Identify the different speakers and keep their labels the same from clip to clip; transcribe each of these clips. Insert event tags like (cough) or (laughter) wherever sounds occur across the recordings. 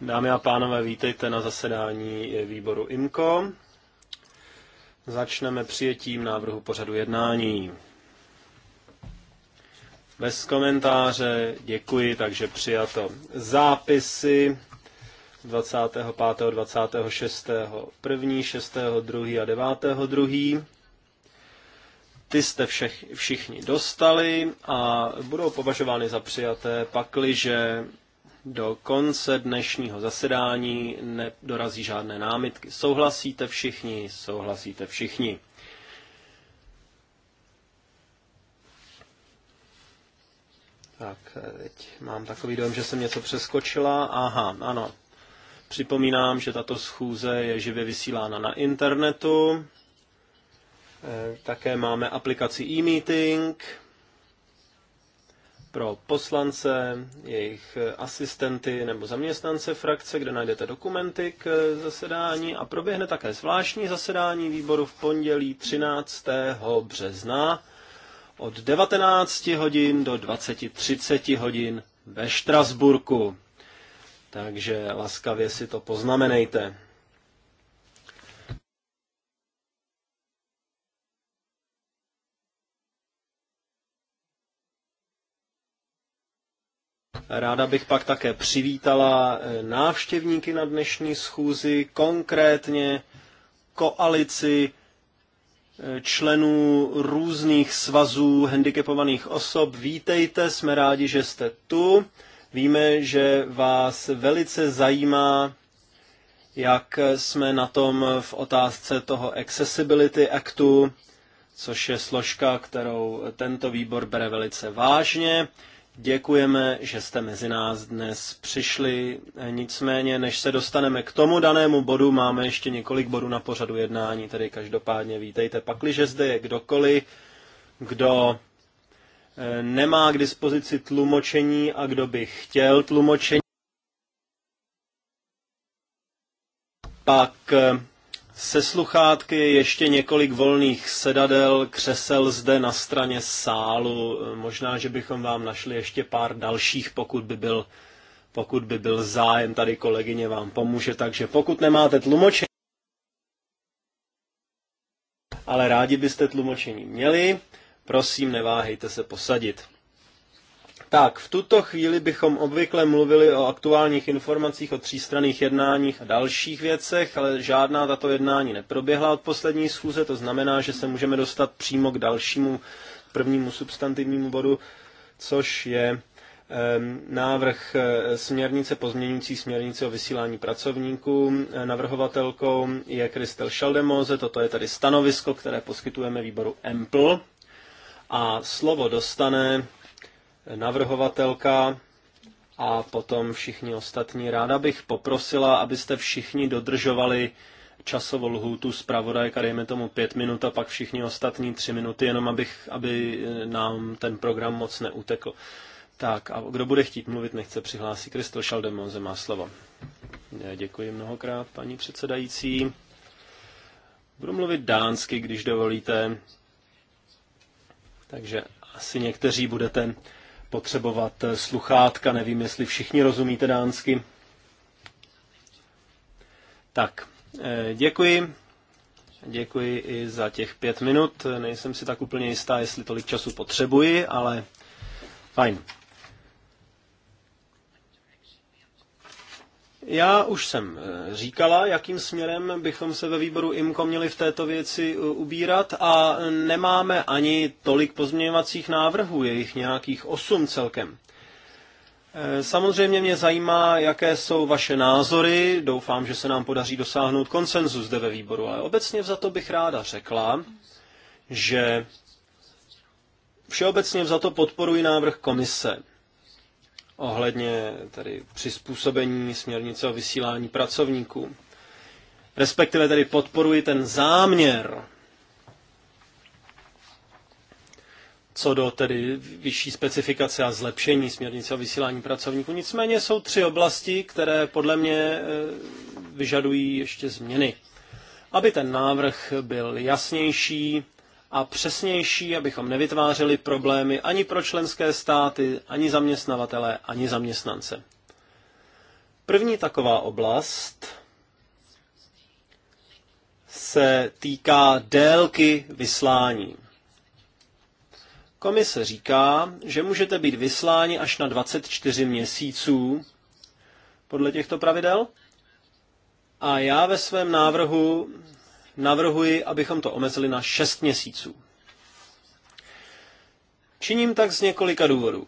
Speaker 1: Dámy a pánové, vítejte na zasedání výboru IMCO. Začneme přijetím návrhu pořadu jednání. Bez komentáře, děkuji, takže přijato. Zápisy 25. 26. 1., 6. 2. a 9. 2. Ty jste všech, všichni dostali a budou považovány za přijaté, pakliže do konce dnešního zasedání nedorazí žádné námitky. Souhlasíte všichni? Souhlasíte všichni. Tak, teď mám takový dojem, že jsem něco přeskočila. Aha, ano. Připomínám, že tato schůze je živě vysílána na internetu. Eh, také máme aplikaci e-meeting pro poslance, jejich eh, asistenty nebo zaměstnance frakce, kde najdete dokumenty k eh, zasedání a proběhne také zvláštní zasedání výboru v pondělí 13. března od 19 hodin do 20.30 hodin ve Štrasburku. Takže laskavě si to poznamenejte. Ráda bych pak také přivítala eh, návštěvníky na dnešní schůzi, konkrétně koalici eh, členů různých svazů handicapovaných osob. Vítejte, jsme rádi, že jste tu. Víme, že vás velice zajímá, jak jsme na tom v otázce toho Accessibility Actu, což je složka, kterou tento výbor bere velice vážně. Děkujeme, že jste mezi nás dnes přišli. Nicméně, než se dostaneme k tomu danému bodu, máme ještě několik bodů na pořadu jednání, tedy každopádně vítejte. Pakliže zde je kdokoliv, kdo eh, nemá k dispozici tlumočení a kdo by chtěl tlumočení, pak eh, se sluchátky, ještě několik volných sedadel, křesel zde na straně sálu. Možná, že bychom vám našli ještě pár dalších, pokud by byl, pokud by byl zájem. Tady kolegyně vám pomůže, takže pokud nemáte tlumočení, ale rádi byste tlumočení měli, prosím, neváhejte se posadit. Tak, v tuto chvíli bychom obvykle mluvili o aktuálních informacích, o třístranných jednáních a dalších věcech, ale žádná tato jednání neproběhla od poslední schůze, to znamená, že se můžeme dostat přímo k dalšímu prvnímu substantivnímu bodu, což je návrh eh, směrnice pozměňující směrnici o vysílání pracovníků. Eh, navrhovatelkou je Kristel Šaldemoze, toto je tedy stanovisko, které poskytujeme výboru EMPL. A slovo dostane navrhovatelka a potom všichni ostatní. Ráda bych poprosila, abyste všichni dodržovali časovou lhůtu zpravodajka, dejme tomu pět minut a pak všichni ostatní tři minuty, jenom abych, aby eh, nám ten program moc neutekl. Tak a kdo bude chtít mluvit, nechce přihlásit Kristel Šaldemonze má slovo. Děkuji mnohokrát, paní předsedající. Budu mluvit dánsky, když dovolíte. Takže asi někteří budete potřebovat sluchátka, nevím, jestli všichni rozumíte dánsky. Tak, eh, děkuji. Děkuji i za těch pět minut. Nejsem si tak úplně jistá, jestli tolik času potřebuji, ale fajn. Já už jsem eh, říkala, jakým směrem bychom se ve výboru IMKO měli v této věci eh, ubírat a nemáme ani tolik pozměňovacích návrhů, je jich nějakých osm celkem. Eh, samozřejmě mě zajímá, jaké jsou vaše názory. Doufám, že se nám podaří dosáhnout konsenzu zde ve výboru, ale obecně za to bych ráda řekla, že všeobecně za to podporuji návrh komise ohledně tedy přizpůsobení směrnice o vysílání pracovníků. Respektive tedy podporuji ten záměr co do tedy vyšší specifikace a zlepšení směrnice o vysílání pracovníků. Nicméně jsou tři oblasti, které podle mě e, vyžadují ještě změny. Aby ten návrh byl jasnější, a přesnější, abychom nevytvářeli problémy ani pro členské státy, ani zaměstnavatele, ani zaměstnance. První taková oblast se týká délky vyslání. Komise říká, že můžete být vysláni až na 24 měsíců podle těchto pravidel. A já ve svém návrhu navrhuji, abychom to omezili na 6 měsíců. Činím tak z několika důvodů.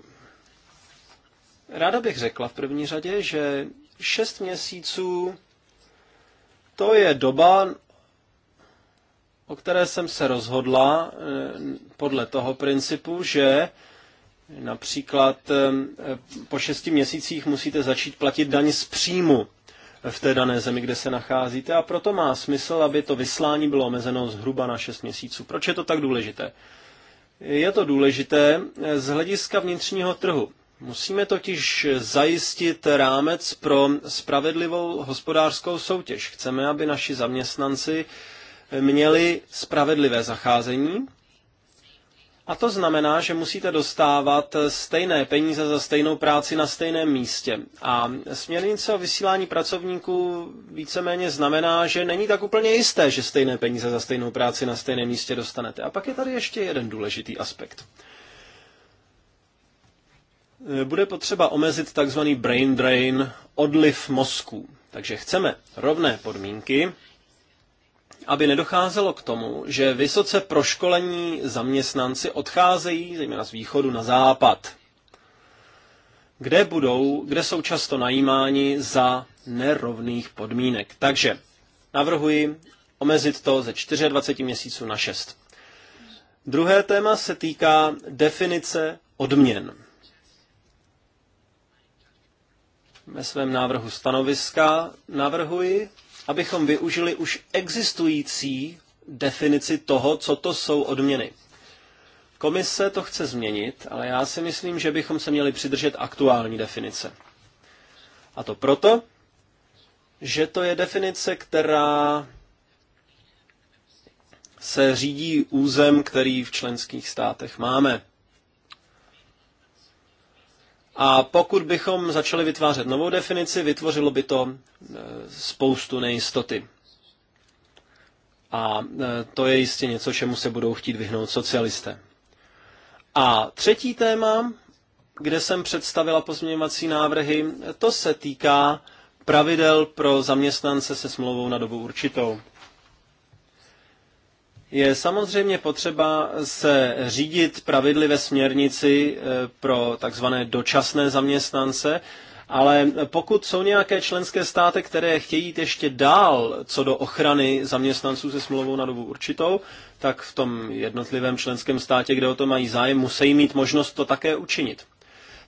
Speaker 1: Ráda bych řekla v první řadě, že 6 měsíců to je doba, o které jsem se rozhodla eh, podle toho principu, že například eh, po šesti měsících musíte začít platit daň z příjmu v té dané zemi, kde se nacházíte a proto má smysl, aby to vyslání bylo omezeno zhruba na 6 měsíců. Proč je to tak důležité? Je to důležité z hlediska vnitřního trhu. Musíme totiž zajistit rámec pro spravedlivou hospodářskou soutěž. Chceme, aby naši zaměstnanci měli spravedlivé zacházení a to znamená, že musíte dostávat stejné peníze za stejnou práci na stejném místě. A směrnice o vysílání pracovníků víceméně znamená, že není tak úplně jisté, že stejné peníze za stejnou práci na stejném místě dostanete. A pak je tady ještě jeden důležitý aspekt. Bude potřeba omezit takzvaný brain drain, odliv mozků. Takže chceme rovné podmínky, aby nedocházelo k tomu, že vysoce proškolení zaměstnanci odcházejí zejména z východu na západ, kde, budou, kde jsou často najímáni za nerovných podmínek. Takže navrhuji omezit to ze 24 měsíců na 6. Druhé téma se týká definice odměn. Ve svém návrhu stanoviska navrhuji abychom využili už existující definici toho, co to jsou odměny. Komise to chce změnit, ale já si myslím, že bychom se měli přidržet aktuální definice. A to proto, že to je definice, která se řídí územ, který v členských státech máme. A pokud bychom začali vytvářet novou definici, vytvořilo by to e, spoustu nejistoty. A e, to je jistě něco, čemu se budou chtít vyhnout socialisté. A třetí téma, kde jsem představila pozměňovací návrhy, to se týká pravidel pro zaměstnance se smlouvou na dobu určitou. Je samozřejmě potřeba se řídit pravidly ve směrnici eh, pro takzvané dočasné zaměstnance, ale pokud jsou nějaké členské státy, které chtějí jít ještě dál co do ochrany zaměstnanců se smlouvou na dobu určitou, tak v tom jednotlivém členském státě, kde o to mají zájem, musí mít možnost to také učinit.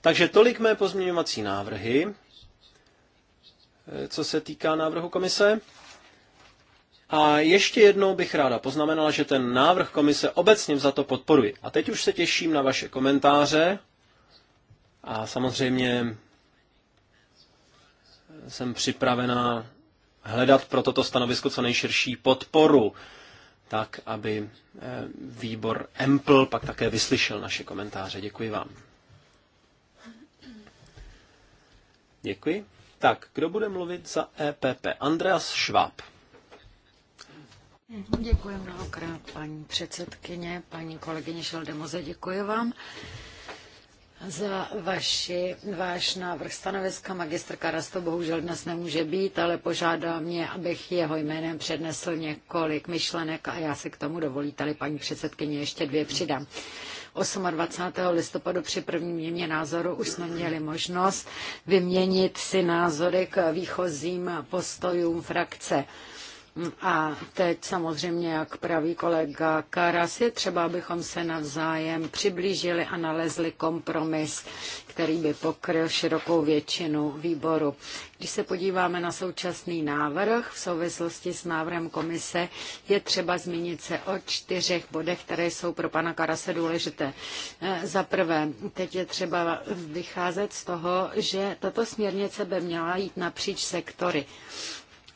Speaker 1: Takže tolik mé pozměňovací návrhy, eh, co se týká návrhu komise. A ještě jednou bych ráda poznamenala, že ten návrh komise obecně za to podporuji. A teď už se těším na vaše komentáře a samozřejmě jsem připravena hledat pro toto stanovisko co nejširší podporu, tak aby eh, výbor EMPL pak také vyslyšel naše komentáře. Děkuji vám. Děkuji. Tak, kdo bude mluvit za EPP? Andreas Schwab.
Speaker 2: Děkuji mnohokrát, paní předsedkyně, paní kolegyně Šeldemoze, děkuji vám za vaši, váš návrh stanoviska. Magistr Karasto bohužel dnes nemůže být, ale požádá mě, abych jeho jménem přednesl několik myšlenek a já si k tomu dovolí tady paní předsedkyně ještě dvě přidám. 28. listopadu při prvním měně názoru už jsme měli možnost vyměnit si názory k výchozím postojům frakce. A teď samozřejmě, jak praví kolega Karas, je třeba, abychom se navzájem přiblížili a nalezli kompromis, který by pokryl širokou většinu výboru. Když se podíváme na současný návrh v souvislosti s návrhem komise, je třeba zmínit se o čtyřech bodech, které jsou pro pana Karase důležité. Eh, za prvé, teď je třeba vycházet z toho, že tato směrnice by měla jít napříč sektory.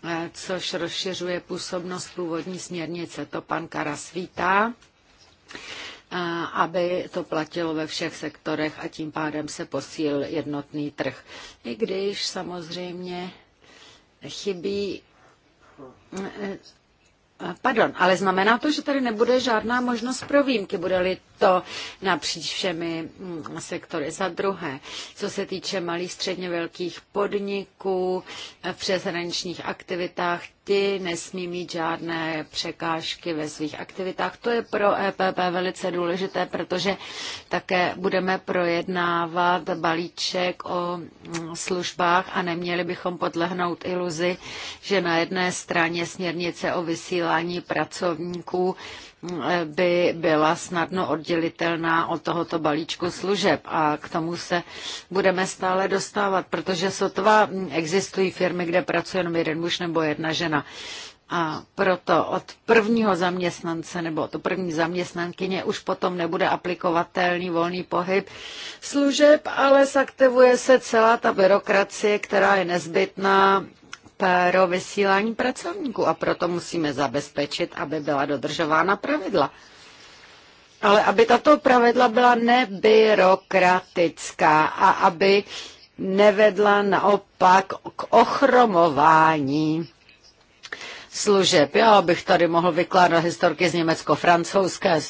Speaker 2: Eh, což rozšiřuje působnost původní směrnice. To pan Karas vítá eh, aby to platilo ve všech sektorech a tím pádem se posíl jednotný trh. I když samozřejmě chybí eh, Eh, pardon, ale znamená to, že tady nebude žádná možnost pro výjimky, bude-li to napříč všemi mm, sektory. Za druhé, co se týče malých, středně velkých podniků eh, v přeshraničních aktivitách, ti nesmí mít žádné překážky ve svých aktivitách. To je pro EPP velice důležité, protože také budeme projednávat balíček o službách a neměli bychom podlehnout iluzi, že na jedné straně směrnice o vysílání pracovníků by byla snadno oddělitelná od tohoto balíčku služeb a k tomu se budeme stále dostávat, protože sotva existují firmy, kde pracuje jenom jeden muž nebo jedna žena. A proto od prvního zaměstnance nebo od první zaměstnankyně už potom nebude aplikovatelný volný pohyb služeb, ale zaktivuje se celá ta byrokracie, která je nezbytná pro vysílání pracovníků a proto musíme zabezpečit, aby byla dodržována pravidla. Ale aby tato pravidla byla nebyrokratická a aby nevedla naopak k ochromování služeb. Já bych tady mohl vykládat historky z německo-francouzské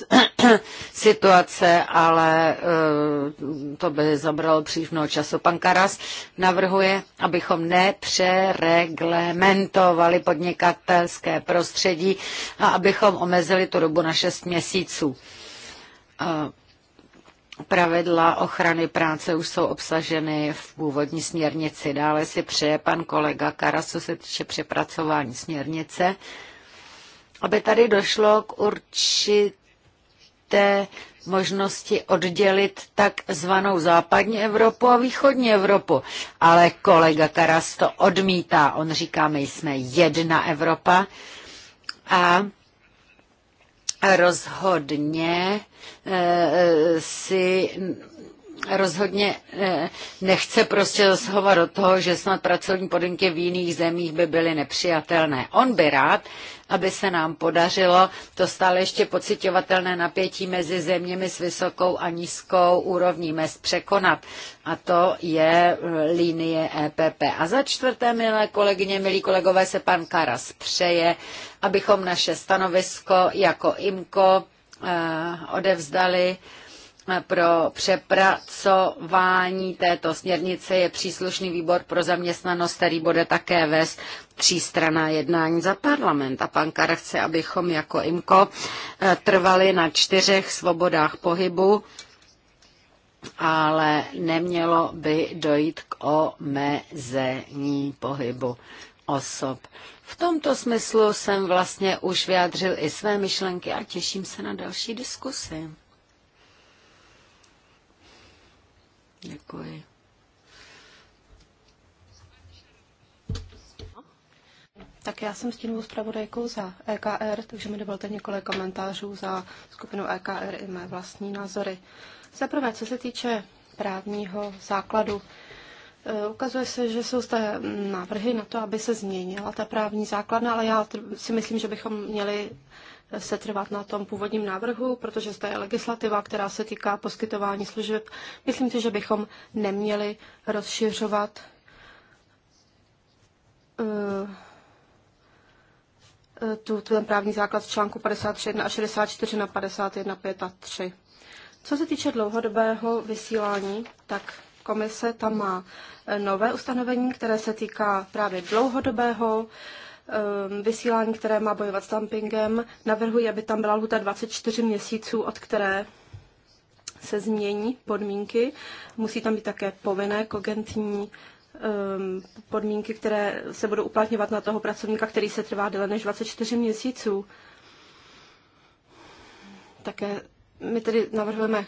Speaker 2: (clears throat) situace, ale eh, to by zabralo příliš mnoho času. Pan Karas navrhuje, abychom nepřereglementovali podnikatelské prostředí a abychom omezili tu dobu na 6 měsíců. Eh, Pravidla ochrany práce už jsou obsaženy v původní směrnici. Dále si přeje pan kolega Karas, co se týče přepracování směrnice, aby tady došlo k určité možnosti oddělit takzvanou západní Evropu a východní Evropu. Ale kolega Karas to odmítá. On říká, my jsme jedna Evropa a rozhodně eh, eh, si rozhodně eh, nechce prostě zasahovat do toho, že snad pracovní podmínky v jiných zemích by byly nepřijatelné. On by rád, aby se nám podařilo to stále ještě pocitovatelné napětí mezi zeměmi s vysokou a nízkou úrovní mest překonat. A to je eh, linie EPP. A za čtvrté, milé kolegyně, milí kolegové, se pan Karas přeje, abychom naše stanovisko jako IMKO eh, odevzdali pro přepracování této směrnice je příslušný výbor pro zaměstnanost, který bude také vést třístraná jednání za parlament. A pan Kara chce, abychom jako IMKO eh, trvali na čtyřech svobodách pohybu, ale nemělo by dojít k omezení pohybu osob. V tomto smyslu jsem vlastně už vyjádřil i své myšlenky a těším se na další diskusy. Děkuji.
Speaker 3: Tak já jsem stínovou zpravodajkou za EKR, takže mi dovolte několik komentářů za skupinu EKR i mé vlastní názory. Za prvé, co se týče právního základu, eh, Ukazuje se, že jsou zde mm, návrhy na to, aby se změnila ta právní základna, ale já si myslím, že bychom měli se trvat na tom původním návrhu, protože to je legislativa, která se týká poskytování služeb. Myslím si, že bychom neměli rozšiřovat eh, eh, tu, ten právní základ z článku 53 a 64 na 5 a 3. Co se týče dlouhodobého vysílání, tak komise tam má eh, nové ustanovení, které se týká právě dlouhodobého Ehm, vysílání, které má bojovat s dumpingem. Navrhuji, aby tam byla lhuta 24 měsíců, od které se změní podmínky. Musí tam být také povinné kogentní ehm, podmínky, které se budou uplatňovat na toho pracovníka, který se trvá déle než 24 měsíců. Také my tedy navrhujeme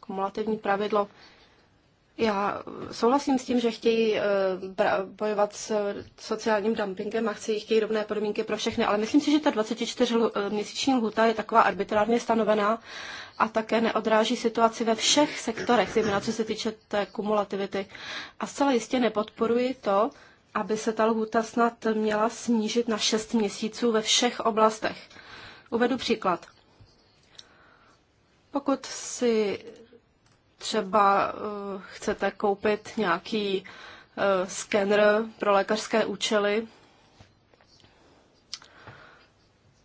Speaker 3: kumulativní pravidlo já souhlasím s tím, že chtějí eh, bojovat s sociálním dumpingem a chci, chtějí rovné podmínky pro všechny, ale myslím si, že ta 24-měsíční eh, lhuta je taková arbitrárně stanovená a také neodráží situaci ve všech sektorech, zejména co se týče té kumulativity. A zcela jistě nepodporuji to, aby se ta lhuta snad měla snížit na 6 měsíců ve všech oblastech. Uvedu příklad. Pokud si třeba eh, chcete koupit nějaký eh, skener pro lékařské účely,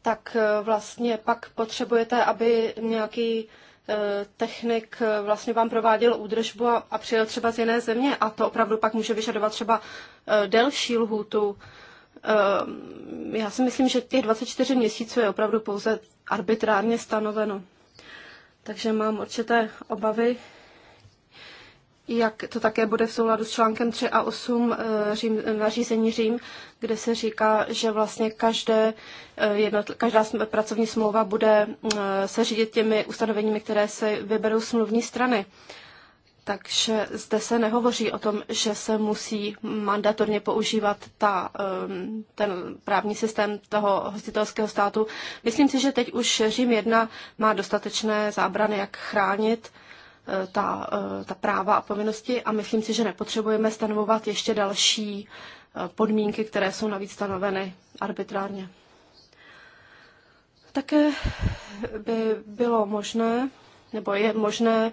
Speaker 3: tak eh, vlastně pak potřebujete, aby nějaký technik vlastně vám prováděl údržbu a, a přijel třeba z jiné země a to opravdu pak může vyžadovat třeba delší lhůtu. Já si myslím, že těch 24 měsíců je opravdu pouze arbitrárně stanoveno. Takže mám určité obavy jak to také bude v souladu s článkem 3 a 8 eh, řím, nařízení Řím, kde se říká, že vlastně každé, eh, jednotl, každá pracovní smlouva bude eh, se řídit těmi ustanoveními, které se vyberou smluvní strany. Takže zde se nehovoří o tom, že se musí mandatorně používat ta, ehm, ten právní systém toho hostitelského státu. Myslím si, že teď už Řím 1 má dostatečné zábrany, jak chránit ta, ta práva a povinnosti a myslím si, že nepotřebujeme stanovovat ještě další eh, podmínky, které jsou navíc stanoveny arbitrárně. Také by bylo možné, nebo je možné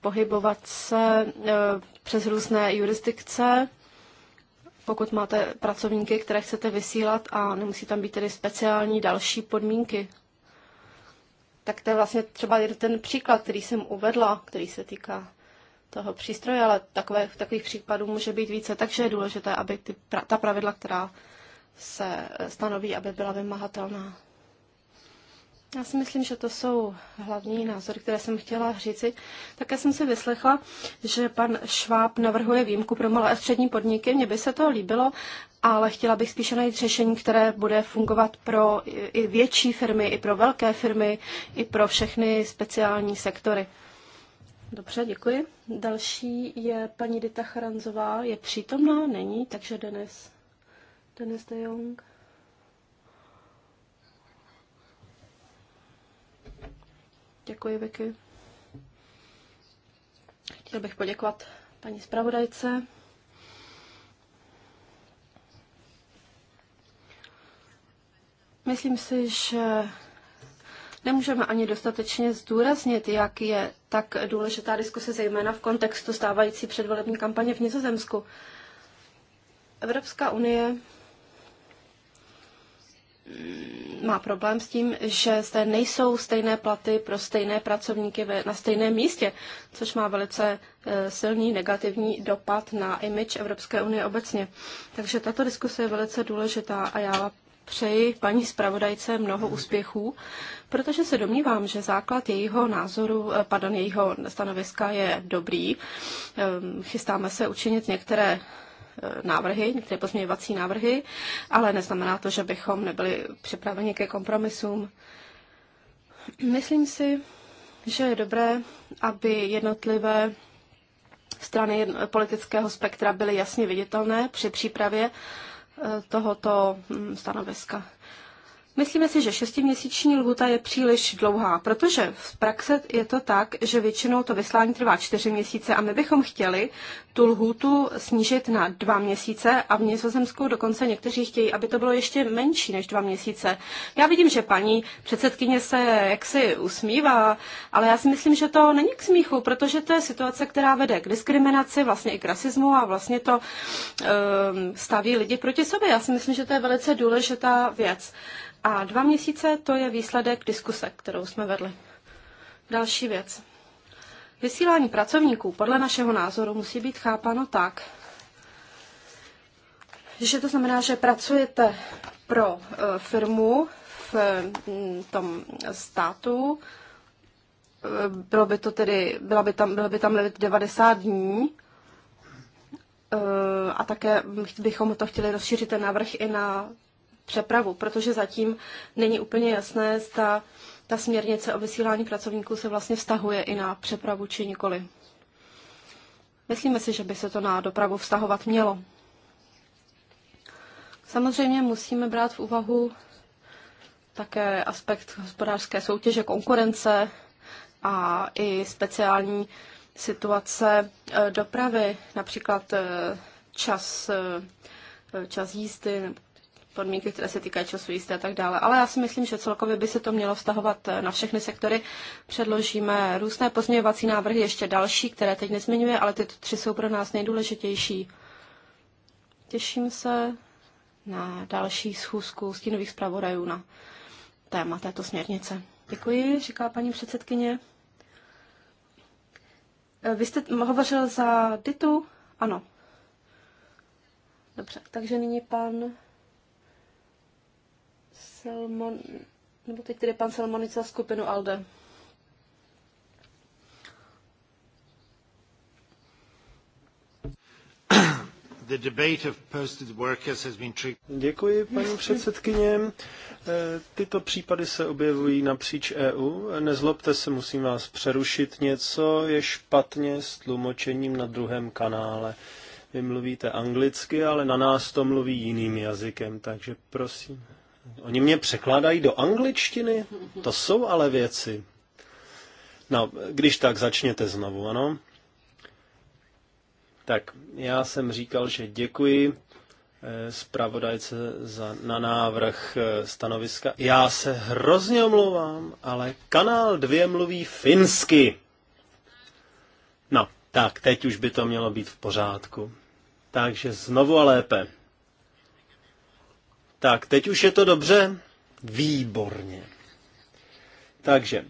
Speaker 3: pohybovat se eh, přes různé jurisdikce, pokud máte pracovníky, které chcete vysílat a nemusí tam být tedy speciální další podmínky tak to je vlastně třeba ten příklad, který jsem uvedla, který se týká toho přístroje, ale takové, takových případů může být více, takže je důležité, aby ty, ta pravidla, která se eh, stanoví, aby byla vymahatelná. Já si myslím, že to jsou hlavní názory, které jsem chtěla říci. Také jsem si vyslechla, že pan Šváb navrhuje výjimku pro malé a střední podniky. Mně by se to líbilo, ale chtěla bych spíše najít řešení, které bude fungovat pro i větší firmy, i pro velké firmy, i pro všechny speciální sektory. Dobře, děkuji. Další je paní Dita Charanzová. Je přítomná? Není, takže Denis. Denis de Jong. Děkuji, Vicky. Chtěl bych poděkovat paní zpravodajce. Myslím si, že nemůžeme ani dostatečně zdůraznit, jak je tak důležitá diskuse, zejména v kontextu stávající předvolební kampaně v Nizozemsku. Evropská unie mm, má problém s tím, že zde nejsou stejné platy pro stejné pracovníky na stejném místě, což má velice e, silný negativní dopad na image Evropské unie obecně. Takže tato diskuse je velice důležitá a já přeji paní zpravodajce mnoho úspěchů, protože se domnívám, že základ jejího názoru, eh, pardon, jejího stanoviska je dobrý. Ehm, chystáme se učinit některé eh, návrhy, některé pozměňovací návrhy, ale neznamená to, že bychom nebyli připraveni ke kompromisům. Myslím si, že je dobré, aby jednotlivé strany politického spektra byly jasně viditelné při přípravě Eh, tohoto mm, stanoviska. Myslíme si, že šestiměsíční lhuta je příliš dlouhá, protože v praxe je to tak, že většinou to vyslání trvá čtyři měsíce a my bychom chtěli tu lhutu snížit na dva měsíce a v Nizozemsku dokonce někteří chtějí, aby to bylo ještě menší než dva měsíce. Já vidím, že paní předsedkyně se jaksi usmívá, ale já si myslím, že to není k smíchu, protože to je situace, která vede k diskriminaci, vlastně i k rasismu a vlastně to um, staví lidi proti sobě. Já si myslím, že to je velice důležitá věc. A dva měsíce to je výsledek diskuse, kterou jsme vedli. Další věc. Vysílání pracovníků podle našeho názoru musí být chápáno tak, že to znamená, že pracujete pro e, firmu v mm, tom státu, e, bylo by to tedy, byla by tam, bylo by tam 90 dní e, a také bychom to chtěli rozšířit ten návrh i na přepravu, protože zatím není úplně jasné, zda ta směrnice o vysílání pracovníků se vlastně vztahuje i na přepravu či nikoli. Myslíme si, že by se to na dopravu vztahovat mělo. Samozřejmě musíme brát v úvahu také aspekt hospodářské soutěže, konkurence a i speciální situace eh, dopravy, například eh, čas, eh, čas jízdy podmínky, které se týkají času jízdy a tak dále. Ale já si myslím, že celkově by se to mělo vztahovat eh, na všechny sektory. Předložíme různé pozměňovací návrhy, ještě další, které teď nezmiňuje, ale tyto tři jsou pro nás nejdůležitější. Těším se na další schůzku stínových zpravodajů na téma této směrnice. Děkuji, říká paní předsedkyně. Eh, vy jste hovořil za Ditu? Ano. Dobře, takže nyní pan Salmon... nebo teď tedy pan Salmonica skupinu ALDE.
Speaker 1: Děkuji, paní předsedkyně. Eh, tyto případy se objevují napříč EU. Nezlobte se, musím vás přerušit. Něco je špatně s tlumočením na druhém kanále. Vy mluvíte anglicky, ale na nás to mluví jiným jazykem, takže prosím. Oni mě překládají do angličtiny? To jsou ale věci. No, když tak, začněte znovu, ano? Tak, já jsem říkal, že děkuji eh, zpravodajce za, na návrh eh, stanoviska. Já se hrozně omlouvám, ale kanál 2 mluví finsky. No, tak, teď už by to mělo být v pořádku. Takže znovu a lépe. Tak, teď už je to dobře? Výborně. Takže,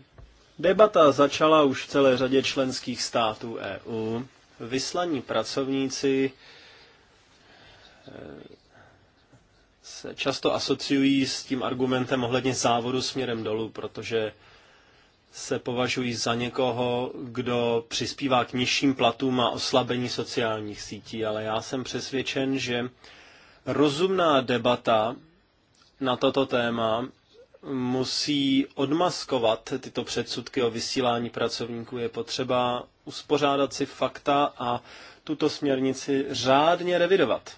Speaker 1: debata začala už v celé řadě členských států EU. Vyslaní pracovníci eh, se často asociují s tím argumentem ohledně závodu směrem dolů, protože se považují za někoho, kdo přispívá k nižším platům a oslabení sociálních sítí, ale já jsem přesvědčen, že Rozumná debata na toto téma musí odmaskovat tyto předsudky o vysílání pracovníků. Je potřeba uspořádat si fakta a tuto směrnici řádně revidovat.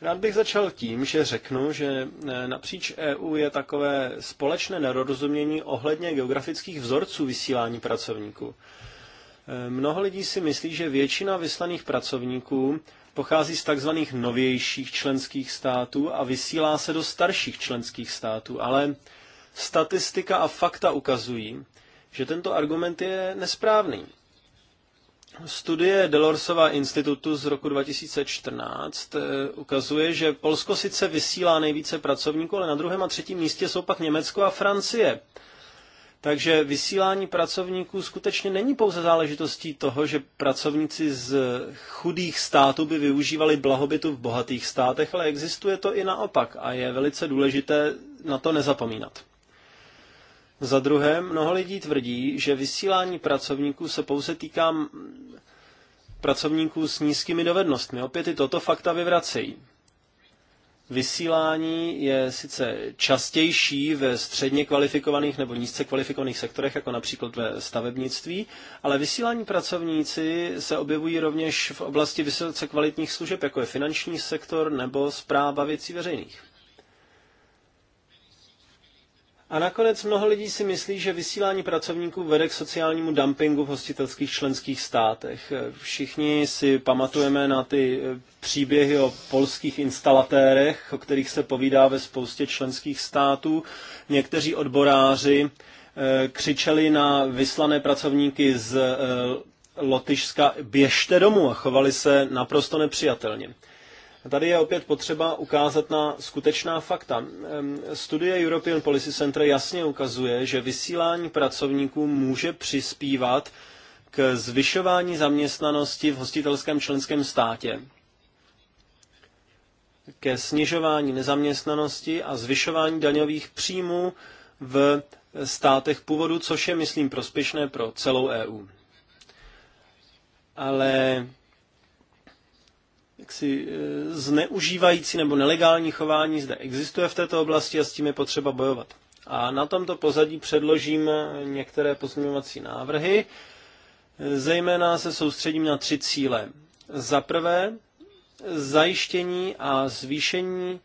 Speaker 1: Rád bych začal tím, že řeknu, že eh, napříč EU je takové společné nerozumění ohledně geografických vzorců vysílání pracovníků. Eh, mnoho lidí si myslí, že většina vyslaných pracovníků pochází z takzvaných novějších členských států a vysílá se do starších členských států, ale statistika a fakta ukazují, že tento argument je nesprávný. Studie Delorsova institutu z roku 2014 eh, ukazuje, že Polsko sice vysílá nejvíce pracovníků, ale na druhém a třetím místě jsou pak Německo a Francie. Takže vysílání pracovníků skutečně není pouze záležitostí toho, že pracovníci z chudých států by využívali blahobytu v bohatých státech, ale existuje to i naopak a je velice důležité na to nezapomínat. Za druhé, mnoho lidí tvrdí, že vysílání pracovníků se pouze týká pracovníků s nízkými dovednostmi. Opět i toto fakta vyvracejí. Vysílání je sice častější ve středně kvalifikovaných nebo nízce kvalifikovaných sektorech, jako například ve stavebnictví, ale vysílání pracovníci se objevují rovněž v oblasti vysoce kvalitních služeb, jako je finanční sektor nebo zpráva věcí veřejných. A nakonec mnoho lidí si myslí, že vysílání pracovníků vede k sociálnímu dumpingu v hostitelských členských státech. Všichni si pamatujeme na ty eh, příběhy o polských instalatérech, o kterých se povídá ve spoustě členských států. Někteří odboráři eh, křičeli na vyslané pracovníky z eh, Lotyšska běžte domů a chovali se naprosto nepřijatelně. Tady je opět potřeba ukázat na skutečná fakta. Studie European Policy Center jasně ukazuje, že vysílání pracovníků může přispívat k zvyšování zaměstnanosti v hostitelském členském státě, ke snižování nezaměstnanosti a zvyšování daňových příjmů v státech původu, což je, myslím, prospěšné pro celou EU. Ale jaksi eh, zneužívající nebo nelegální chování zde existuje v této oblasti a s tím je potřeba bojovat. A na tomto pozadí předložím eh, některé pozměňovací návrhy. Eh, zejména se soustředím na tři cíle. Za prvé, zajištění a zvýšení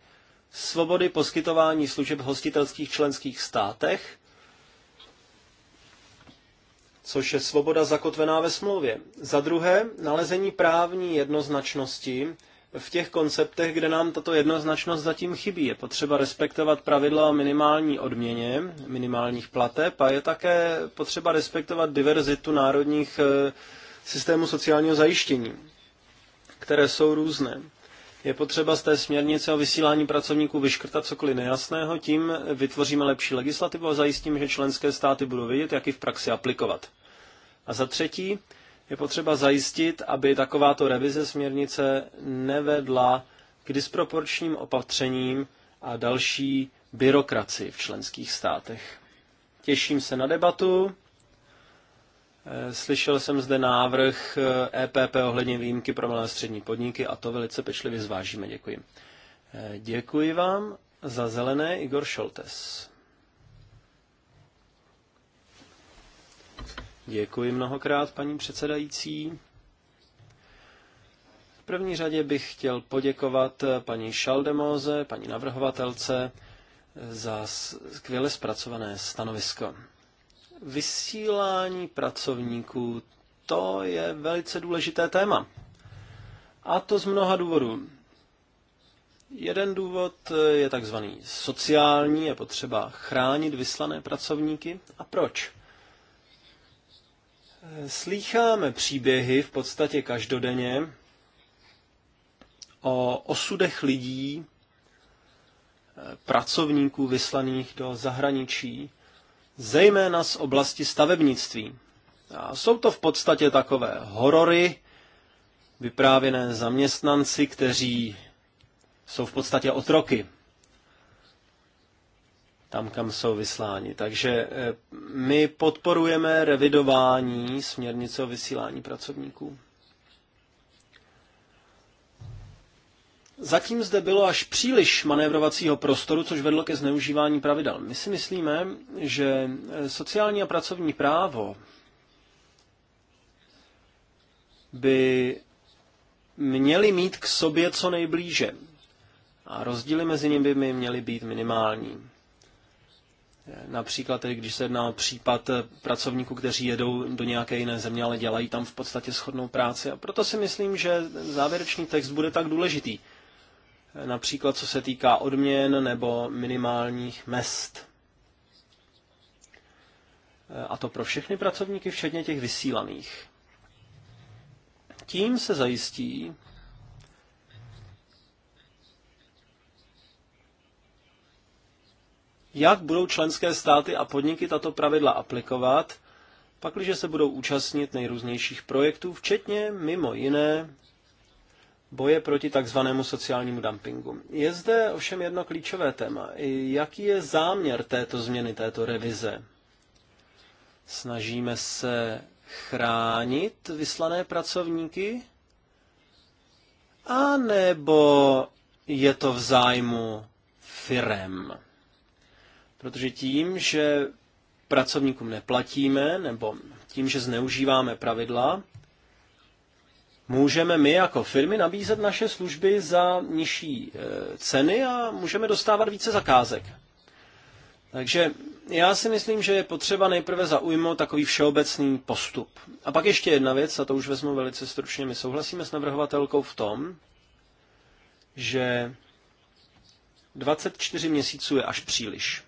Speaker 1: svobody poskytování služeb v hostitelských členských státech což je svoboda zakotvená ve smlouvě. Za druhé, nalezení právní jednoznačnosti v těch konceptech, kde nám tato jednoznačnost zatím chybí. Je potřeba respektovat pravidla o minimální odměně, minimálních plateb a je také potřeba respektovat diverzitu národních eh, systémů sociálního zajištění, které jsou různé. Je potřeba z té směrnice o vysílání pracovníků vyškrtat cokoliv nejasného, tím vytvoříme lepší legislativu a zajistíme, že členské státy budou vědět, jak ji v praxi aplikovat. A za třetí, je potřeba zajistit, aby takováto revize směrnice nevedla k disproporčním opatřením a další byrokracii v členských státech. Těším se na debatu Eh, slyšel jsem zde návrh EPP eh, e ohledně výjimky pro malé střední podniky a to velice pečlivě zvážíme. Děkuji. Eh, děkuji vám za zelené Igor Šoltes. Děkuji mnohokrát, paní předsedající. V první řadě bych chtěl poděkovat paní Šaldemóze, paní navrhovatelce, za skvěle zpracované stanovisko. Vysílání pracovníků, to je velice důležité téma. A to z mnoha důvodů. Jeden důvod je takzvaný sociální, je potřeba chránit vyslané pracovníky. A proč? Slýcháme příběhy v podstatě každodenně o osudech lidí, pracovníků vyslaných do zahraničí, zejména z oblasti stavebnictví. A jsou to v podstatě takové horory, vyprávěné zaměstnanci, kteří jsou v podstatě otroky tam, kam jsou vysláni. Takže eh, my podporujeme revidování směrnice o vysílání pracovníků. Zatím zde bylo až příliš manévrovacího prostoru, což vedlo ke zneužívání pravidel. My si myslíme, že eh, sociální a pracovní právo by měly mít k sobě co nejblíže a rozdíly mezi nimi by měly být minimální. Eh, například tedy, když se jedná o případ eh, pracovníků, kteří jedou do nějaké jiné země, ale dělají tam v podstatě shodnou práci. A proto si myslím, že závěrečný text bude tak důležitý například co se týká odměn nebo minimálních mest. A to pro všechny pracovníky, včetně těch vysílaných. Tím se zajistí, jak budou členské státy a podniky tato pravidla aplikovat, pakliže se budou účastnit nejrůznějších projektů, včetně mimo jiné boje proti takzvanému sociálnímu dumpingu. Je zde ovšem jedno klíčové téma. Jaký je záměr této změny, této revize? Snažíme se chránit vyslané pracovníky? A nebo je to v zájmu firem? Protože tím, že pracovníkům neplatíme, nebo tím, že zneužíváme pravidla, můžeme my jako firmy nabízet naše služby za nižší eh, ceny a můžeme dostávat více zakázek. Takže já si myslím, že je potřeba nejprve zaujmout takový všeobecný postup. A pak ještě jedna věc, a to už vezmu velice stručně. My souhlasíme s navrhovatelkou v tom, že 24 měsíců je až příliš.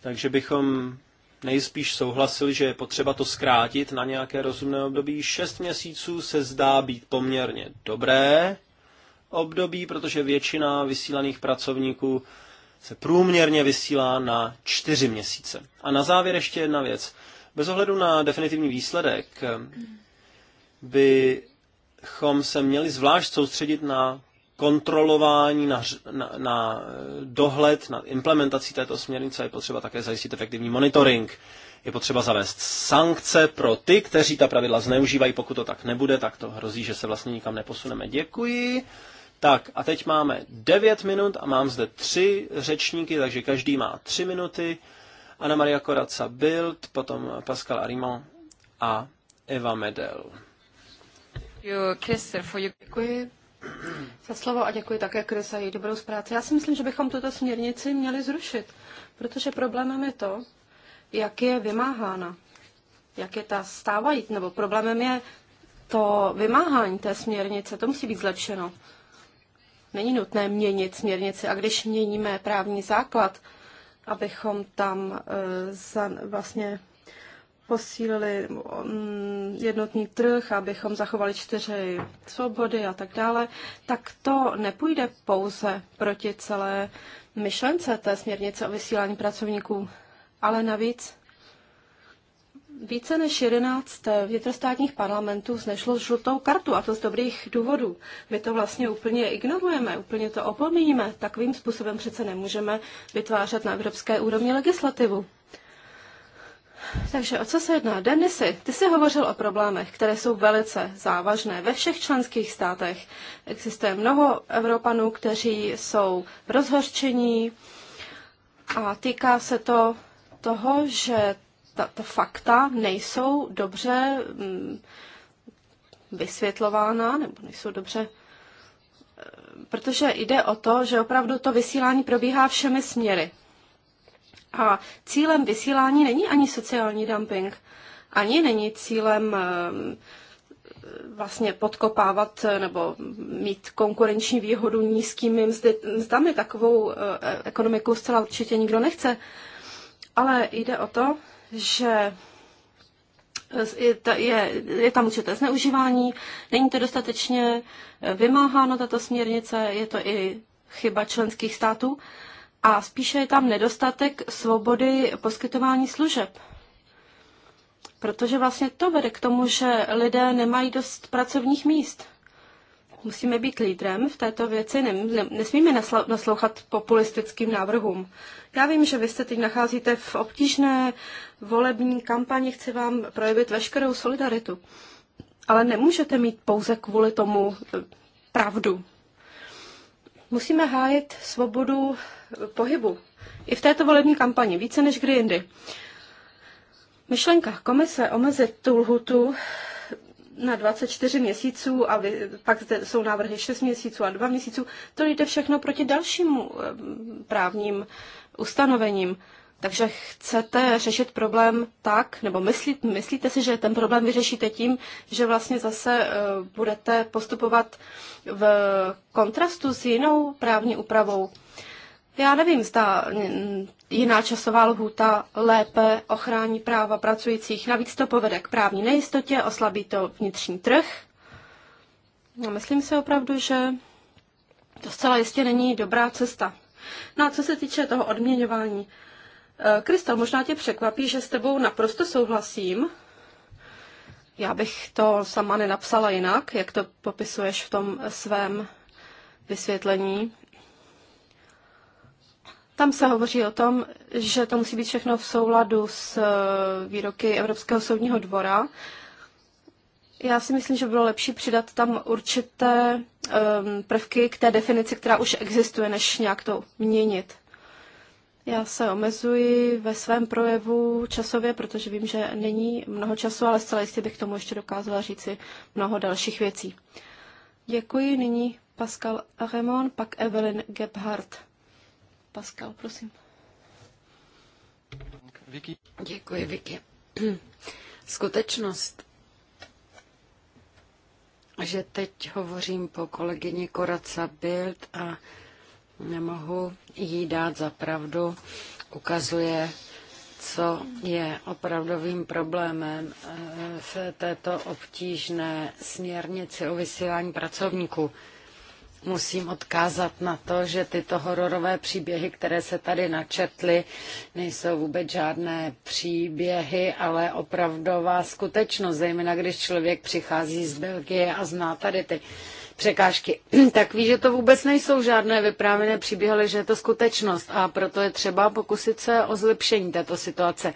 Speaker 1: Takže bychom nejspíš souhlasil, že je potřeba to zkrátit na nějaké rozumné období. Šest měsíců se zdá být poměrně dobré období, protože většina vysílaných pracovníků se průměrně vysílá na čtyři měsíce. A na závěr ještě jedna věc. Bez ohledu na definitivní výsledek bychom se měli zvlášť soustředit na kontrolování, na, na, na dohled, na implementaci této směrnice je potřeba také zajistit efektivní monitoring. Je potřeba zavést sankce pro ty, kteří ta pravidla zneužívají. Pokud to tak nebude, tak to hrozí, že se vlastně nikam neposuneme. Děkuji. Tak a teď máme 9 minut a mám zde tři řečníky, takže každý má 3 minuty. Ana Maria Koraca Bild, potom Pascal Arimon a Eva Medel.
Speaker 3: Děkuji, za slovo a děkuji také Chris za její dobrou zprávu. Já si myslím, že bychom tuto směrnici měli zrušit, protože problémem je to, jak je vymáhána, jak je ta stávají, nebo problémem je to vymáhání té směrnice, to musí být zlepšeno. Není nutné měnit směrnici a když měníme právní základ, abychom tam e, za, vlastně posílili mm, jednotný trh, abychom zachovali čtyři svobody a tak dále, tak to nepůjde pouze proti celé myšlence té směrnice o vysílání pracovníků, ale navíc více než 11 vnitrostátních parlamentů znešlo žlutou kartu a to z dobrých důvodů. My to vlastně úplně ignorujeme, úplně to opomíníme. Takovým způsobem přece nemůžeme vytvářet na evropské úrovni legislativu. Takže o co se jedná? Denisy, ty jsi hovořil o problémech, které jsou velice závažné ve všech členských státech. Existuje mnoho Evropanů, kteří jsou rozhorčení a týká se to toho, že ta, ta fakta nejsou dobře mm, vysvětlována nebo nejsou dobře eh, protože jde o to, že opravdu to vysílání probíhá všemi směry. A cílem vysílání není ani sociální dumping, ani není cílem eh, vlastně podkopávat eh, nebo mít konkurenční výhodu nízkými mzdy, mzdami. Takovou eh, ekonomiku zcela určitě nikdo nechce. Ale jde o to, že je, je tam určité zneužívání, není to dostatečně vymáháno, tato směrnice, je to i chyba členských států a spíše je tam nedostatek svobody poskytování služeb. Protože vlastně to vede k tomu, že lidé nemají dost pracovních míst. Musíme být lídrem v této věci, ne, ne, nesmíme naslouchat populistickým návrhům. Já vím, že vy se teď nacházíte v obtížné volební kampani, chci vám projevit veškerou solidaritu. Ale nemůžete mít pouze kvůli tomu eh, pravdu. Musíme hájit svobodu pohybu. I v této volební kampani, více než kdy jindy. Myšlenka komise omezit tu lhutu na 24 měsíců a vy, pak zde jsou návrhy 6 měsíců a 2 měsíců, to jde všechno proti dalšímu eh, právním ustanovením. Takže chcete řešit problém tak, nebo myslí, myslíte si, že ten problém vyřešíte tím, že vlastně zase uh, budete postupovat v kontrastu s jinou právní úpravou. Já nevím, zda mm, jiná časová lhůta lépe ochrání práva pracujících. Navíc to povede k právní nejistotě, oslabí to vnitřní trh. No, myslím si opravdu, že to zcela jistě není dobrá cesta. No a co se týče toho odměňování, eh, Kristal, možná tě překvapí, že s tebou naprosto souhlasím. Já bych to sama nenapsala jinak, jak to popisuješ v tom svém vysvětlení. Tam se hovoří o tom, že to musí být všechno v souladu s eh, výroky Evropského soudního dvora. Já si myslím, že bylo lepší přidat tam určité um, prvky k té definici, která už existuje, než nějak to měnit. Já se omezuji ve svém projevu časově, protože vím, že není mnoho času, ale zcela jistě bych k tomu ještě dokázala říci mnoho dalších věcí. Děkuji. Nyní Pascal Remon, pak Evelyn Gebhardt. Pascal, prosím. Vicky.
Speaker 2: Děkuji, Vicky.
Speaker 3: (clears throat) Skutečnost,
Speaker 2: že teď hovořím po kolegyni Koraca Bild a nemohu jí dát za pravdu, ukazuje, co je opravdovým problémem eh, v této obtížné směrnici o vysílání pracovníků musím odkázat na to, že tyto hororové příběhy, které se tady načetly, nejsou vůbec žádné příběhy, ale opravdová skutečnost, zejména když člověk přichází z Belgie a zná tady ty překážky, (clears throat) tak ví, že to vůbec nejsou žádné vyprávěné příběhy, ale že je to skutečnost a proto je třeba pokusit se o zlepšení této situace.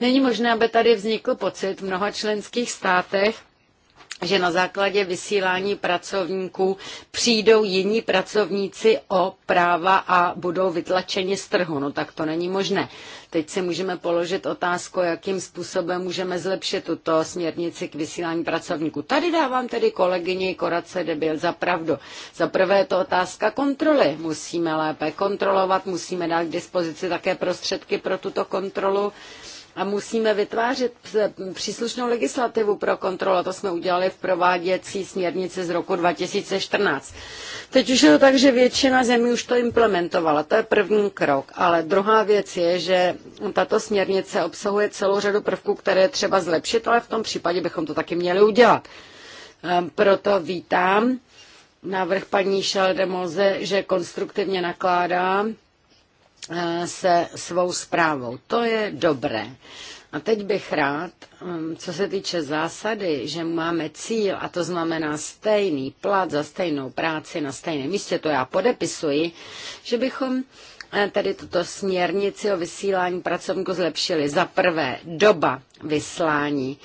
Speaker 2: Není možné, aby tady vznikl pocit v mnoha členských státech, že na základě vysílání pracovníků přijdou jiní pracovníci o práva a budou vytlačeni z trhu. No tak to není možné. Teď si můžeme položit otázku, jakým způsobem můžeme zlepšit tuto směrnici k vysílání pracovníků. Tady dávám tedy kolegyni Korace Debil za pravdu. Za prvé je to otázka kontroly. Musíme lépe kontrolovat, musíme dát k dispozici také prostředky pro tuto kontrolu a musíme vytvářet příslušnou legislativu pro kontrolu. To jsme udělali v prováděcí směrnici z roku 2014. Teď už je to tak, že většina zemí už to implementovala. To je první krok. Ale druhá věc je, že tato směrnice obsahuje celou řadu prvků, které je třeba zlepšit, ale v tom případě bychom to taky měli udělat. Proto vítám návrh paní Šaldemoze, že konstruktivně nakládá Eh, se svou zprávou. To je dobré. A teď bych rád, mm, co se týče zásady, že máme cíl, a to znamená stejný plat za stejnou práci na stejném místě, to já podepisuji, že bychom eh, tady tuto směrnici o vysílání pracovníků zlepšili. Za prvé, doba vyslání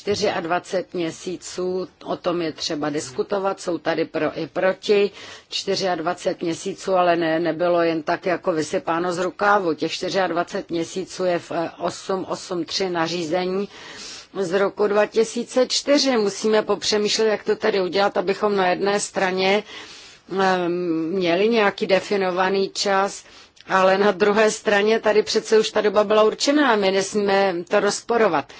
Speaker 2: 24 měsíců, o tom je třeba diskutovat, jsou tady pro i proti. 24 měsíců, ale ne, nebylo jen tak jako vysypáno z rukávu. Těch 24 měsíců je v 883 eh, nařízení z roku 2004. Musíme popřemýšlet, jak to tady udělat, abychom na jedné straně ehm, měli nějaký definovaný čas, ale na druhé straně tady přece už ta doba byla určená, my nesmíme to rozporovat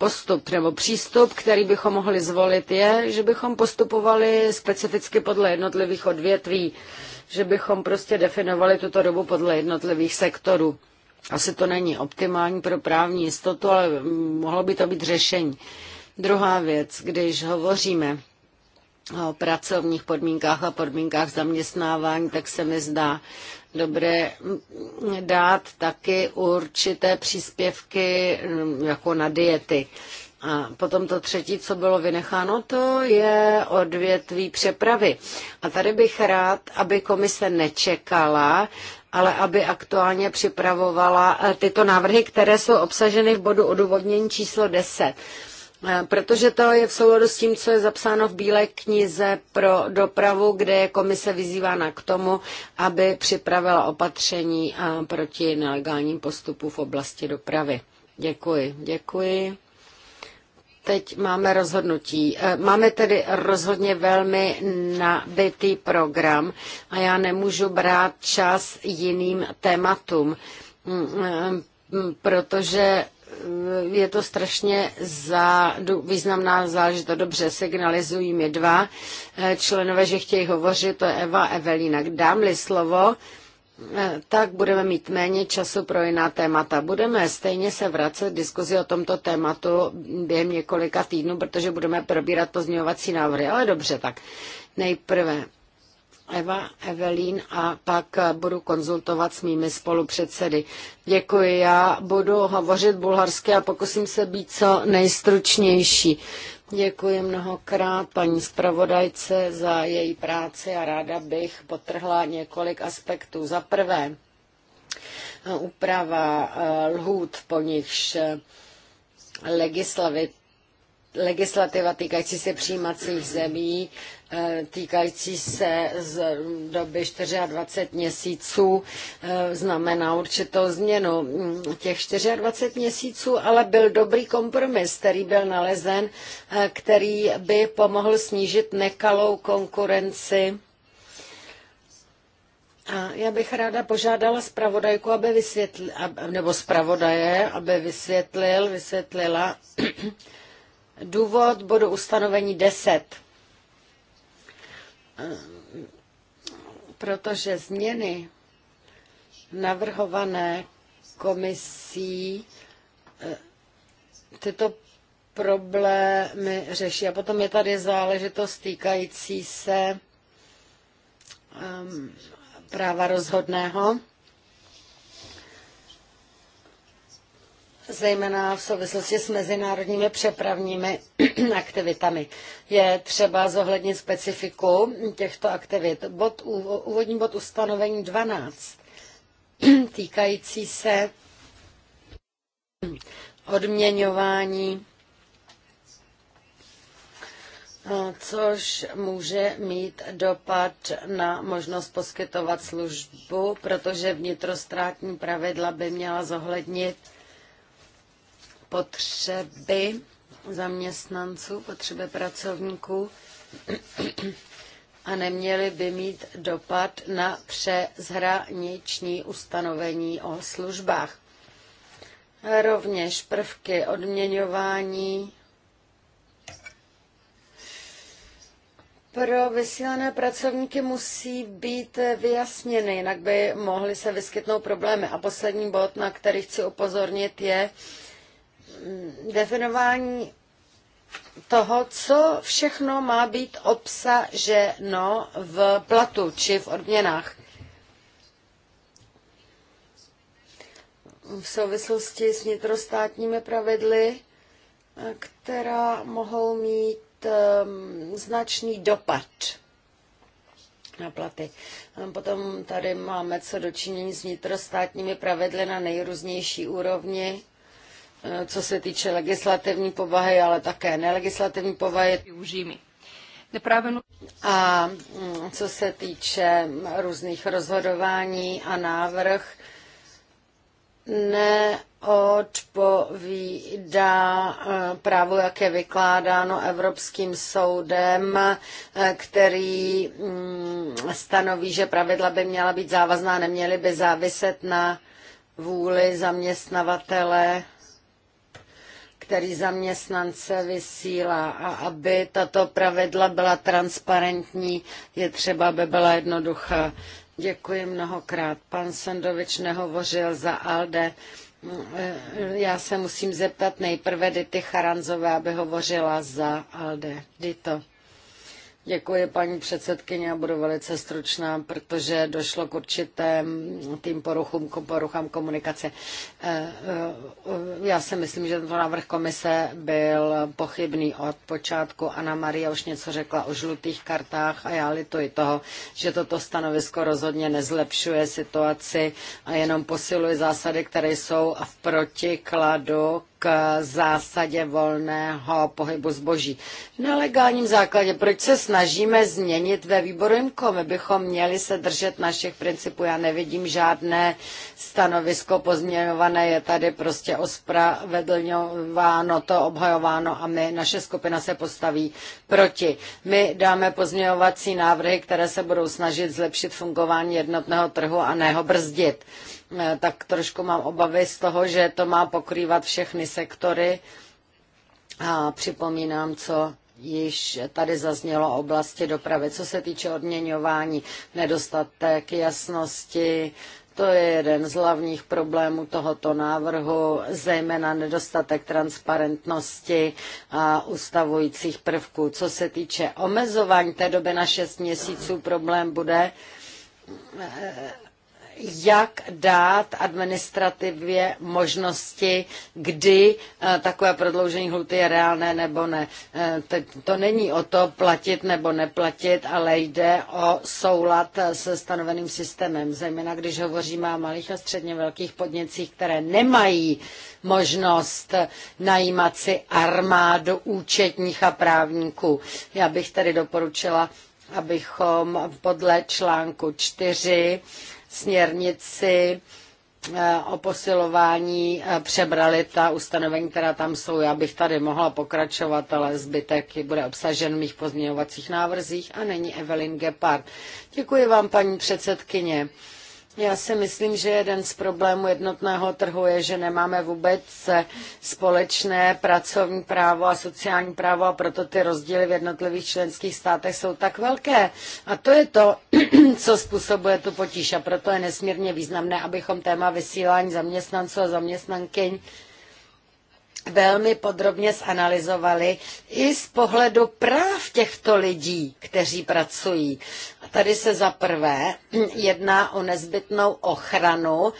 Speaker 2: postup nebo přístup, který bychom mohli zvolit, je, že bychom postupovali specificky podle jednotlivých odvětví, že bychom prostě definovali tuto dobu podle jednotlivých sektorů. Asi to není optimální pro právní jistotu, ale mohlo by to být řešení. Druhá věc, když hovoříme o pracovních podmínkách a podmínkách zaměstnávání, tak se mi zdá, dobré mm, dát taky určité příspěvky mm, jako na diety. A potom to třetí, co bylo vynecháno, to je odvětví přepravy. A tady bych rád, aby komise nečekala, ale aby aktuálně připravovala eh, tyto návrhy, které jsou obsaženy v bodu odůvodnění číslo 10. Eh, protože to je v souladu s tím, co je zapsáno v Bílé knize pro dopravu, kde je komise vyzývána k tomu, aby připravila opatření eh, proti nelegálním postupu v oblasti dopravy. Děkuji, děkuji. Teď máme rozhodnutí. Eh, máme tedy rozhodně velmi nabitý program a já nemůžu brát čas jiným tématům, mm, protože je to strašně za, významná záležitost. Dobře, signalizují mi dva eh, členové, že chtějí hovořit, to je Eva Evelina. Dám-li slovo, eh, tak budeme mít méně času pro jiná témata. Budeme stejně se vracet diskuzi o tomto tématu během několika týdnů, protože budeme probírat pozměňovací návrhy. Ale dobře, tak nejprve Eva, Evelín a pak budu konzultovat s mými spolupředsedy. Děkuji, já budu hovořit bulharsky a pokusím se být co nejstručnější. Děkuji mnohokrát paní zpravodajce za její práci a ráda bych potrhla několik aspektů. Za prvé, úprava eh, lhůt, po nichž eh, legislativa týkající se přijímacích zemí Eh, týkající se z doby 24 měsíců eh, znamená určitou změnu. Mm, těch 24 měsíců ale byl dobrý kompromis, který byl nalezen, eh, který by pomohl snížit nekalou konkurenci. A já bych ráda požádala zpravodajku, aby vysvětl, nebo zpravodaje, aby vysvětlil, vysvětlila (clears throat) důvod bodu ustanovení 10 protože změny navrhované komisí eh, tyto problémy řeší. A potom je tady záležitost týkající se um, práva rozhodného. zejména v souvislosti s mezinárodními přepravními (clears throat) aktivitami. Je třeba zohlednit specifiku těchto aktivit. Bod, úvodní bod ustanovení 12 (clears throat) týkající se odměňování, eh, což může mít dopad na možnost poskytovat službu, protože vnitrostátní pravidla by měla zohlednit potřeby zaměstnanců, potřeby pracovníků a neměly by mít dopad na přeshraniční ustanovení o službách. Rovněž prvky odměňování pro vysílené pracovníky musí být vyjasněny, jinak by mohly se vyskytnout problémy. A poslední bod, na který chci upozornit, je, Mm, definování toho, co všechno má být obsaženo v platu či v odměnách. V souvislosti s vnitrostátními pravidly, která mohou mít um, značný dopad na platy. Ehm, potom tady máme co dočinění s vnitrostátními pravidly na nejrůznější úrovni Eh, co se týče legislativní povahy, ale také nelegislativní povahy. Využijeme. A mm, co se týče různých rozhodování a návrh, neodpovídá eh, právu, jak je vykládáno Evropským soudem, eh, který mm, stanoví, že pravidla by měla být závazná, neměly by záviset na vůli zaměstnavatele který zaměstnance vysílá a aby tato pravidla byla transparentní, je třeba, aby byla jednoduchá. Děkuji mnohokrát. Pan Sandovič nehovořil za ALDE. Já se musím zeptat nejprve Dity Charanzové, aby hovořila za ALDE. Dito. Děkuji, paní předsedkyně, já budu velice stručná, protože došlo k určitým tým poruchům, poruchám komunikace. Eh, eh, já si myslím, že tento návrh komise byl pochybný od počátku. Anna Maria už něco řekla o žlutých kartách a já lituji toho, že toto stanovisko rozhodně nezlepšuje situaci a jenom posiluje zásady, které jsou v protikladu k zásadě volného pohybu zboží. Na legálním základě, proč se snažíme změnit ve výboru IMCO? My bychom měli se držet našich principů. Já nevidím žádné stanovisko pozměňované, je tady prostě ospravedlňováno, to obhajováno a my, naše skupina se postaví proti. My dáme pozměňovací návrhy, které se budou snažit zlepšit fungování jednotného trhu a ne ho brzdit. Eh, tak trošku mám obavy z toho, že to má pokrývat všechny sektory. A připomínám, co již tady zaznělo oblasti dopravy. Co se týče odměňování, nedostatek jasnosti, to je jeden z hlavních problémů tohoto návrhu, zejména nedostatek transparentnosti a ustavujících prvků. Co se týče omezování té doby na 6 měsíců, problém bude jak dát administrativě možnosti, kdy eh, takové prodloužení hluty je reálné nebo ne. Eh, to není o to platit nebo neplatit, ale jde o soulad se stanoveným systémem, zejména když hovoříme o malých a středně velkých podnicích, které nemají možnost najímat si armádu účetních a právníků. Já bych tady doporučila abychom podle článku 4 směrnici eh, o posilování eh, přebrali ta ustanovení, která tam jsou. Já bych tady mohla pokračovat, ale zbytek bude obsažen v mých pozměňovacích návrzích a není Evelyn Gepard. Děkuji vám, paní předsedkyně. Já si myslím, že jeden z problémů jednotného trhu je, že nemáme vůbec společné pracovní právo a sociální právo a proto ty rozdíly v jednotlivých členských státech jsou tak velké. A to je to, (clears throat) co způsobuje tu potíž a proto je nesmírně významné, abychom téma vysílání zaměstnanců a zaměstnankyň velmi podrobně zanalizovali i z pohledu práv těchto lidí, kteří pracují. A tady se za prvé jedná o nezbytnou ochranu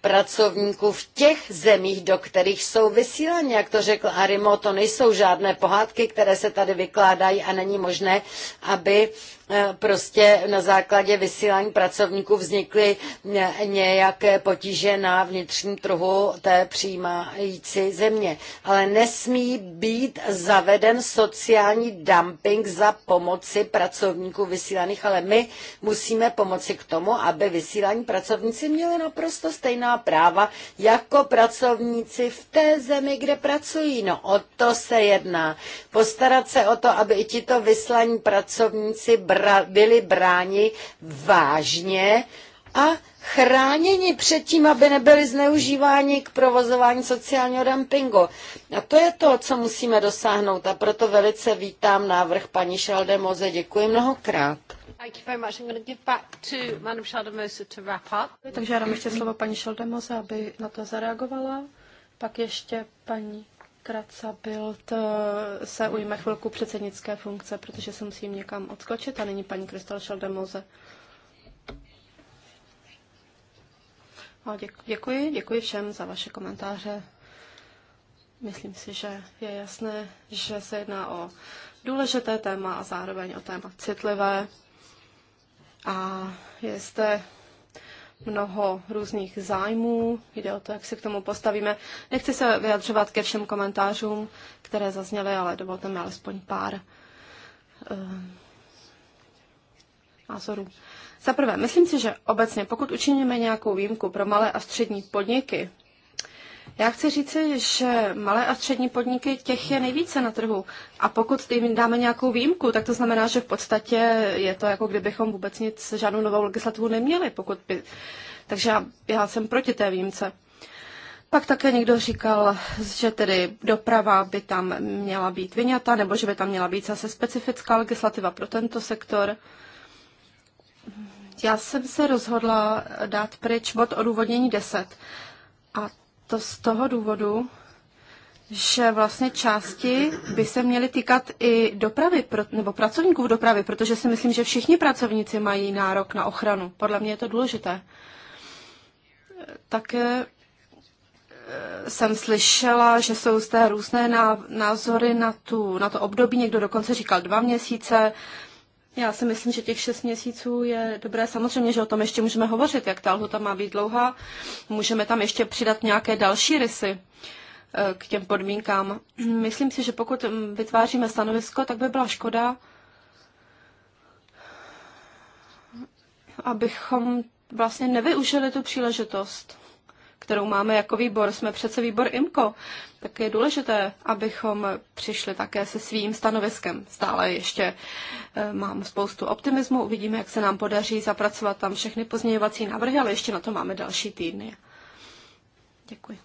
Speaker 2: pracovníků v těch zemích, do kterých jsou vysíleni. Jak to řekl Arimo, to nejsou žádné pohádky, které se tady vykládají a není možné, aby Eh, prostě na základě vysílání pracovníků vznikly eh, nějaké potíže na vnitřním trhu té přijímající země. Ale nesmí být zaveden sociální dumping za pomoci pracovníků vysílaných, ale my musíme pomoci k tomu, aby vysílání pracovníci měli naprosto stejná práva jako pracovníci v té zemi, kde pracují. No o to se jedná. Postarat se o to, aby i tito vyslaní pracovníci bra, byli bráni vážně a chráněni před tím, aby nebyli zneužíváni k provozování sociálního dumpingu. A to je to, co musíme dosáhnout a proto velice vítám návrh paní Šaldemoze. Děkuji mnohokrát. Takže já dám ještě slovo
Speaker 3: paní Šaldemoze, aby na to zareagovala. Pak ještě paní Kraca Bild eh, se ujme chvilku předsednické funkce, protože se musím někam odskočit a nyní paní Kristal Šaldemoze. A no, děkuji, děkuji všem za vaše komentáře. Myslím si, že je jasné, že se jedná o důležité téma a zároveň o téma citlivé. A je zde mnoho různých zájmů, jde o to, jak se k tomu postavíme. Nechci se vyjadřovat ke všem komentářům, které zazněly, ale dovolte mi alespoň pár uh, názorů. Za prvé, myslím si, že obecně, pokud učiníme nějakou výjimku pro malé a střední podniky, já chci říci, že malé a střední podniky těch je nejvíce na trhu. A pokud jim dáme nějakou výjimku, tak to znamená, že v podstatě je to jako kdybychom vůbec nic, žádnou novou legislativu neměli. Pokud by... Takže já, já jsem proti té výjimce. Pak také někdo říkal, že tedy doprava by tam měla být vyňata, nebo že by tam měla být zase specifická legislativa pro tento sektor. Já jsem se rozhodla dát pryč bod odůvodnění 10. A to z toho důvodu, že vlastně části by se měly týkat i dopravy, nebo pracovníků v dopravy, protože si myslím, že všichni pracovníci mají nárok na ochranu. Podle mě je to důležité. Také e, jsem slyšela, že jsou té různé názory na, tu, na to období. Někdo dokonce říkal dva měsíce, já si myslím, že těch šest měsíců je dobré. Samozřejmě, že o tom ještě můžeme hovořit, jak ta lhuta má být dlouhá. Můžeme tam ještě přidat nějaké další rysy eh, k těm podmínkám. Myslím si, že pokud mm, vytváříme stanovisko, tak by byla škoda, abychom vlastně nevyužili tu příležitost kterou máme jako výbor. Jsme přece výbor IMCO, tak je důležité, abychom přišli také se svým stanoviskem. Stále ještě eh, mám spoustu optimismu, uvidíme, jak se nám podaří zapracovat tam všechny pozměňovací návrhy, ale ještě na to máme další týdny. Děkuji.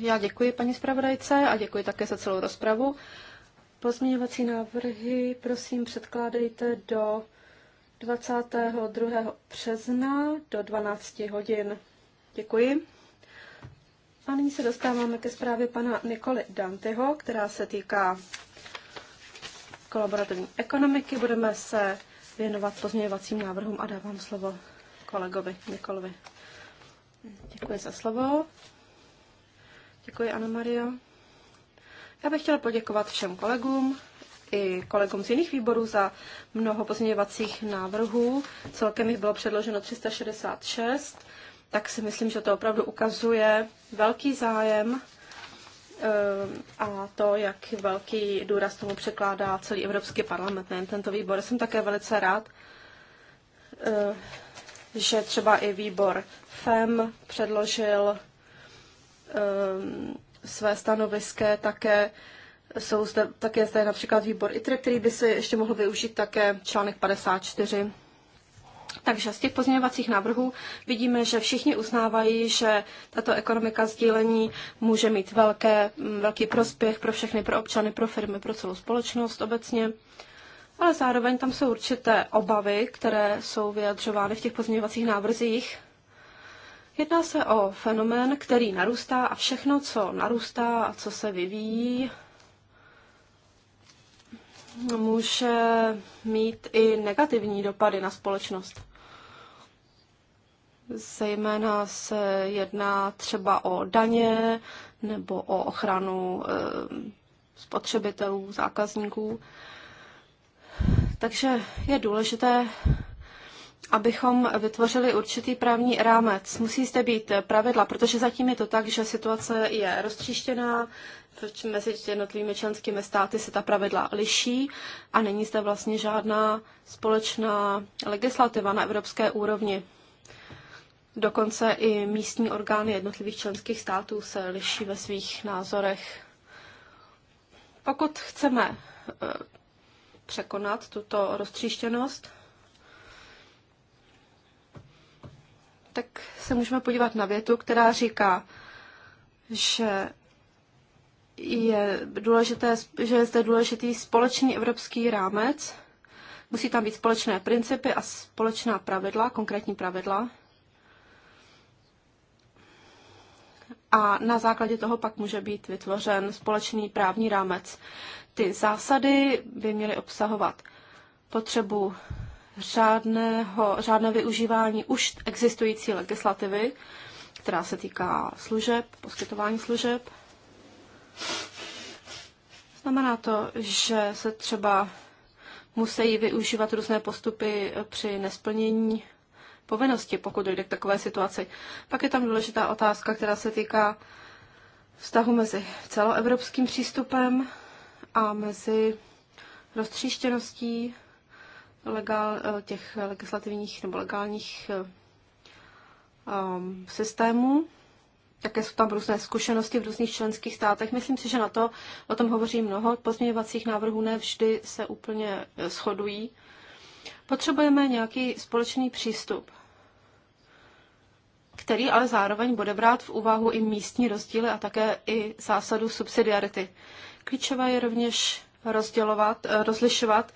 Speaker 3: Já děkuji paní zpravodajce a děkuji také za celou rozpravu. Pozměňovací návrhy prosím předkládejte do 22. března do 12 hodin. Děkuji. A nyní se dostáváme ke zprávě pana Nikoli Danteho, která se týká kolaborativní ekonomiky. Budeme se věnovat pozměňovacím návrhům a dávám slovo kolegovi Nikolovi. Děkuji za slovo. Děkuji, Ana Mario. Já bych chtěla poděkovat všem kolegům i kolegům z jiných výborů za mnoho pozměňovacích návrhů. Celkem jich bylo předloženo 366, tak si myslím, že to opravdu ukazuje velký zájem eh, a to, jak velký důraz tomu překládá celý Evropský parlament, nejen tento výbor. Jsem také velice rád, eh, že třeba i výbor FEM předložil eh, své stanoviské také jsou zde, také zde například výbor ITRE, který by se ještě mohl využít také článek 54. Takže z těch pozměňovacích návrhů vidíme, že všichni uznávají, že tato ekonomika sdílení může mít velké, mm, velký prospěch pro všechny, pro občany, pro firmy, pro celou společnost obecně. Ale zároveň tam jsou určité obavy, které jsou vyjadřovány v těch pozměňovacích návrzích, Jedná se o fenomén, který narůstá a všechno, co narůstá a co se vyvíjí, může mít i negativní dopady na společnost. Zejména se jedná třeba o daně nebo o ochranu eh, spotřebitelů, zákazníků. Takže je důležité abychom vytvořili určitý právní rámec. Musí zde být pravidla, protože zatím je to tak, že situace je roztříštěná, mezi jednotlivými členskými státy se ta pravidla liší a není zde vlastně žádná společná legislativa na evropské úrovni. Dokonce i místní orgány jednotlivých členských států se liší ve svých názorech. Pokud chceme eh, překonat tuto roztříštěnost, tak se můžeme podívat na větu, která říká, že je, důležité, že je zde důležitý společný evropský rámec, musí tam být společné principy a společná pravidla, konkrétní pravidla. A na základě toho pak může být vytvořen společný právní rámec. Ty zásady by měly obsahovat potřebu řádného, řádné využívání už existující legislativy, která se týká služeb, poskytování služeb. Znamená to, že se třeba musí využívat různé postupy při nesplnění povinnosti, pokud dojde k takové situaci. Pak je tam důležitá otázka, která se týká vztahu mezi celoevropským přístupem a mezi roztříštěností legál, eh, těch legislativních nebo legálních eh, um, systémů. Také jsou tam různé zkušenosti v různých členských státech. Myslím si, že na to o tom hovoří mnoho. Pozměňovacích návrhů ne vždy se úplně eh, shodují. Potřebujeme nějaký společný přístup, který ale zároveň bude brát v úvahu i místní rozdíly a také i zásadu subsidiarity. Klíčové je rovněž rozdělovat, rozlišovat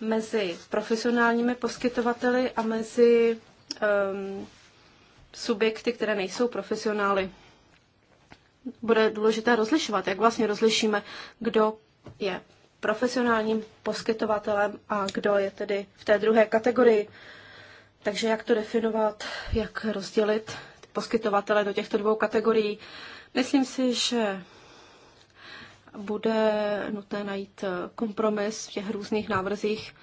Speaker 3: mezi profesionálními poskytovateli a mezi um, subjekty, které nejsou profesionály. Bude důležité rozlišovat, jak vlastně rozlišíme, kdo je profesionálním poskytovatelem a kdo je tedy v té druhé kategorii. Takže jak to definovat, jak rozdělit poskytovatele do těchto dvou kategorií. Myslím si, že bude nutné najít eh, kompromis v těch různých návrzích.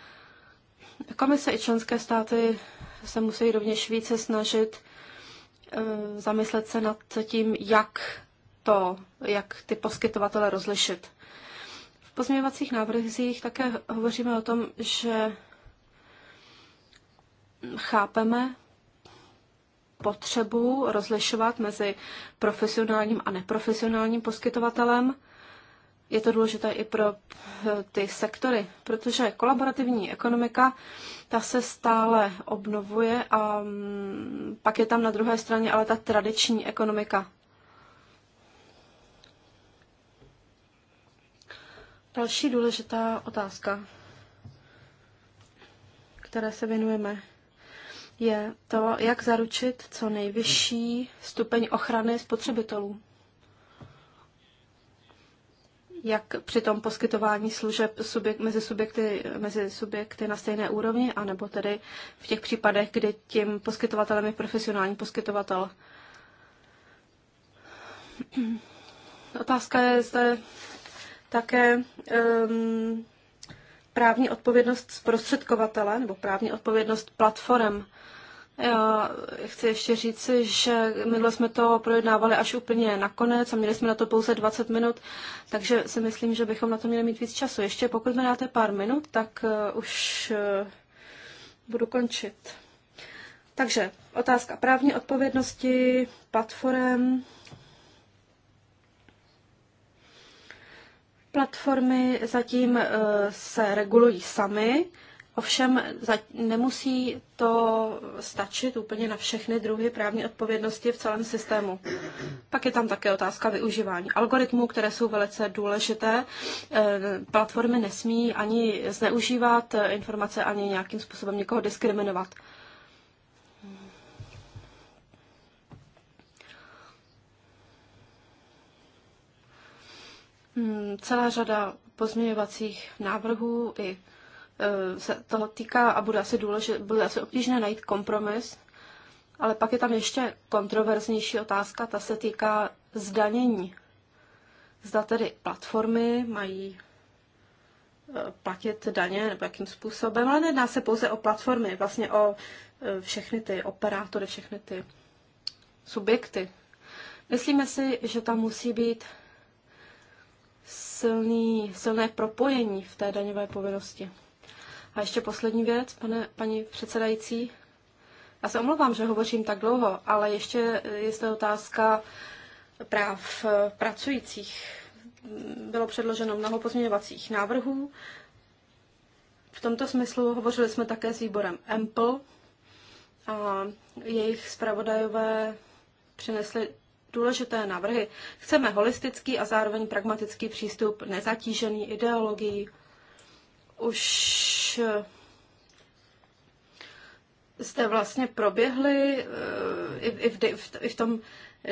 Speaker 3: Komise i členské státy se musí rovněž více snažit eh, zamyslet se nad tím, jak to, jak ty poskytovatele rozlišit. V pozměňovacích návrzích také hovoříme o tom, že chápeme potřebu rozlišovat mezi profesionálním a neprofesionálním poskytovatelem je to důležité i pro eh, ty sektory, protože kolaborativní ekonomika, ta se stále obnovuje a mm, pak je tam na druhé straně ale ta tradiční ekonomika. Další důležitá otázka, které se věnujeme, je to, jak zaručit co nejvyšší stupeň ochrany spotřebitelů jak při tom poskytování služeb subjekt, mezi, subjekty, mezi subjekty na stejné úrovni, anebo tedy v těch případech, kdy tím poskytovatelem je profesionální poskytovatel. Otázka je zde také um, právní odpovědnost zprostředkovatele nebo právní odpovědnost platform. Já chci ještě říct, že my jsme to projednávali až úplně nakonec a měli jsme na to pouze 20 minut, takže si myslím, že bychom na to měli mít víc času. Ještě pokud mi dáte pár minut, tak eh, už eh, budu končit. Takže otázka právní odpovědnosti, platform, platformy zatím eh, se regulují samy Ovšem nemusí to stačit úplně na všechny druhy právní odpovědnosti v celém systému. Pak je tam také otázka využívání algoritmů, které jsou velice důležité. E, platformy nesmí ani zneužívat informace, ani nějakým způsobem někoho diskriminovat. Hmm, celá řada pozměňovacích návrhů i Eh, se toho týká a bude asi, důležit, bude asi obtížné najít kompromis. Ale pak je tam ještě kontroverznější otázka, ta se týká zdanění. Zda tedy platformy mají eh, platit daně nebo jakým způsobem, ale nedá se pouze o platformy, vlastně o eh, všechny ty operátory, všechny ty subjekty. Myslíme si, že tam musí být silný, silné propojení v té daňové povinnosti. A ještě poslední věc, pane, paní předsedající. Já se omlouvám, že hovořím tak dlouho, ale ještě je zde otázka práv pracujících. Bylo předloženo mnoho pozměňovacích návrhů. V tomto smyslu hovořili jsme také s výborem EMPL a jejich zpravodajové přinesli důležité návrhy. Chceme holistický a zároveň pragmatický přístup, nezatížený ideologií, už jste eh, vlastně proběhli eh, i, i, v, i v tom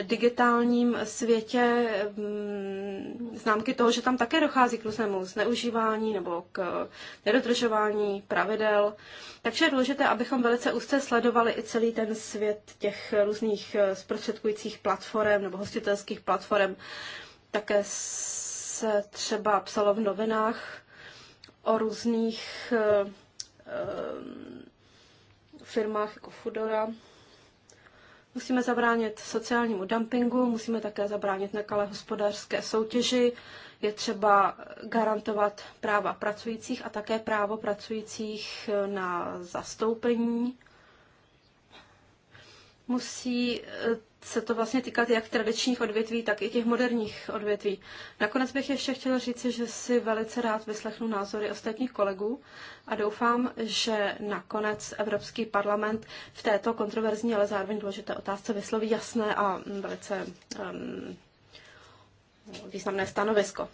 Speaker 3: digitálním světě mm, známky toho, že tam také dochází k různému zneužívání nebo k nedodržování pravidel. Takže je důležité, abychom velice úzce sledovali i celý ten svět těch různých eh, zprostředkujících platform nebo hostitelských platform. Také se třeba psalo v novinách o různých eh, eh, firmách jako Fudora. Musíme zabránit sociálnímu dumpingu, musíme také zabránit nekalé hospodářské soutěži, je třeba garantovat práva pracujících a také právo pracujících eh, na zastoupení musí eh, se to vlastně týkat jak tradičních odvětví, tak i těch moderních odvětví. Nakonec bych ještě chtěla říci, že si velice rád vyslechnu názory ostatních kolegů a doufám, že nakonec Evropský parlament v této kontroverzní, ale zároveň důležité otázce vysloví jasné a velice um, významné stanovisko.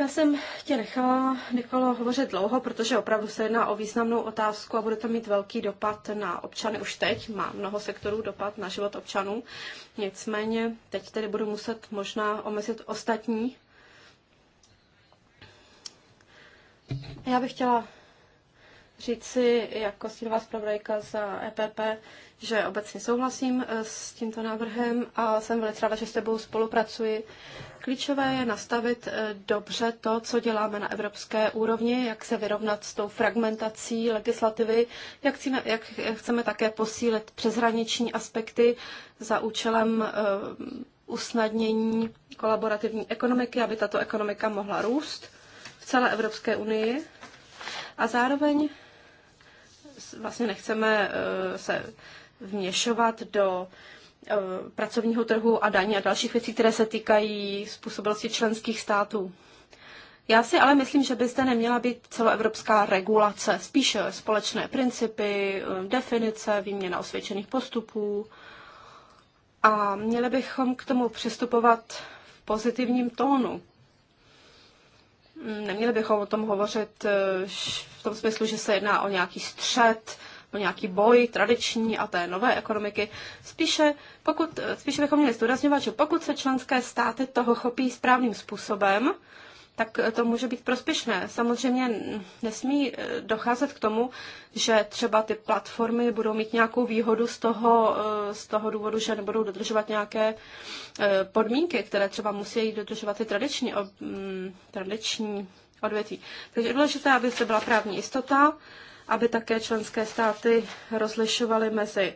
Speaker 3: Já jsem tě nechala, Nikolo, hovořit dlouho, protože opravdu se jedná o významnou otázku a bude to mít velký dopad na občany už teď. Má mnoho sektorů dopad na život občanů. Nicméně teď tedy budu muset možná omezit ostatní. Já bych chtěla říci jako stínová zpravodajka za EPP, že obecně souhlasím eh, s tímto návrhem a jsem velice ráda, že s tebou spolupracuji. Klíčové je nastavit eh, dobře to, co děláme na evropské úrovni, jak se vyrovnat s tou fragmentací legislativy, jak chceme, jak chceme také posílit přeshraniční aspekty za účelem eh, usnadnění kolaborativní ekonomiky, aby tato ekonomika mohla růst v celé Evropské unii. A zároveň vlastně nechceme eh, se vměšovat do eh, pracovního trhu a daní a dalších věcí, které se týkají způsobilosti členských států. Já si ale myslím, že by zde neměla být celoevropská regulace, spíše eh, společné principy, definice, výměna osvědčených postupů. A měli bychom k tomu přistupovat v pozitivním tónu. Mm, neměli bychom o tom hovořit eh, v tom smyslu, že se jedná o nějaký střed, o nějaký boj tradiční a té nové ekonomiky. Spíše, pokud, eh, spíše bychom měli zdůrazňovat, že pokud se členské státy toho chopí správným způsobem, tak to může být prospěšné. Samozřejmě nesmí eh, docházet k tomu, že třeba ty platformy budou mít nějakou výhodu z toho, eh, z toho důvodu, že nebudou dodržovat nějaké eh, podmínky, které třeba musí dodržovat ty tradiční, mm, tradiční odvětví. Takže je důležité, aby se byla právní jistota, aby také členské státy rozlišovaly mezi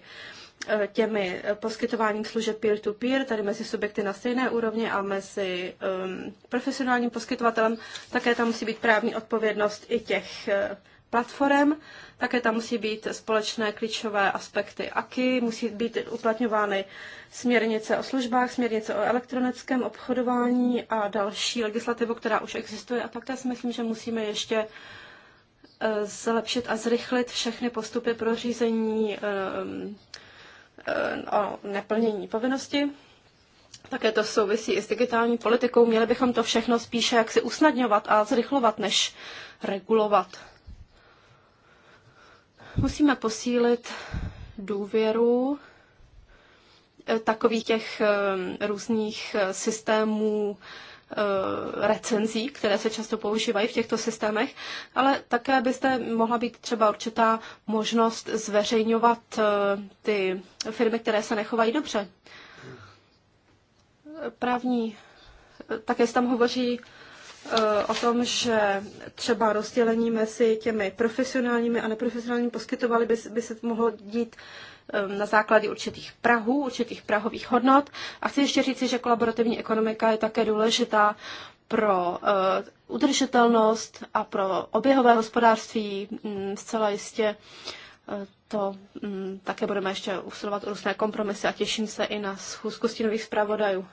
Speaker 3: Eh, těmi eh, poskytováním služeb peer-to-peer, -peer, tady mezi subjekty na stejné úrovni a mezi um, profesionálním poskytovatelem. Také tam musí být právní odpovědnost i těch eh, platform. Také tam musí být společné klíčové aspekty AKI, musí být uplatňovány směrnice o službách, směrnice o elektronickém obchodování a další legislativu, která už existuje. A také si myslím, že musíme ještě zlepšit a zrychlit všechny postupy pro řízení ehm, Eh, o neplnění povinnosti. Také to souvisí i s digitální politikou. Měli bychom to všechno spíše jaksi usnadňovat a zrychlovat, než regulovat. Musíme posílit důvěru eh, takových těch eh, různých systémů Eh, recenzí, které se často používají v těchto systémech, ale také byste mohla být třeba určitá možnost zveřejňovat eh, ty firmy, které se nechovají dobře. Právní. Eh, také se tam hovoří o tom, že třeba rozdělení mezi těmi profesionálními a neprofesionálními poskytovali by, by se mohlo dít Eh, na základě určitých prahů, určitých prahových hodnot. A chci ještě říci, že kolaborativní ekonomika je také důležitá pro eh, udržitelnost a pro oběhové hospodářství mm, zcela jistě eh, to mm, také budeme ještě usilovat o různé kompromisy a těším se i na schůzku stínových zpravodajů.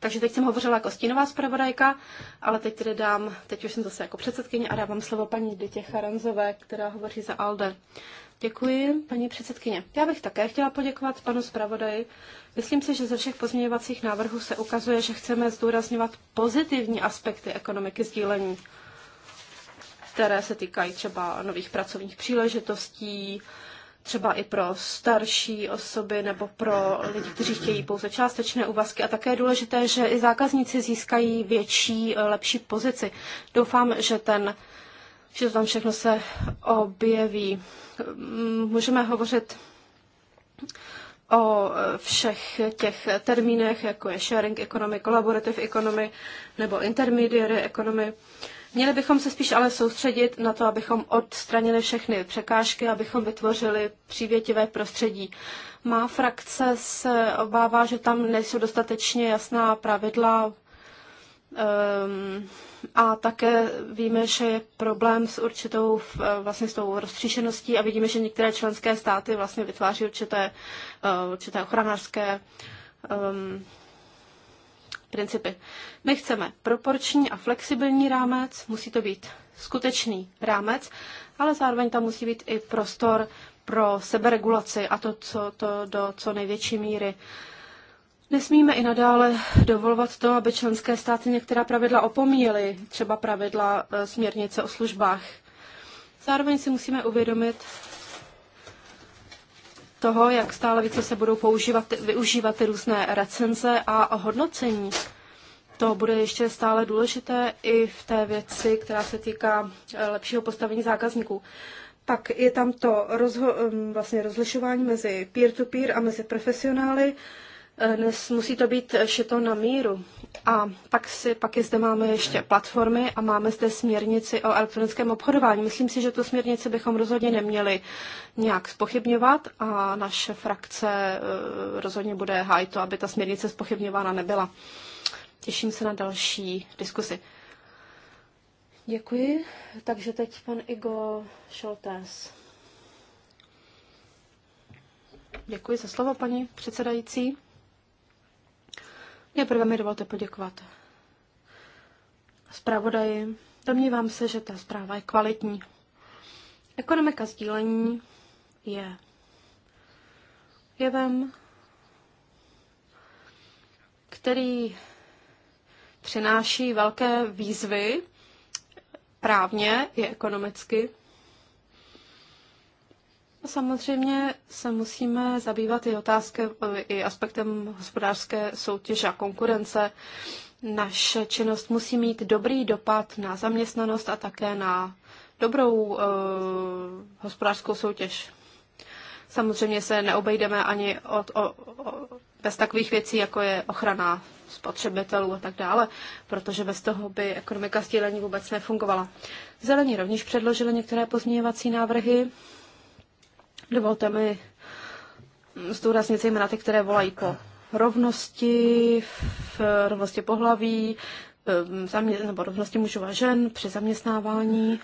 Speaker 3: Takže teď jsem hovořila jako stínová zpravodajka, ale teď tedy dám, teď už jsem zase jako předsedkyně a dávám slovo paní Dětě Charanzové, která hovoří za ALDE. Děkuji, paní předsedkyně. Já bych také chtěla poděkovat panu zpravodaji. Myslím si, že ze všech pozměňovacích návrhů se ukazuje, že chceme zdůrazňovat pozitivní aspekty ekonomiky sdílení, které se týkají třeba nových pracovních příležitostí, třeba i pro starší osoby nebo pro lidi, kteří chtějí pouze částečné úvazky. A také je důležité, že i zákazníci získají větší, lepší pozici. Doufám, že ten že to tam všechno se objeví. Můžeme hovořit o všech těch termínech, jako je sharing economy, collaborative economy nebo intermediary economy. Měli bychom se spíš ale soustředit na to, abychom odstranili všechny překážky, abychom vytvořili přívětivé prostředí. Má frakce se obává, že tam nejsou dostatečně jasná pravidla, um, a také víme, že je problém s určitou vlastně s tou roztříšeností a vidíme, že některé členské státy vlastně vytváří určité, eh, určité ochranářské um, principy. My chceme proporční a flexibilní rámec, musí to být skutečný rámec, ale zároveň tam musí být i prostor pro seberegulaci a to, co, to do co největší míry. Uh, Nesmíme i nadále dovolovat to, aby členské státy některá pravidla opomíjely, třeba pravidla e, směrnice o službách. Zároveň si musíme uvědomit toho, jak stále více se budou používat, využívat ty různé recenze a hodnocení. To bude ještě stále důležité i v té věci, která se týká e, lepšího postavení zákazníků. Pak je tam to rozho- mm, vlastně rozlišování mezi peer-to-peer -peer a mezi profesionály. Eh, musí to být eh, šito na míru. A pak, si, pak je zde máme ještě platformy a máme zde směrnici o elektronickém obchodování. Myslím si, že tu směrnici bychom rozhodně neměli nějak spochybňovat a naše frakce eh, rozhodně bude hájit to, aby ta směrnice spochybňována nebyla. Těším se na další diskusi. Děkuji. Takže teď pan Igo Šoltés. Děkuji za slovo, paní předsedající. Nejprve mi dovolte poděkovat zpravodaji. Domnívám se, že ta zpráva je kvalitní. Ekonomika sdílení je jevem, který přináší velké výzvy právně i ekonomicky. Samozřejmě se musíme zabývat i otázkem, i aspektem hospodářské soutěže a konkurence. Naše činnost musí mít dobrý dopad na zaměstnanost a také na dobrou uh, hospodářskou soutěž. Samozřejmě se neobejdeme ani od, o, o, bez takových věcí, jako je ochrana spotřebitelů a tak dále, protože bez toho by ekonomika sdílení vůbec nefungovala. Zelení rovněž předložili některé pozměňovací návrhy. Dovolte mi zdůraznit zejména ty, které volají po rovnosti, v rovnosti pohlaví, ehm, zamě, nebo rovnosti mužů a žen při zaměstnávání.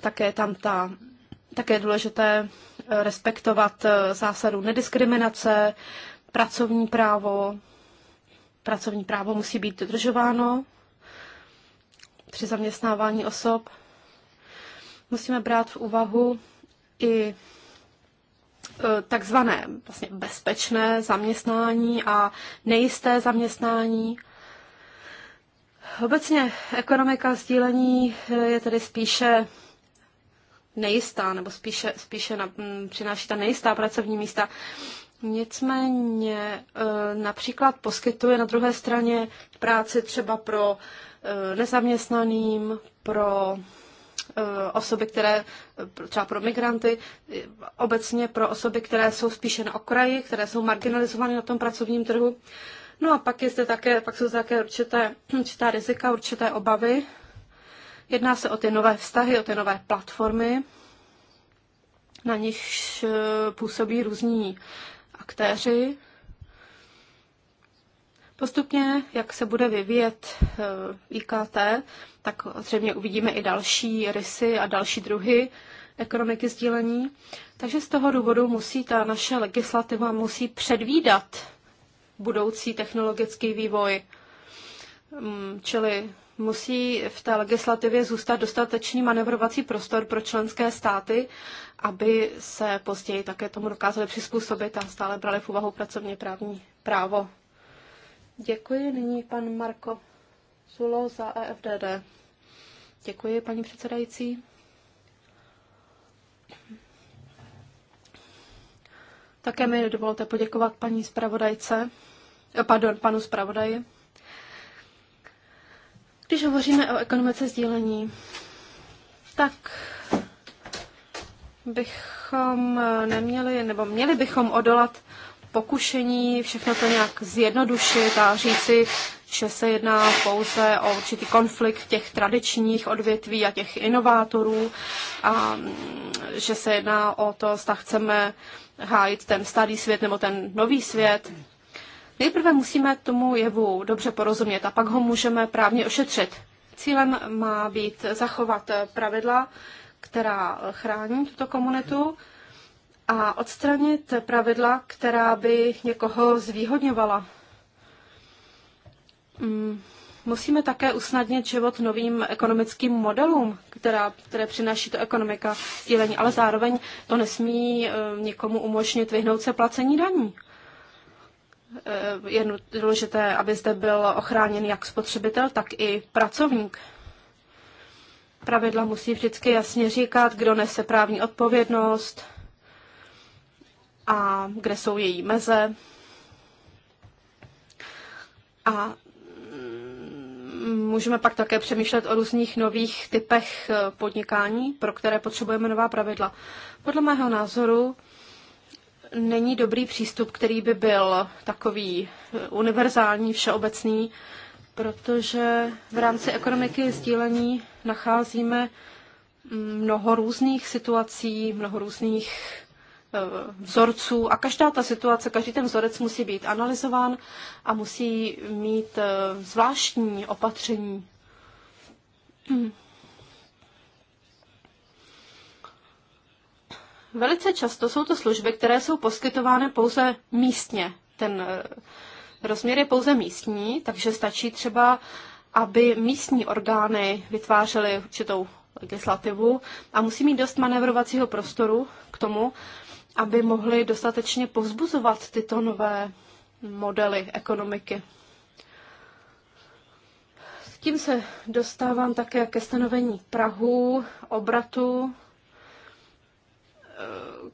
Speaker 3: Také tam ta, také je důležité respektovat eh, zásadu nediskriminace, pracovní právo. Pracovní právo musí být dodržováno při zaměstnávání osob. Musíme brát v úvahu i e, takzvané vlastně bezpečné zaměstnání a nejisté zaměstnání. Obecně ekonomika sdílení e, je tedy spíše nejistá, nebo spíše, spíše na, přináší ta nejistá pracovní místa. Nicméně e, například poskytuje na druhé straně práci třeba pro nezaměstnaným, pro Eh, osoby, které třeba pro migranty, obecně pro osoby, které jsou spíše na okraji, které jsou marginalizovány na tom pracovním trhu. No a pak, je zde také, pak jsou zde také určité, (clears throat) určitá rizika, určité obavy. Jedná se o ty nové vztahy, o ty nové platformy, na nich eh, působí různí aktéři, Postupně, jak se bude vyvíjet eh, IKT, tak zřejmě uvidíme i další rysy a další druhy ekonomiky sdílení. Takže z toho důvodu musí ta naše legislativa musí předvídat budoucí technologický vývoj. Mm, čili musí v té legislativě zůstat dostatečný manevrovací prostor pro členské státy, aby se později také tomu dokázali přizpůsobit a stále brali v úvahu pracovně právní právo Děkuji. Nyní pan Marko Zulo za EFDD. Děkuji, paní předsedající. Také mi dovolte poděkovat paní zpravodajce, eh, pardon, panu zpravodaji. Když hovoříme o ekonomice sdílení, tak bychom neměli, nebo měli bychom odolat pokušení všechno to nějak zjednodušit a říci, že se jedná pouze o určitý konflikt těch tradičních odvětví a těch inovátorů a že se jedná o to, zda chceme hájit ten starý svět nebo ten nový svět. Nejprve musíme tomu jevu dobře porozumět a pak ho můžeme právně ošetřit. Cílem má být zachovat pravidla, která chrání tuto komunitu, a odstranit pravidla, která by někoho zvýhodňovala. Mm, musíme také usnadnit život novým ekonomickým modelům, která, které přináší to ekonomika sdílení, ale zároveň to nesmí eh, někomu umožnit vyhnout se placení daní. Eh, je důležité, aby zde byl ochráněn jak spotřebitel, tak i pracovník. Pravidla musí vždycky jasně říkat, kdo nese právní odpovědnost, a kde jsou její meze. A můžeme pak také přemýšlet o různých nových typech eh, podnikání, pro které potřebujeme nová pravidla. Podle mého názoru není dobrý přístup, který by byl takový eh, univerzální, všeobecný, protože v rámci ekonomiky sdílení nacházíme mm, mnoho různých situací, mnoho různých Eh, vzorců a každá ta situace, každý ten vzorec musí být analyzován a musí mít eh, zvláštní opatření. Velice často jsou to služby, které jsou poskytovány pouze místně. Ten eh, rozměr je pouze místní, takže stačí třeba, aby místní orgány vytvářely určitou legislativu a musí mít dost manevrovacího prostoru k tomu, aby mohli dostatečně povzbuzovat tyto nové modely ekonomiky. S tím se dostávám také ke stanovení Prahu, obratu, eh,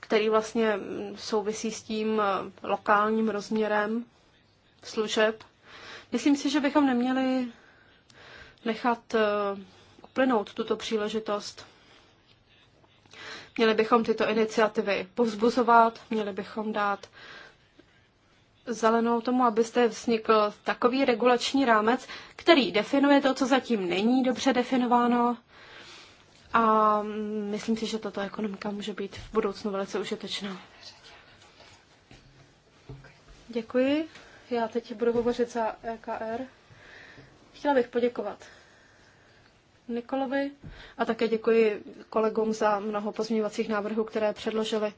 Speaker 3: který vlastně souvisí s tím eh, lokálním rozměrem služeb. Myslím si, že bychom neměli nechat eh, uplynout tuto příležitost. Měli bychom tyto iniciativy povzbuzovat, měli bychom dát zelenou tomu, abyste vznikl takový regulační rámec, který definuje to, co zatím není dobře definováno. A myslím si, že tato ekonomika může být v budoucnu velice užitečná. Děkuji. Já teď budu hovořit za EKR. Chtěla bych poděkovat Nikolovi a také děkuji kolegům za mnoho pozměňovacích návrhů, které předložili.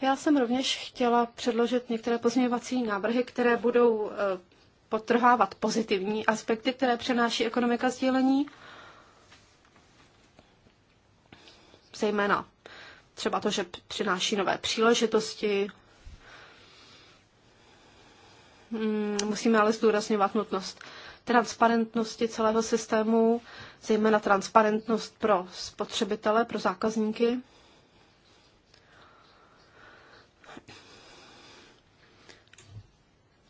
Speaker 3: Já jsem rovněž chtěla předložit některé pozměňovací návrhy, které budou eh, potrhávat pozitivní aspekty, které přenáší ekonomika sdílení, zejména třeba to, že přináší nové příležitosti. Hmm, musíme ale zdůrazňovat nutnost transparentnosti celého systému, zejména transparentnost pro spotřebitele, pro zákazníky.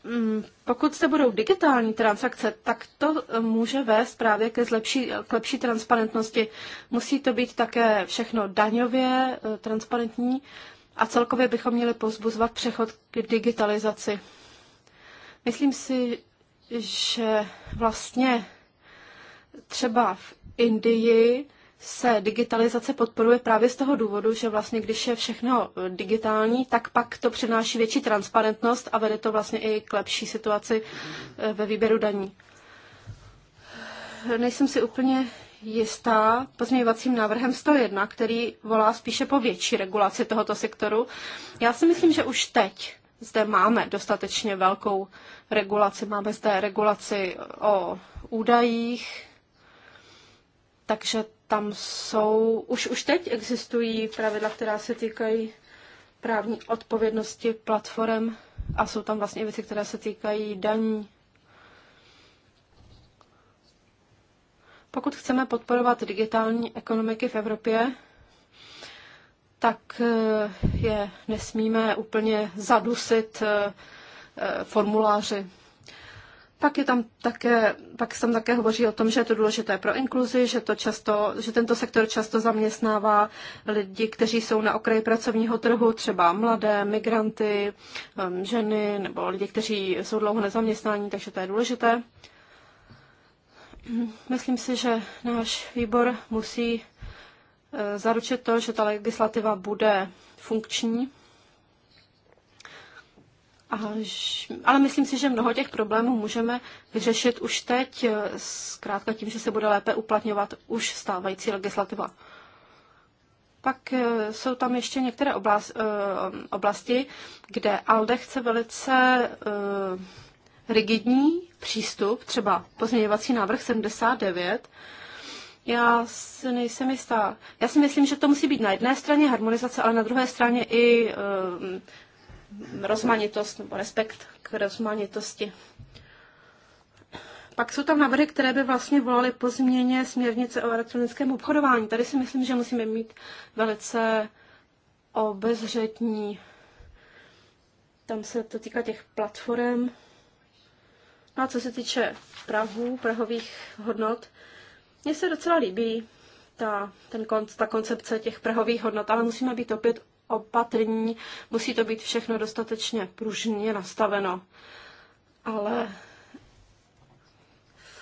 Speaker 3: Mm, pokud se budou digitální transakce, tak to eh, může vést právě ke, zlepší, k lepší transparentnosti. Musí to být také všechno daňově eh, transparentní a celkově bychom měli pozbuzovat přechod k digitalizaci. Myslím si, že vlastně třeba v Indii se digitalizace podporuje právě z toho důvodu, že vlastně když je všechno digitální, tak pak to přináší větší transparentnost a vede to vlastně i k lepší situaci eh, ve výběru daní. Nejsem si úplně jistá pozměňovacím návrhem 101, který volá spíše po větší regulaci tohoto sektoru. Já si myslím, že už teď zde máme dostatečně velkou regulaci. Máme zde regulaci o údajích, takže tam jsou, už, už teď existují pravidla, která se týkají právní odpovědnosti platform a jsou tam vlastně věci, které se týkají daní. Pokud chceme podporovat digitální ekonomiky v Evropě, tak eh, je nesmíme úplně zadusit eh, eh, formuláři. Pak, je tam také, pak se tam také hovoří o tom, že je to důležité pro inkluzi, že, to často, že tento sektor často zaměstnává lidi, kteří jsou na okraji pracovního trhu, třeba mladé, migranty, ehm, ženy nebo lidi, kteří jsou dlouho nezaměstnání, takže to je důležité. Myslím si, že náš výbor musí Eh, zaručit to, že ta legislativa bude funkční. Až, ale myslím si, že mnoho těch problémů můžeme vyřešit už teď, eh, zkrátka tím, že se bude lépe uplatňovat už stávající legislativa. Pak eh, jsou tam ještě některé oblast, oblasti, kde ALDE chce velice rigidní přístup, třeba pozměňovací návrh 79, já si nejsem jistá. Já si myslím, že to musí být na jedné straně harmonizace, ale na druhé straně i um, rozmanitost nebo respekt k rozmanitosti. Pak jsou tam návrhy, které by vlastně volaly po změně směrnice o elektronickém obchodování. Tady si myslím, že musíme mít velice obezřetní. Tam se to týká těch platform. No a co se týče Prahu, prahových hodnot, mně se docela líbí ta, ten, ta koncepce těch prahových hodnot, ale musíme být opět opatrní, musí to být všechno dostatečně pružně nastaveno. Ale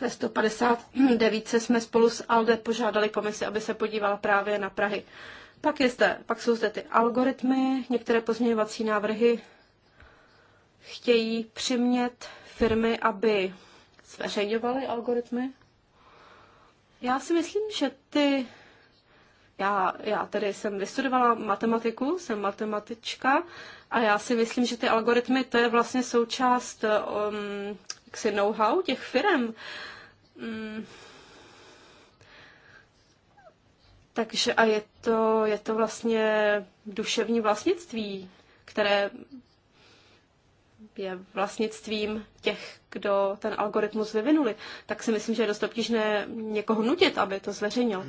Speaker 3: ve 159 jsme spolu s ALDE požádali komisi, aby se podívala právě na Prahy. Pak, je zde, pak jsou zde ty algoritmy, některé pozměňovací návrhy chtějí přimět firmy, aby zveřejňovaly algoritmy, já si myslím, že ty... Já, já tedy jsem vystudovala matematiku, jsem matematička a já si myslím, že ty algoritmy, to je vlastně součást um, jaksi know-how těch firm. Um, mm. takže a je to, je to vlastně duševní vlastnictví, které je vlastnictvím těch, kdo ten algoritmus vyvinuli, tak si myslím, že je dost obtížné někoho nutit, aby to zveřejnil.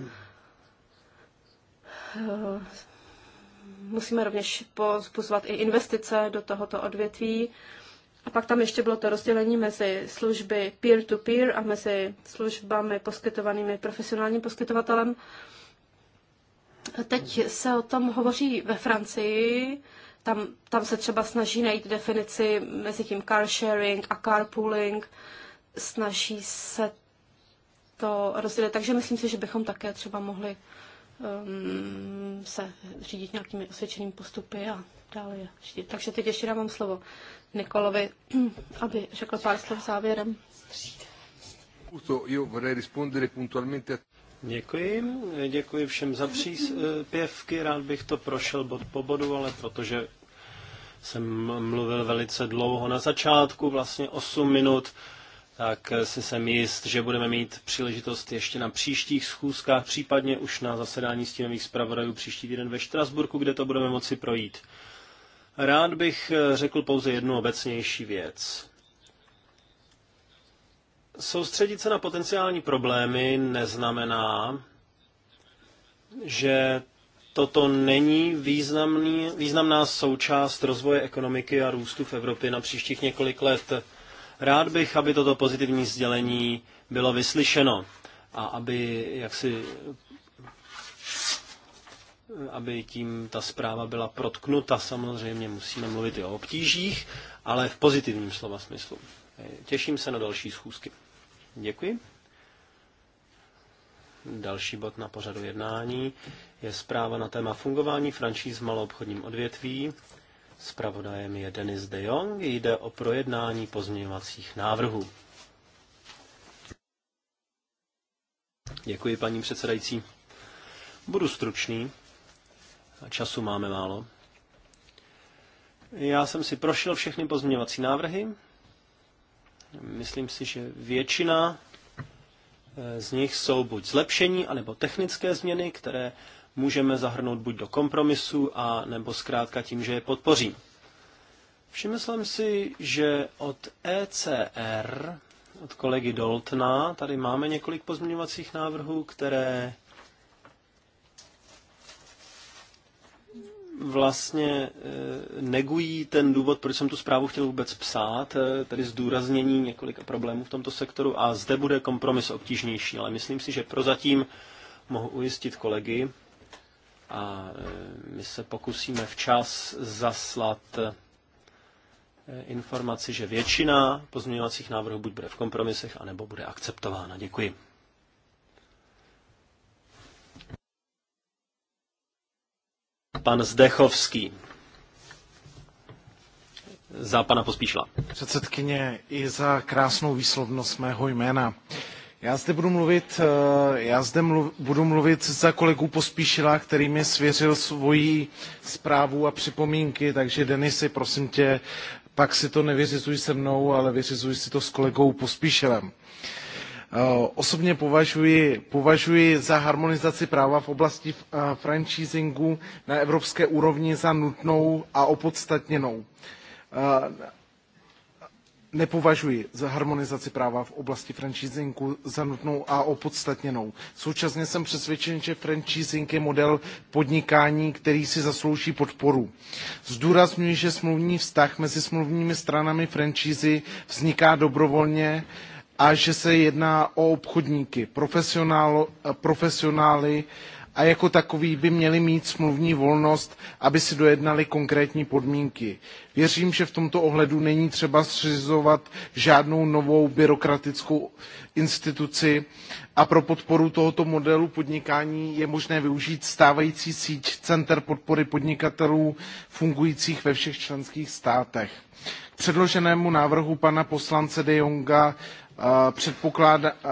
Speaker 3: Musíme rovněž pozvat i investice do tohoto odvětví. A pak tam ještě bylo to rozdělení mezi služby peer-to-peer -peer a mezi službami poskytovanými profesionálním poskytovatelem. Teď se o tom hovoří ve Francii, tam, tam se třeba snaží najít definici mezi tím car sharing a carpooling. Snaží se to rozdělit. Takže myslím si, že bychom také třeba mohli um, se řídit nějakými osvědčenými postupy a dále je řídit. Takže teď ještě dávám slovo Nikolovi, (clears throat) aby řekl pár slov závěrem.
Speaker 1: Děkuji, děkuji všem za příspěvky, rád bych to prošel bod po bodu, ale protože jsem mluvil velice dlouho na začátku, vlastně 8 minut, tak si jsem jist, že budeme mít příležitost ještě na příštích schůzkách, případně už na zasedání stínových zpravodajů příští týden ve Štrasburku, kde to budeme moci projít. Rád bych eh, řekl pouze jednu obecnější věc. Soustředit se na potenciální problémy neznamená, že Toto není významný, významná součást rozvoje ekonomiky a růstu v Evropě na příštích několik let. Rád bych, aby toto pozitivní sdělení bylo vyslyšeno a aby si, aby tím ta zpráva byla protknuta. Samozřejmě musíme mluvit i o obtížích, ale v pozitivním slova smyslu. Těším se na další schůzky. Děkuji. Další bod na pořadu jednání je zpráva na téma fungování franšíz v maloobchodním odvětví. Spravodajem je Denis de Jong, jde o projednání pozměňovacích návrhů. Děkuji, paní předsedající. Budu stručný. Času máme málo. Já jsem si prošel všechny pozměňovací návrhy. Myslím si, že většina Eh, z nich jsou buď zlepšení, anebo technické změny, které můžeme zahrnout buď do kompromisu, a nebo zkrátka tím, že je podpořím. Všiml si, že od ECR, od kolegy Doltna, tady máme několik pozměňovacích návrhů, které vlastně e, negují ten důvod, proč jsem tu zprávu chtěl vůbec psát, e, tedy zdůraznění několika problémů v tomto sektoru a zde bude kompromis obtížnější, ale myslím si, že prozatím mohu ujistit kolegy a e, my se pokusíme včas zaslat informaci, že většina pozměňovacích návrhů buď bude v kompromisech, anebo bude akceptována. Děkuji. pan Zdechovský za pana Pospíšila.
Speaker 4: Předsedkyně, i za krásnou výslovnost mého jména. Já zde budu mluvit, eh, já zde mluv, budu mluvit za kolegu Pospíšila, který mi svěřil svoji zprávu a připomínky, takže Denisy, prosím tě, pak si to nevyřizuj se mnou, ale vyřizuj si to s kolegou Pospíšilem. Eh, osobně považuji, považuji za harmonizaci práva v oblasti eh, franchisingu na evropské úrovni za nutnou a opodstatněnou. Eh, nepovažuji za harmonizaci práva v oblasti franchisingu za nutnou a opodstatněnou. Současně jsem přesvědčen, že franchising je model podnikání, který si zaslouží podporu. Zdůrazňuji, že smluvní vztah mezi smluvními stranami franchisy vzniká dobrovolně a že se jedná o obchodníky, profesionál, eh, profesionály a jako takoví by měli mít smluvní volnost, aby si dojednali konkrétní podmínky. Věřím, že v tomto ohledu není třeba zřizovat žádnou novou byrokratickou instituci a pro podporu tohoto modelu podnikání je možné využít stávající síť center podpory podnikatelů fungujících ve všech členských státech. K předloženému návrhu pana poslance De Jonga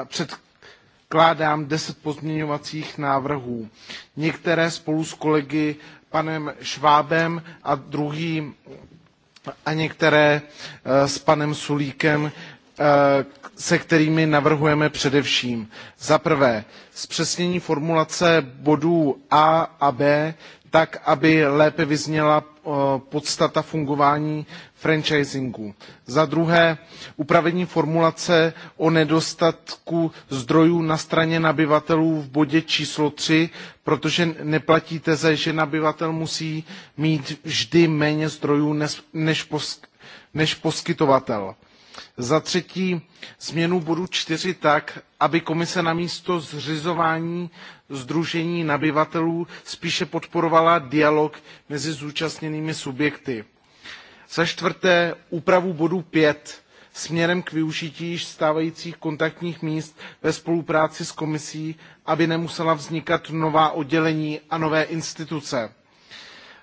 Speaker 4: předkládám deset pozměňovacích návrhů. Některé spolu s kolegy panem Švábem a druhý a některé e, s panem Sulíkem, e, se kterými navrhujeme především za prvé zpřesnění formulace bodů A a B tak, aby lépe vyzněla Eh, podstata fungování franchisingu. Za druhé, upravení formulace o nedostatku zdrojů na straně nabyvatelů v bodě číslo 3, protože neplatí teze, že nabyvatel musí mít vždy méně zdrojů než, než poskytovatel. Za třetí změnu bodu čtyři tak, aby komise na místo zřizování sdružení nabyvatelů spíše podporovala dialog mezi zúčastněnými subjekty. Za čtvrté úpravu bodu pět směrem k využití již stávajících kontaktních míst ve spolupráci s komisí, aby nemusela vznikat nová oddělení a nové instituce.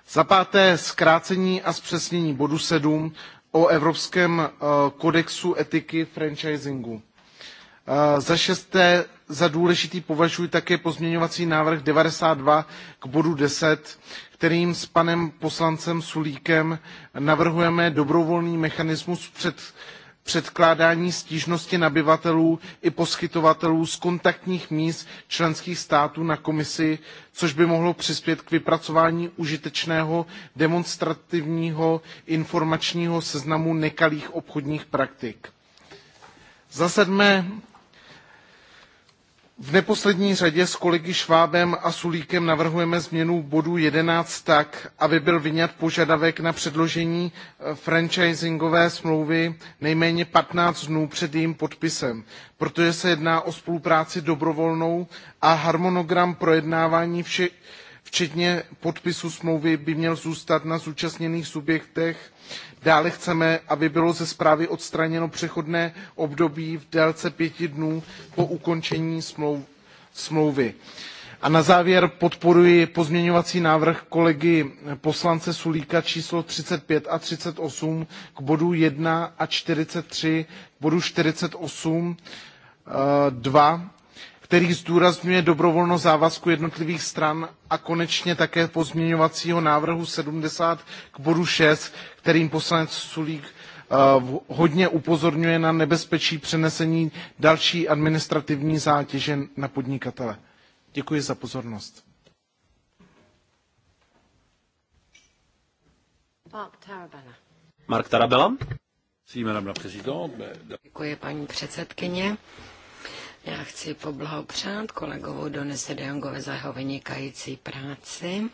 Speaker 4: Za páté zkrácení a zpřesnění bodu 7 o Evropském eh, kodexu etiky franchisingu. Eh, za šesté, za důležitý považuji také pozměňovací návrh 92 k bodu 10, kterým s panem poslancem Sulíkem navrhujeme dobrovolný mechanismus před předkládání stížnosti nabyvatelů i poskytovatelů z kontaktních míst členských států na komisi, což by mohlo přispět k vypracování užitečného demonstrativního informačního seznamu nekalých obchodních praktik. Za sedmé, v neposlední řadě s kolegy schwabem a sulíkem navrhujeme změnu bodu eleven tak aby byl vyňat požadavek na předložení eh, franchisingové smlouvy nejméně fifteen dnů před jejím podpisem protože se jedná o spolupráci dobrovolnou a harmonogram projednávání vše, včetně podpisu smlouvy by měl zůstat na zúčastněných subjektech Dále chceme, aby bylo ze zprávy odstraněno přechodné období v délce pěti dnů po ukončení smlouvy. A na závěr podporuji pozměňovací návrh kolegy poslance Sulíka číslo 35 a 38 k bodu 1 a 43, k bodu 48, 2 který zdůrazňuje dobrovolnost závazku jednotlivých stran a konečně také pozměňovacího návrhu 70 k bodu 6, kterým poslanec Sulík eh, hodně upozorňuje na nebezpečí přenesení další administrativní zátěže na podnikatele. Děkuji za pozornost.
Speaker 1: Mark Tarabella. Děkuji, paní
Speaker 2: předsedkyně. Já chci poblahopřát kolegovu do de Jongovi za jeho vynikající práci.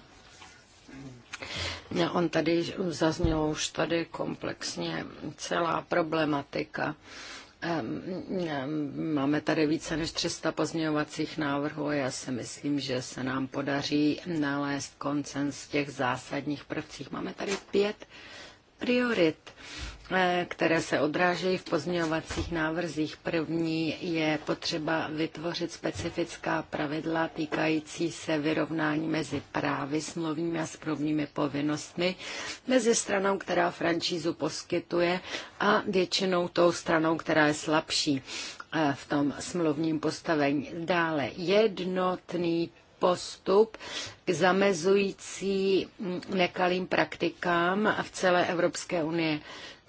Speaker 2: On tady zaznělo už tady komplexně celá problematika. Máme tady více než 300 pozměňovacích návrhů a já si myslím, že se nám podaří nalézt koncens těch zásadních prvcích. Máme tady pět priorit Eh, které se odrážejí v pozměňovacích návrzích. První je potřeba vytvořit specifická pravidla týkající se vyrovnání mezi právy smluvními a smluvními povinnostmi mezi stranou, která francízu poskytuje a většinou tou stranou, která je slabší eh, v tom smluvním postavení. Dále jednotný postup k zamezující mm, nekalým praktikám v celé Evropské unie.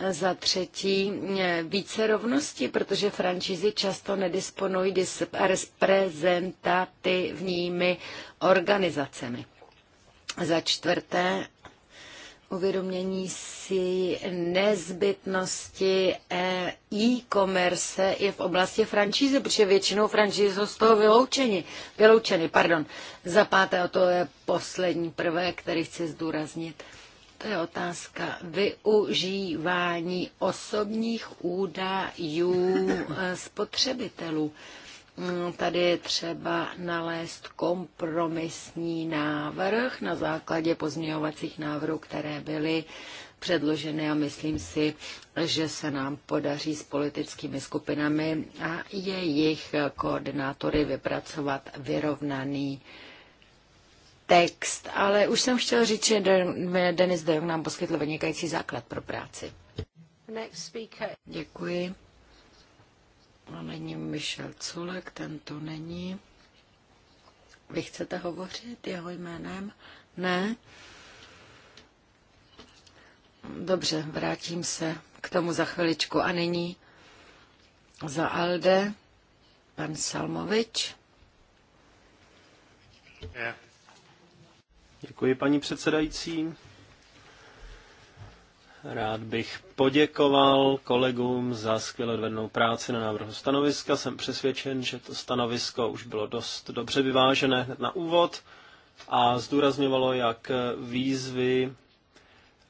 Speaker 2: Za třetí eh, více rovnosti, protože franšízy často nedisponují reprezentativními organizacemi. Za čtvrté uvědomění si nezbytnosti eh, e-commerce i v oblasti franšízy, protože většinou franšízy jsou z toho vyloučeny. vyloučeny. Pardon. Za páté, to je poslední prvé, který chci zdůraznit to je otázka využívání osobních údajů eh, spotřebitelů. Mm, tady je třeba nalézt kompromisní návrh na základě pozměňovacích návrhů, které byly předloženy a myslím si, že se nám podaří s politickými skupinami a jejich koordinátory vypracovat vyrovnaný text, ale už jsem chtěl říct, že Denis Dejong nám poskytl vynikající základ pro práci. Děkuji. A no, není Michel Culek, ten to není. Vy chcete hovořit jeho jménem? Ne? Dobře, vrátím se k tomu za chviličku. A nyní za Alde pan Salmovič.
Speaker 1: Yeah. Děkuji, paní předsedající. Rád bych poděkoval kolegům za skvěle odvednou práci na návrhu stanoviska. Jsem přesvědčen, že to stanovisko už bylo dost dobře vyvážené hned na úvod a zdůrazňovalo, jak výzvy,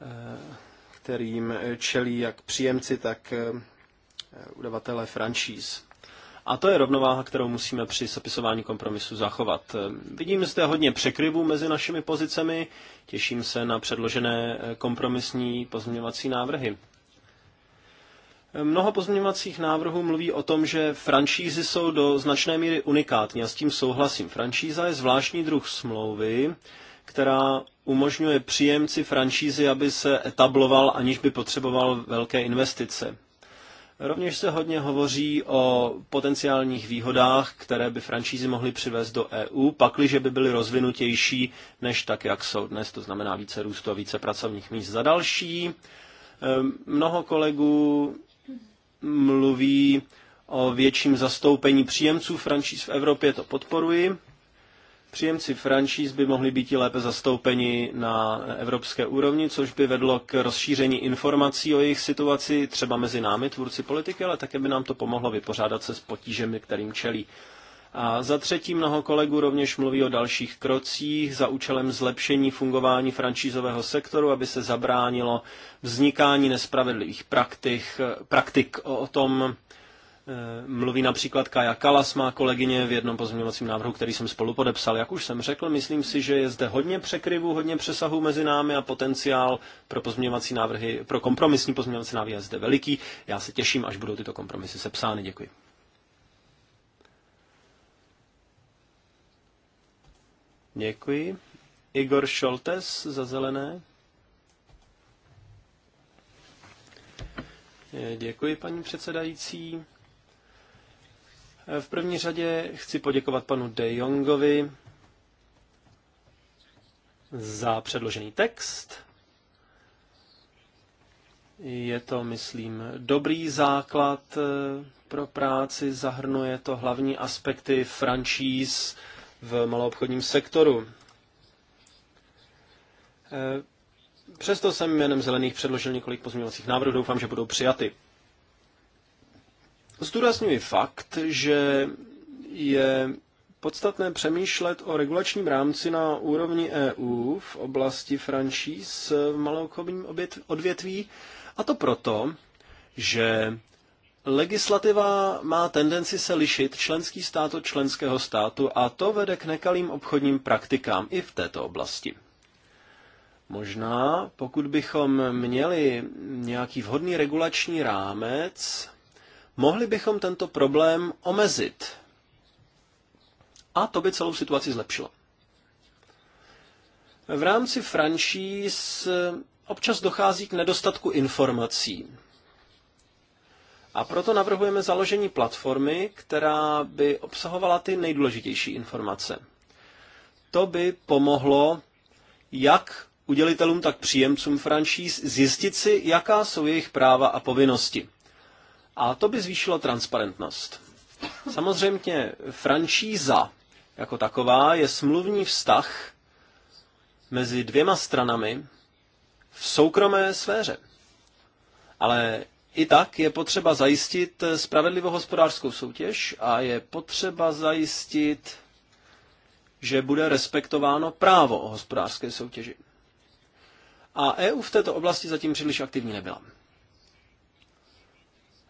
Speaker 1: eh, kterým čelí jak příjemci, tak eh, udavatele franšíz. A to je rovnováha, kterou musíme při sepisování kompromisu zachovat. Ehm, vidím zde hodně překryvů mezi našimi pozicemi, těším se na předložené eh, kompromisní pozměňovací návrhy. Ehm, mnoho pozměňovacích návrhů mluví o tom, že franšízy jsou do značné míry unikátní a s tím souhlasím. Franšíza je zvláštní druh smlouvy, která umožňuje příjemci franšízy, aby se etabloval, aniž by potřeboval velké investice. Rovněž se hodně hovoří o potenciálních výhodách, které by franšízy mohly přivést do EU, pakliže by byly rozvinutější než tak, jak jsou dnes, to znamená více růstu a více pracovních míst. Za další, mnoho kolegů mluví o větším zastoupení příjemců franšíz v Evropě, to podporuji. Příjemci franšíz by mohli být i lépe zastoupeni na evropské úrovni, což by vedlo k rozšíření informací o jejich situaci třeba mezi námi, tvůrci politiky, ale také by nám to pomohlo vypořádat se s potížemi, kterým čelí. A za třetí mnoho kolegů rovněž mluví o dalších krocích za účelem zlepšení fungování franšízového sektoru, aby se zabránilo vznikání nespravedlivých praktik, praktik o tom, Eh, mluví například Kaja Kalas, má kolegyně v jednom pozměňovacím návrhu, který jsem spolu podepsal. Jak už jsem řekl, myslím si, že je zde hodně překryvů, hodně přesahů mezi námi a potenciál pro pozměňovací návrhy, pro kompromisní pozměňovací návrhy je zde veliký. Já se těším, až budou tyto kompromisy sepsány. Děkuji. Děkuji. Igor Šoltes za zelené. Eh, děkuji, paní předsedající. V první řadě chci poděkovat panu De Jongovi za předložený text. Je to, myslím, dobrý základ eh, pro práci, zahrnuje to hlavní aspekty franšíz v maloobchodním sektoru. Eh, Přesto jsem jménem Zelených předložil několik pozměňovacích návrhů, doufám, že budou přijaty. Zdůrazňuji fakt, že je podstatné přemýšlet o regulačním rámci na úrovni EU v oblasti franšíz v maloobchodním odvětví, a to proto, že legislativa má tendenci se lišit členský stát od členského státu a to vede k nekalým obchodním praktikám i v této oblasti. Možná, pokud bychom měli nějaký vhodný regulační rámec, Mohli bychom tento problém omezit. A to by celou situaci zlepšilo. V rámci franšíz občas dochází k nedostatku informací. A proto navrhujeme založení platformy, která by obsahovala ty nejdůležitější informace. To by pomohlo jak udělitelům, tak příjemcům franšíz zjistit si, jaká jsou jejich práva a povinnosti. A to by zvýšilo transparentnost. Samozřejmě franšíza jako taková je smluvní vztah mezi dvěma stranami v soukromé sféře. Ale i tak je potřeba zajistit spravedlivou hospodářskou soutěž a je potřeba zajistit, že bude respektováno právo o hospodářské soutěži. A EU v této oblasti zatím příliš aktivní nebyla.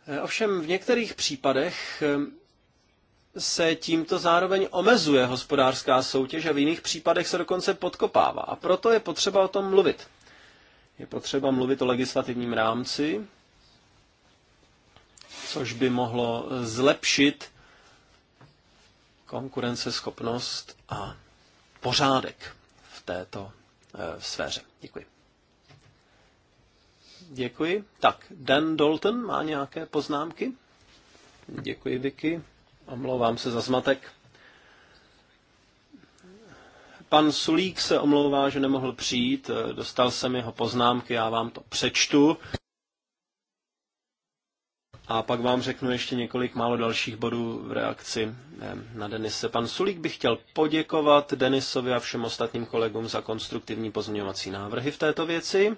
Speaker 1: Eh, ovšem v některých případech eh, se tímto zároveň omezuje hospodářská soutěž a v jiných případech se dokonce podkopává. A proto je potřeba o tom mluvit. Je potřeba mluvit o legislativním rámci, což by mohlo eh, zlepšit konkurenceschopnost a pořádek v této e, sféře. Děkuji. Děkuji. Tak, Dan Dalton má nějaké poznámky? Děkuji, Vicky. Omlouvám se za zmatek. Pan Sulík se omlouvá, že nemohl přijít. Dostal jsem jeho poznámky, já vám to přečtu. A pak vám řeknu ještě několik málo dalších bodů v reakci eh, na Denise. Pan Sulík bych chtěl poděkovat Denisovi a všem ostatním kolegům za konstruktivní pozměňovací návrhy v této věci.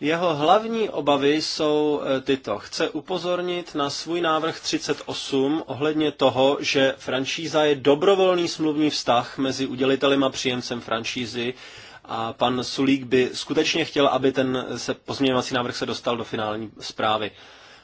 Speaker 1: Jeho hlavní obavy jsou e, tyto. Chce upozornit na svůj návrh 38 ohledně toho, že franšíza je dobrovolný smluvní vztah mezi udělitelem a příjemcem franšízy a pan Sulík by skutečně chtěl, aby ten se pozměňovací návrh se dostal do finální zprávy.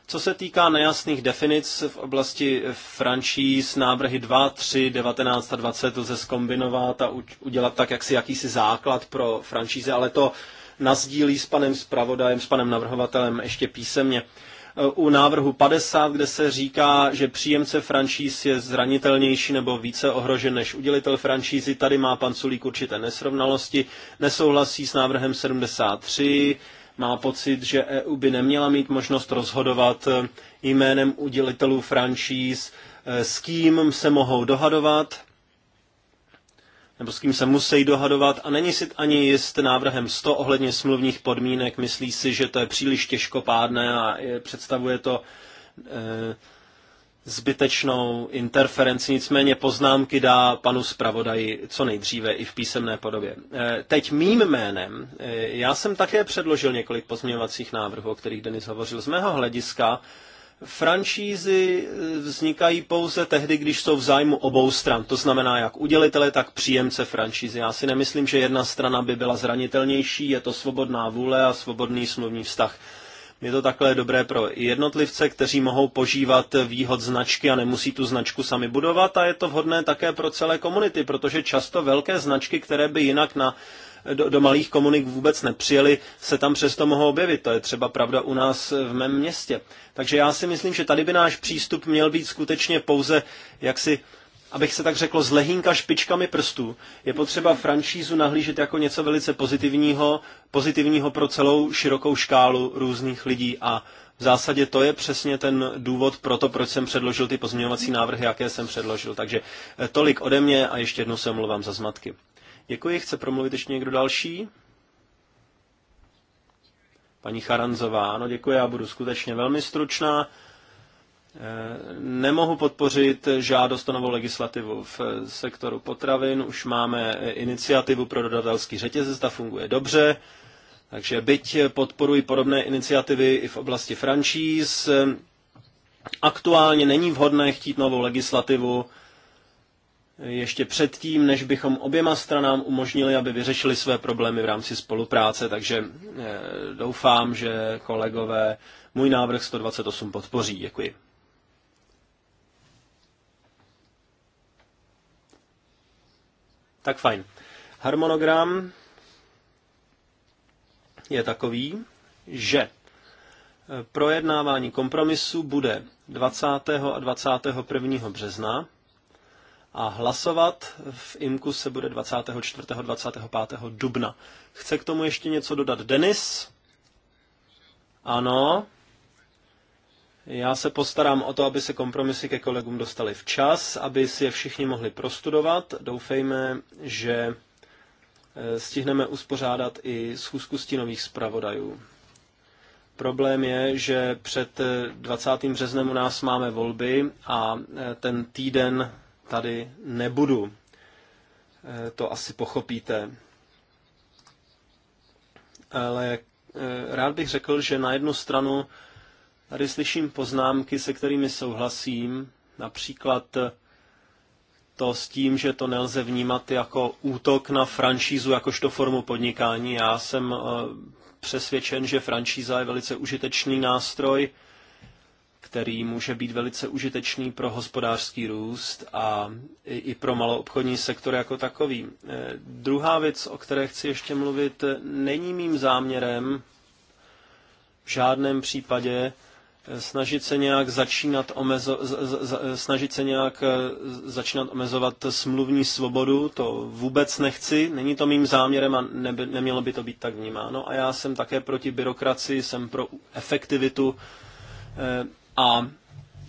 Speaker 1: Co se týká nejasných definic v oblasti franšíz, návrhy 2, 3, 19 a 20 lze zkombinovat a udělat tak jaksi jakýsi základ pro franšízy, ale to nazdílí s panem zpravodajem, s panem navrhovatelem ještě písemně. Eh, u návrhu 50, kde se říká, že příjemce franšíz je zranitelnější nebo více ohrožen než udělitel franšízy, tady má pan Sulík určité nesrovnalosti, nesouhlasí s návrhem 73, má pocit, že EU by neměla mít možnost rozhodovat eh, jménem udělitelů franšíz, eh, s kým se mohou dohadovat nebo s kým se musí dohadovat a není si ani jist návrhem 100 ohledně smluvních podmínek. Myslí si, že to je příliš těžkopádné a je, představuje to e, zbytečnou interferenci. Nicméně poznámky dá panu zpravodaji co nejdříve i v písemné podobě. E, teď mým jménem, e, já jsem také předložil několik pozměňovacích návrhů, o kterých Denis hovořil. Z mého hlediska Franšízy eh, vznikají pouze tehdy, když jsou v zájmu obou stran, to znamená jak udělitele, tak příjemce franšízy. Já si nemyslím, že jedna strana by byla zranitelnější, je to svobodná vůle a svobodný smluvní vztah. Je to takhle dobré pro jednotlivce, kteří mohou požívat výhod značky a nemusí tu značku sami budovat a je to vhodné také pro celé komunity, protože často velké značky, které by jinak na do, do malých komunik vůbec nepřijeli, se tam přesto mohou objevit. To je třeba pravda u nás v mém městě. Takže já si myslím, že tady by náš přístup měl být skutečně pouze jaksi abych se tak řekl, z lehínka špičkami prstů. Je potřeba franšízu nahlížet jako něco velice pozitivního, pozitivního pro celou širokou škálu různých lidí a v zásadě to je přesně ten důvod pro to, proč jsem předložil ty pozměňovací návrhy, jaké jsem předložil. Takže eh, tolik ode mě a ještě jednou se omlouvám za zmatky. Děkuji. Chce promluvit ještě někdo další? Paní Charanzová, ano děkuji, já budu skutečně velmi stručná. E, nemohu podpořit žádost o novou legislativu v sektoru potravin. Už máme iniciativu pro dodatelský řetězec, ta funguje dobře. Takže byť podporuji podobné iniciativy i v oblasti franšíz, aktuálně není vhodné chtít novou legislativu ještě předtím, než bychom oběma stranám umožnili, aby vyřešili své problémy v rámci spolupráce. Takže eh, doufám, že kolegové můj návrh 128 podpoří. Děkuji. Tak fajn. Harmonogram je takový, že eh, projednávání kompromisu bude 20. a 21. března a hlasovat v IMKU se bude 24. 25. dubna. Chce k tomu ještě něco dodat Denis? Ano. Já se postarám o to, aby se kompromisy ke kolegům dostaly včas, aby si je všichni mohli prostudovat. Doufejme, že e, stihneme uspořádat i schůzku stínových zpravodajů. Problém je, že před 20. E, březnem u nás máme volby a e, ten týden tady nebudu. Eh, to asi pochopíte. Ale eh, rád bych řekl, že na jednu stranu tady slyším poznámky, se kterými souhlasím, například eh, to s tím, že to nelze vnímat jako útok na franšízu jakožto formu podnikání. Já jsem přesvědčen, že franšíza je velice užitečný nástroj, který může být velice užitečný pro hospodářský růst a i pro maloobchodní sektor jako takový. Eh, druhá věc, o které chci ještě mluvit, není mým záměrem v žádném případě eh, snažit se nějak začínat, omezo, snažit se nějak eh, začínat omezovat smluvní svobodu, to vůbec nechci, není to mým záměrem a ne- nemělo by to být tak vnímáno. A já jsem také proti byrokracii, jsem pro efektivitu a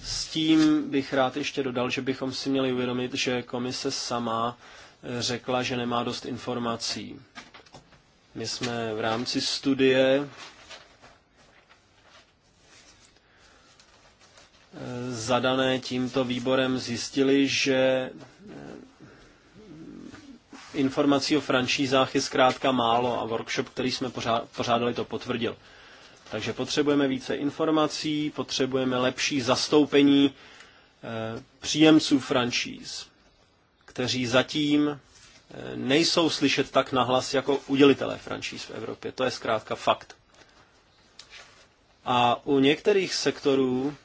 Speaker 1: s tím bych rád ještě dodal, že bychom si měli uvědomit, že komise sama eh, řekla, že nemá dost informací. My jsme v rámci studie eh, zadané tímto výborem zjistili, že eh, informací o franšízách je zkrátka málo a workshop, který jsme pořádali, to potvrdil. Takže potřebujeme více informací, potřebujeme lepší zastoupení eh, příjemců franšíz, kteří zatím eh, nejsou slyšet tak nahlas jako udělitelé franšíz v Evropě. To je zkrátka fakt. A u některých sektorů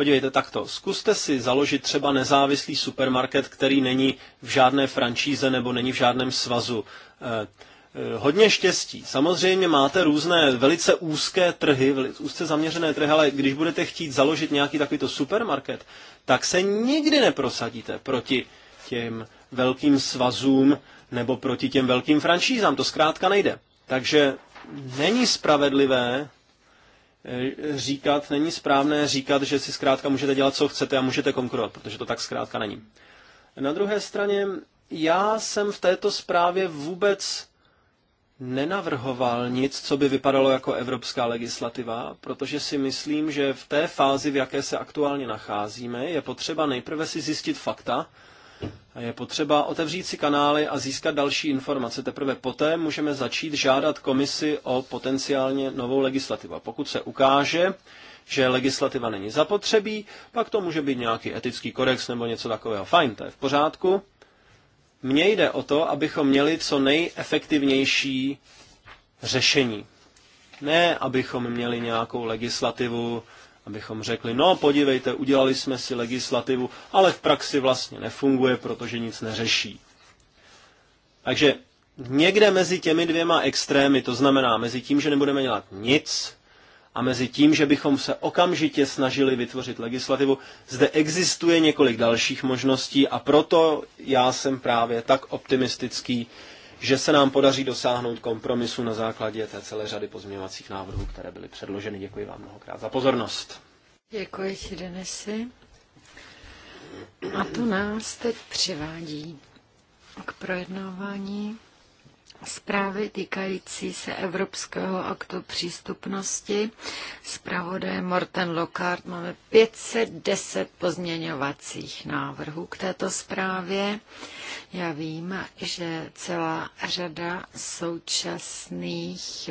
Speaker 1: Podívejte takto, zkuste si založit třeba nezávislý supermarket, který není v žádné franšíze nebo není v žádném svazu. Eh, eh, hodně štěstí. Samozřejmě máte různé velice úzké trhy, velice úzce zaměřené trhy, ale když budete chtít založit nějaký takovýto supermarket, tak se nikdy neprosadíte proti těm velkým svazům nebo proti těm velkým franšízám. To zkrátka nejde. Takže není spravedlivé Eh, říkat, není správné říkat, že si zkrátka můžete dělat, co chcete a můžete konkurovat, protože to tak zkrátka není. Na druhé straně, já jsem v této zprávě vůbec nenavrhoval nic, co by vypadalo jako evropská legislativa, protože si myslím, že v té fázi, v jaké se aktuálně nacházíme, je potřeba nejprve si zjistit fakta, je potřeba otevřít si kanály a získat další informace. Teprve poté můžeme začít žádat komisi o potenciálně novou legislativu. A pokud se ukáže, že legislativa není zapotřebí, pak to může být nějaký etický kodex nebo něco takového. Fajn, to je v pořádku. Mně jde o to, abychom měli co nejefektivnější řešení. Ne, abychom měli nějakou legislativu, abychom řekli, no podívejte, udělali jsme si legislativu, ale v praxi vlastně nefunguje, protože nic neřeší. Takže někde mezi těmi dvěma extrémy, to znamená mezi tím, že nebudeme dělat nic a mezi tím, že bychom se okamžitě snažili vytvořit legislativu, zde existuje několik dalších možností a proto já jsem právě tak optimistický, že se nám podaří dosáhnout kompromisu na základě té celé řady pozměňovacích návrhů, které byly předloženy. Děkuji vám mnohokrát za pozornost.
Speaker 2: Děkuji ti, Denisy. A to nás teď přivádí k projednávání zprávy týkající se Evropského aktu přístupnosti. Zpravodaj Morten Lockhart máme 510 pozměňovacích návrhů k této zprávě. Já vím, že celá řada současných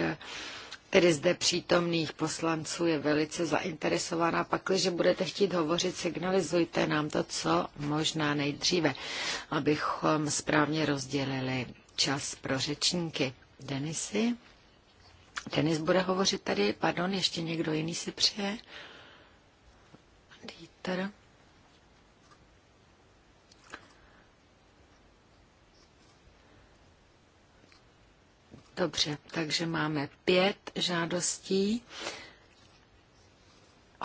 Speaker 2: tedy zde přítomných poslanců je velice zainteresovaná. Pak, když budete chtít hovořit, signalizujte nám to, co možná nejdříve, abychom správně rozdělili čas pro řečníky. Denisy? Denis bude hovořit tady, pardon, ještě někdo jiný si přeje? Dieter? Dobře, takže máme pět žádostí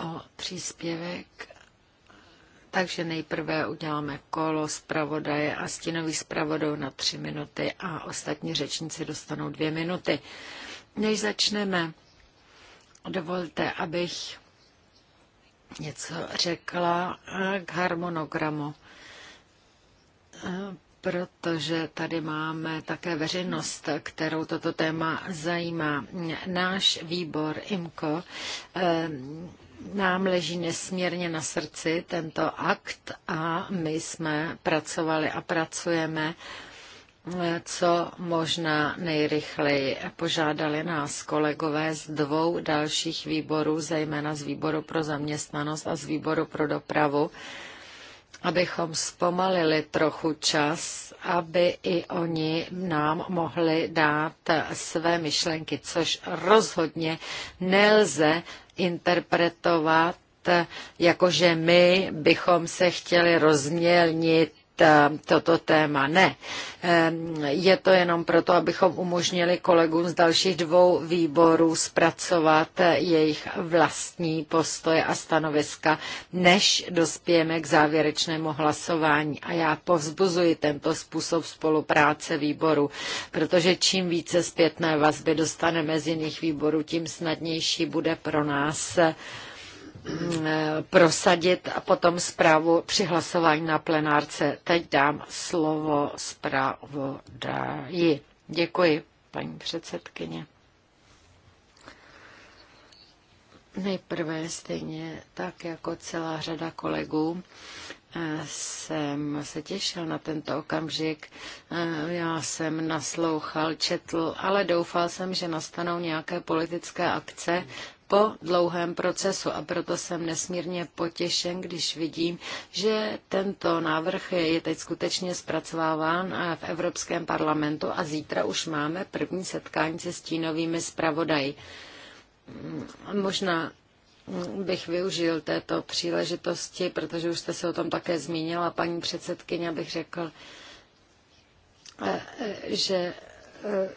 Speaker 2: o příspěvek takže nejprve uděláme kolo zpravodaje a stinový zpravodou na tři minuty a ostatní řečníci dostanou dvě minuty. Než začneme, dovolte, abych něco řekla k harmonogramu, protože tady máme také veřejnost, kterou toto téma zajímá. Náš výbor IMCO nám leží nesmírně na srdci tento akt a my jsme pracovali a pracujeme eh, co možná nejrychleji. Požádali nás kolegové z dvou dalších výborů, zejména z výboru pro zaměstnanost a z výboru pro dopravu, abychom zpomalili trochu čas, aby i oni nám mohli dát své myšlenky, což rozhodně nelze interpretovat jakože my bychom se chtěli rozmělnit Eh, toto téma. Ne, eh, je to jenom proto, abychom umožnili kolegům z dalších dvou výborů zpracovat jejich vlastní postoje a stanoviska, než dospějeme k závěrečnému hlasování. A já povzbuzuji tento způsob spolupráce výboru, protože čím více zpětné vazby dostaneme z jiných výborů, tím snadnější bude pro nás eh, Eh, prosadit a potom zprávu při hlasování na plenárce. Teď dám slovo zpravodaji. Děkuji, paní předsedkyně. Nejprve stejně tak jako celá řada kolegů eh, jsem se těšil na tento okamžik. Eh, já jsem naslouchal, četl, ale doufal jsem, že nastanou nějaké politické akce po dlouhém procesu a proto jsem nesmírně potěšen, když vidím, že tento návrh je teď skutečně zpracováván v Evropském parlamentu a zítra už máme první setkání se stínovými zpravodaji. Mm, možná bych využil této příležitosti, protože už jste se o tom také zmínila, paní předsedkyně, abych řekl, eh, eh, že eh,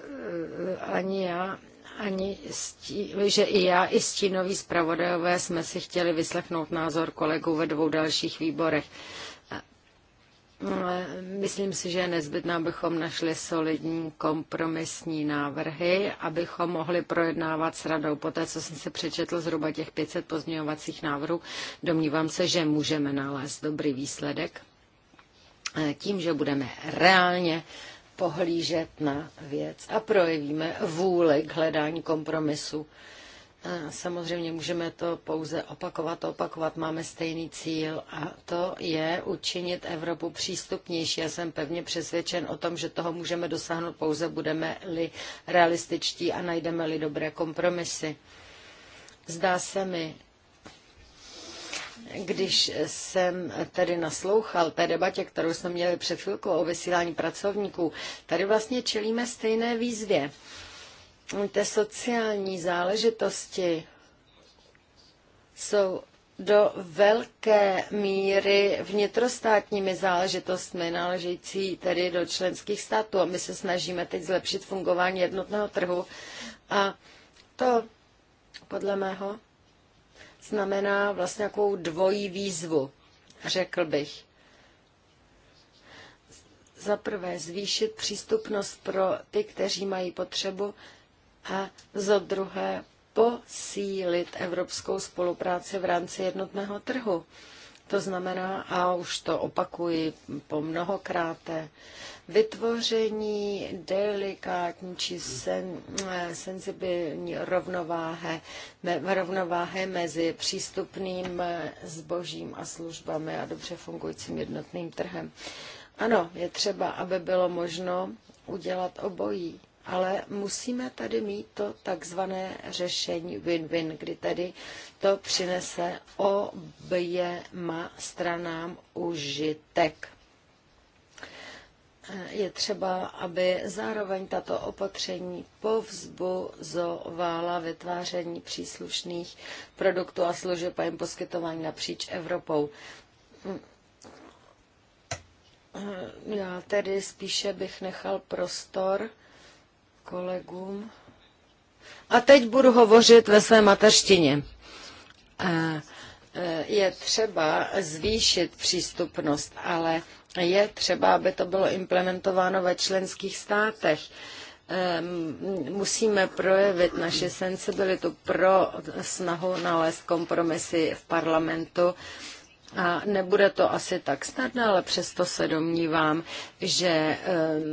Speaker 2: ani já ani stí, že i já, i stínoví zpravodajové jsme si chtěli vyslechnout názor kolegů ve dvou dalších výborech. Myslím si, že je nezbytné, abychom našli solidní kompromisní návrhy, abychom mohli projednávat s radou. Poté, co jsem si přečetl zhruba těch 500 pozměňovacích návrhů, domnívám se, že můžeme nalézt dobrý výsledek tím, že budeme reálně pohlížet na věc a projevíme vůli k hledání kompromisu. Samozřejmě můžeme to pouze opakovat, opakovat. Máme stejný cíl a to je učinit Evropu přístupnější. Já jsem pevně přesvědčen o tom, že toho můžeme dosáhnout pouze budeme-li realističtí a najdeme-li dobré kompromisy. Zdá se mi, když jsem tady naslouchal té debatě, kterou jsme měli před chvilkou o vysílání pracovníků, tady vlastně čelíme stejné výzvě. Ty sociální záležitosti jsou do velké míry vnitrostátními záležitostmi náležející tedy do členských států. A my se snažíme teď zlepšit fungování jednotného trhu. A to podle mého znamená vlastně takovou dvojí výzvu, řekl bych. Za prvé zvýšit přístupnost pro ty, kteří mají potřebu a za druhé posílit evropskou spolupráci v rámci jednotného trhu. To znamená, a už to opakuji po mnohokráté, vytvoření delikátní či sen, eh, senzibilní rovnováhy, me, rovnováhy mezi přístupným eh, zbožím a službami a dobře fungujícím jednotným trhem. Ano, je třeba, aby bylo možno udělat obojí ale musíme tady mít to takzvané řešení win-win, kdy tedy to přinese oběma stranám užitek. Je třeba, aby zároveň tato opatření povzbuzovala vytváření příslušných produktů a služeb a jim poskytování napříč Evropou. Já tedy spíše bych nechal prostor kolegům. A teď budu hovořit ve své mateřštině. E, je třeba zvýšit přístupnost, ale je třeba, aby to bylo implementováno ve členských státech musíme projevit naši sensibilitu pro snahu nalézt kompromisy v parlamentu a nebude to asi tak snadné, ale přesto se domnívám, že ehm,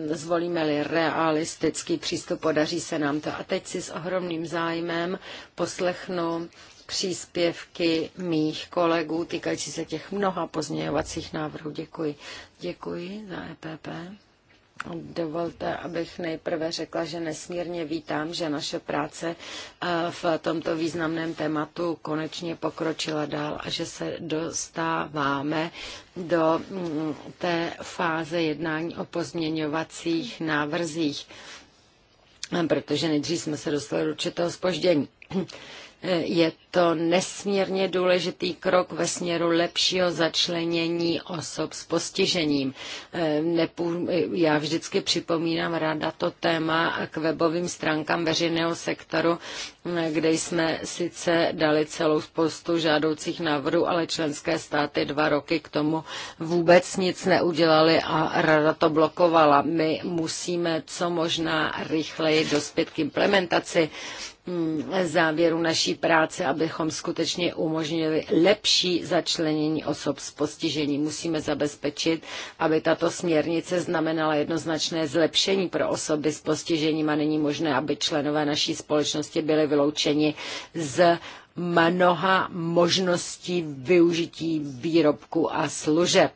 Speaker 2: zvolíme-li realistický přístup, podaří se nám to. A teď si s ohromným zájmem poslechnu příspěvky mých kolegů týkající se těch mnoha pozměňovacích návrhů. Děkuji. Děkuji za EPP. Dovolte, abych nejprve řekla, že nesmírně vítám, že naše práce eh, v tomto významném tématu konečně pokročila dál a že se dostáváme do mm, té fáze jednání o pozměňovacích návrzích, protože nejdřív jsme se dostali do určitého spoždění. Je to nesmírně důležitý krok ve směru lepšího začlenění osob s postižením. E, já vždycky připomínám ráda to téma k webovým stránkám veřejného sektoru, e, kde jsme sice dali celou spoustu žádoucích návrhů, ale členské státy dva roky k tomu vůbec nic neudělali a rada to blokovala. My musíme co možná rychleji dospět k implementaci Mm, závěru naší práce, abychom skutečně umožnili lepší začlenění osob s postižením. Musíme zabezpečit, aby tato směrnice znamenala jednoznačné zlepšení pro osoby s postižením a není možné, aby členové naší společnosti byli vyloučeni z mnoha možností využití výrobku a služeb.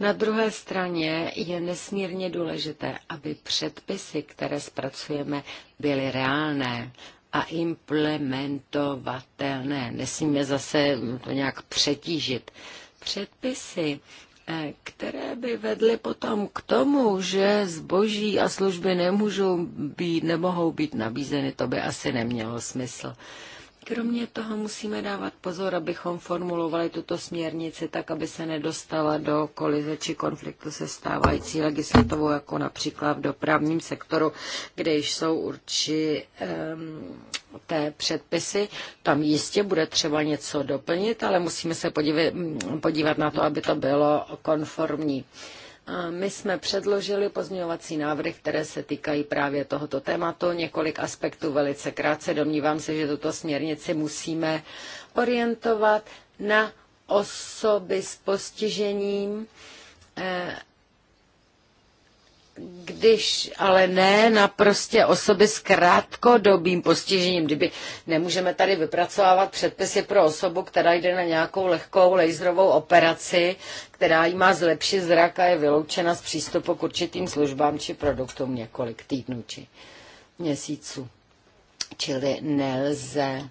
Speaker 2: Na druhé straně je nesmírně důležité, aby předpisy, které zpracujeme, byly reálné a implementovatelné. Nesmíme zase to nějak přetížit. Předpisy, eh, které by vedly potom k tomu, že zboží a služby nemůžou být, nemohou být nabízeny, to by asi nemělo smysl. Kromě toho musíme dávat pozor, abychom formulovali tuto směrnici tak, aby se nedostala do kolize či konfliktu se stávající legislativou, jako například v dopravním sektoru, kde již jsou určité předpisy. Tam jistě bude třeba něco doplnit, ale musíme se podívat, podívat na to, aby to bylo konformní. My jsme předložili pozměňovací návrhy, které se týkají právě tohoto tématu. Několik aspektů velice krátce. Domnívám se, že tuto směrnici musíme orientovat na osoby s postižením eh, když ale ne na prostě osoby s krátkodobým postižením, kdyby nemůžeme tady vypracovávat předpisy pro osobu, která jde na nějakou lehkou laserovou operaci, která jí má zlepšit zrak a je vyloučena z přístupu k určitým službám či produktům několik týdnů či měsíců. Čili nelze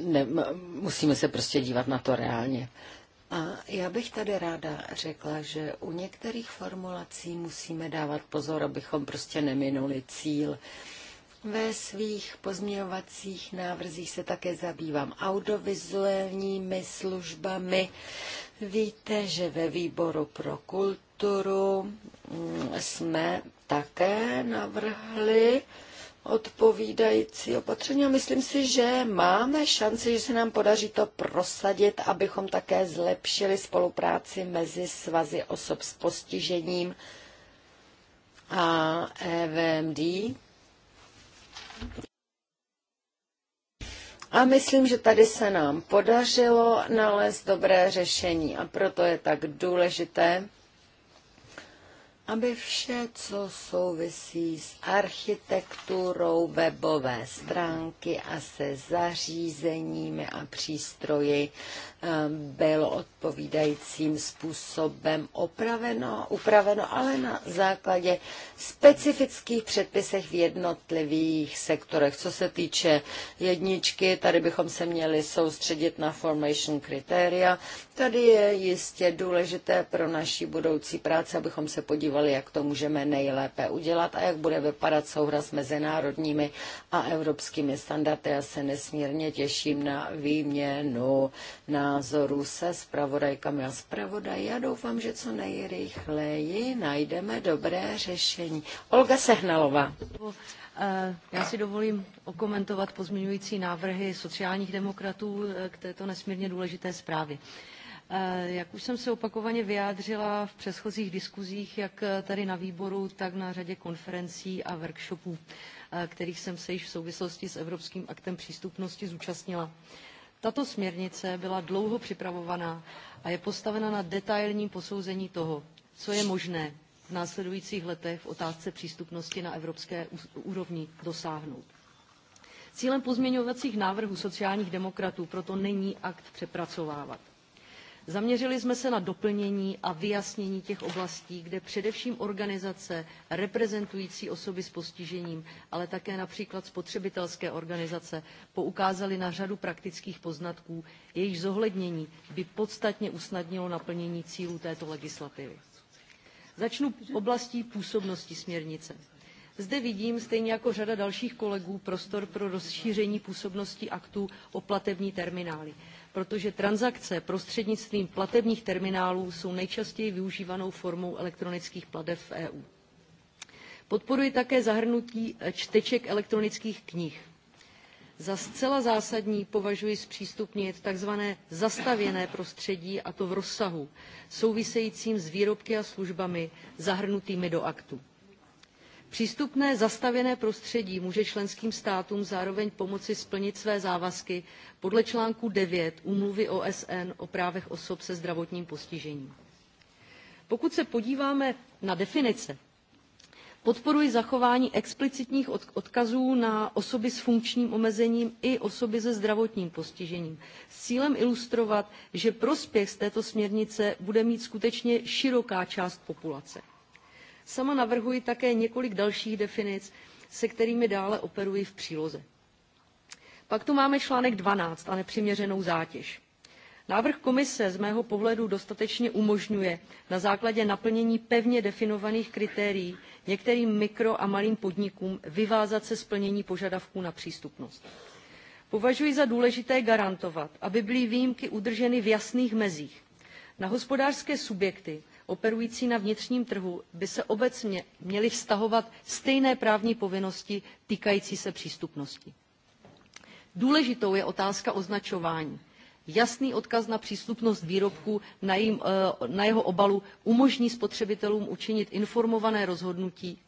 Speaker 2: ne, musíme se prostě dívat na to reálně. Uh, a já bych tady ráda řekla, že u některých formulací musíme dávat pozor, abychom prostě neminuli cíl. Ve svých pozměňovacích návrzích se také zabývám audiovizuálními službami. Víte, že ve výboru pro kulturu mm, jsme také navrhli odpovídající opatření a myslím si, že máme šanci, že se nám podaří to prosadit, abychom také zlepšili spolupráci mezi svazy osob s postižením a EVMD. A myslím, že tady se nám podařilo nalézt dobré řešení a proto je tak důležité, aby vše, co souvisí s architekturou webové stránky a se zařízeními a přístroji, bylo odpovídajícím způsobem opraveno, upraveno, ale na základě specifických předpisech v jednotlivých sektorech. Co se týče jedničky, tady bychom se měli soustředit na formation kritéria. Tady je jistě důležité pro naší budoucí práci, abychom se podívali, jak to můžeme nejlépe udělat a jak bude vypadat souhra s mezinárodními a evropskými standardy. Já se nesmírně těším na výměnu, na názorů se zpravodajkami a zpravodaji. Já doufám, že co nejrychleji najdeme dobré řešení. Olga Sehnalová.
Speaker 5: Eh, já si dovolím okomentovat pozměňující návrhy sociálních demokratů eh, k této nesmírně důležité zprávě. Eh, jak už jsem se opakovaně vyjádřila v předchozích diskuzích, jak tady na výboru, tak na řadě konferencí a workshopů, kterých jsem se již v souvislosti s Evropským aktem přístupnosti zúčastnila. Tato směrnice byla dlouho připravovaná a je postavena na detailním posouzení toho, co je možné v následujících letech v otázce přístupnosti na evropské úrovni dosáhnout. Cílem pozměňovacích návrhů sociálních demokratů proto není akt přepracovávat. Zaměřili jsme se na doplnění a vyjasnění těch oblastí, kde především organizace reprezentující osoby s postižením, ale také například spotřebitelské organizace poukázaly na řadu praktických poznatků, jejichž zohlednění by podstatně usnadnilo naplnění cílů této legislativy. Začnu oblastí působnosti směrnice. Zde vidím, stejně jako řada dalších kolegů, prostor pro rozšíření působnosti aktu o platební terminály protože transakce prostřednictvím platebních terminálů jsou nejčastěji využívanou formou elektronických plateb v EU. Podporuji také zahrnutí čteček elektronických knih. Za zcela zásadní považuji zpřístupnit tzv. zastavěné prostředí, a to v rozsahu, souvisejícím s výrobky a službami zahrnutými do aktu. Přístupné zastavěné prostředí může členským státům zároveň pomoci splnit své závazky podle článku 9 Úmluvy OSN o právech osob se zdravotním postižením. Pokud se podíváme na definice, podporuji zachování explicitních odkazů na osoby s funkčním omezením i osoby se zdravotním postižením s cílem ilustrovat že prospěch z této směrnice bude mít skutečně široká část populace. Sama navrhuji také několik dalších definic, se kterými dále operuji v příloze. Pak tu máme článek 12 a nepřiměřenou zátěž. Návrh komise z mého pohledu dostatečně umožňuje na základě naplnění pevně definovaných kritérií některým mikro a malým podnikům vyvázat se splnění požadavků na přístupnost. Považuji za důležité garantovat, aby byly výjimky udrženy v jasných mezích. Na hospodářské subjekty operující na vnitřním trhu by se obecně měly vztahovat stejné právní povinnosti týkající se přístupnosti. Důležitou je otázka označování. Jasný odkaz na přístupnost výrobku na, jim, eh, na jeho obalu umožní spotřebitelům učinit informované rozhodnutí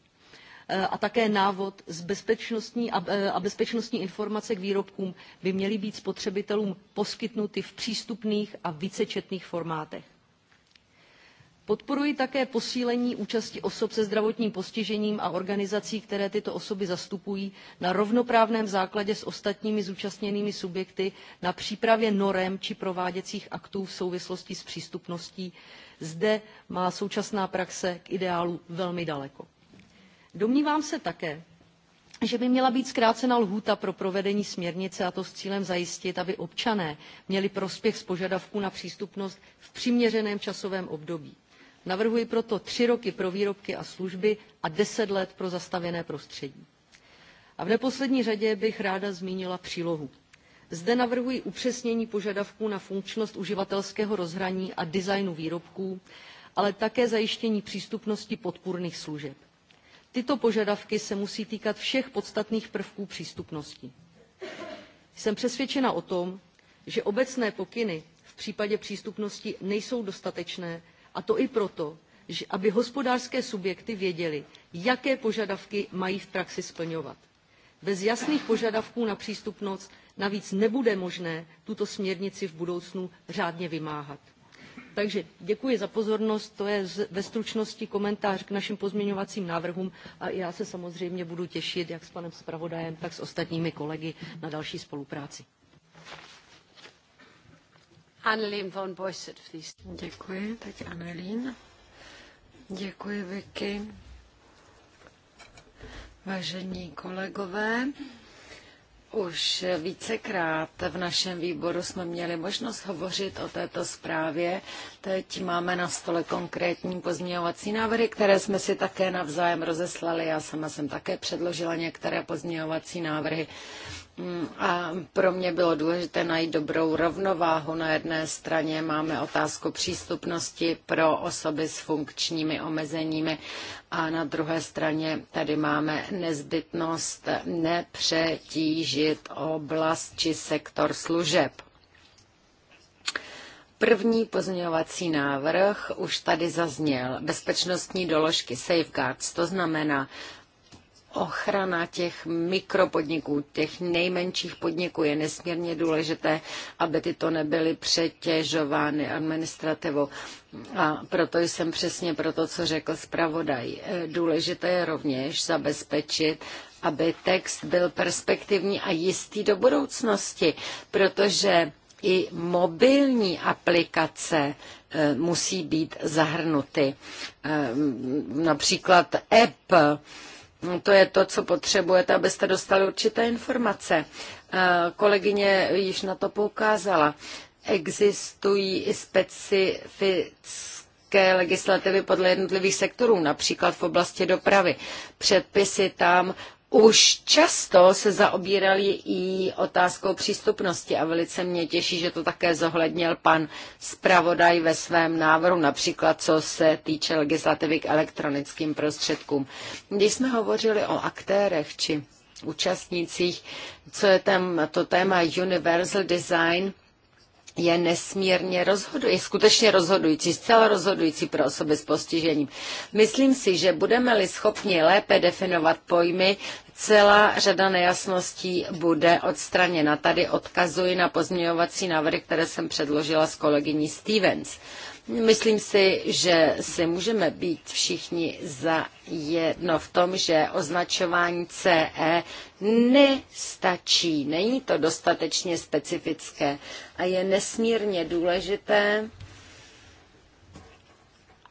Speaker 5: eh, a také návod z bezpečnostní eh, a bezpečnostní informace k výrobkům by měly být spotřebitelům poskytnuty v přístupných a vícečetných formátech podporuji také posílení účasti osob se zdravotním postižením a organizací které tyto osoby zastupují na rovnoprávném základě s ostatními zúčastněnými subjekty na přípravě norem či prováděcích aktů v souvislosti s přístupností zde má současná praxe k ideálu velmi daleko. domnívám se také že by měla být zkrácena lhůta pro provedení směrnice a to s cílem zajistit aby občané měli prospěch z požadavků na přístupnost v přiměřeném časovém období Navrhuji proto tři roky pro výrobky a služby a deset let pro zastavěné prostředí. A v neposlední řadě bych ráda zmínila přílohu. Zde navrhuji upřesnění požadavků na funkčnost uživatelského rozhraní a designu výrobků, ale také zajištění přístupnosti podpůrných služeb. Tyto požadavky se musí týkat všech podstatných prvků přístupnosti. Jsem přesvědčena o tom, že obecné pokyny v případě přístupnosti nejsou dostatečné a to i proto, že aby hospodářské subjekty věděly, jaké požadavky mají v praxi splňovat. Bez jasných požadavků na přístupnost navíc nebude možné tuto směrnici v budoucnu řádně vymáhat. Takže děkuji za pozornost, to je ve stručnosti komentář k našim pozměňovacím návrhům a já se samozřejmě budu těšit jak s panem zpravodajem, tak s ostatními kolegy na další spolupráci.
Speaker 2: Annelien von Boyset.
Speaker 5: Děkuji, teď Annelien. Děkuji, Vicky.
Speaker 2: Vážení kolegové, už vícekrát v našem výboru jsme měli možnost hovořit o této zprávě. Teď máme na stole konkrétní pozměňovací návrhy, které jsme si také navzájem rozeslali. Já sama jsem také předložila některé pozměňovací návrhy. A pro mě bylo důležité najít dobrou rovnováhu. Na jedné straně máme otázku přístupnosti pro osoby s funkčními omezeními a na druhé straně tady máme nezbytnost nepřetížit oblast či sektor služeb. První pozměňovací návrh už tady zazněl. Bezpečnostní doložky, safeguards, to znamená ochrana těch mikropodniků, těch nejmenších podniků je nesmírně důležité, aby tyto nebyly přetěžovány administrativou. A proto jsem přesně pro to, co řekl zpravodaj. E, důležité je rovněž zabezpečit, aby text byl perspektivní a jistý do budoucnosti, protože i mobilní aplikace e, musí být zahrnuty. E, například app No, to je to, co potřebujete, abyste dostali určité informace. Eh, kolegyně již na to poukázala. Existují i specifické legislativy podle jednotlivých sektorů, například v oblasti dopravy. Předpisy tam už často se zaobírali i otázkou přístupnosti a velice mě těší, že to také zohlednil pan zpravodaj ve svém návrhu, například co se týče legislativy k elektronickým prostředkům. Když jsme hovořili o aktérech či účastnících, co je tam to téma Universal Design, je nesmírně rozhodující, je skutečně rozhodující, zcela rozhodující pro osoby s postižením. Myslím si, že budeme-li schopni lépe definovat pojmy, celá řada nejasností bude odstraněna. Tady odkazuji na pozměňovací návrhy, které jsem předložila s kolegyní Stevens. Myslím si, že si můžeme být všichni za jedno v tom, že označování CE nestačí. Není to dostatečně specifické a je nesmírně důležité,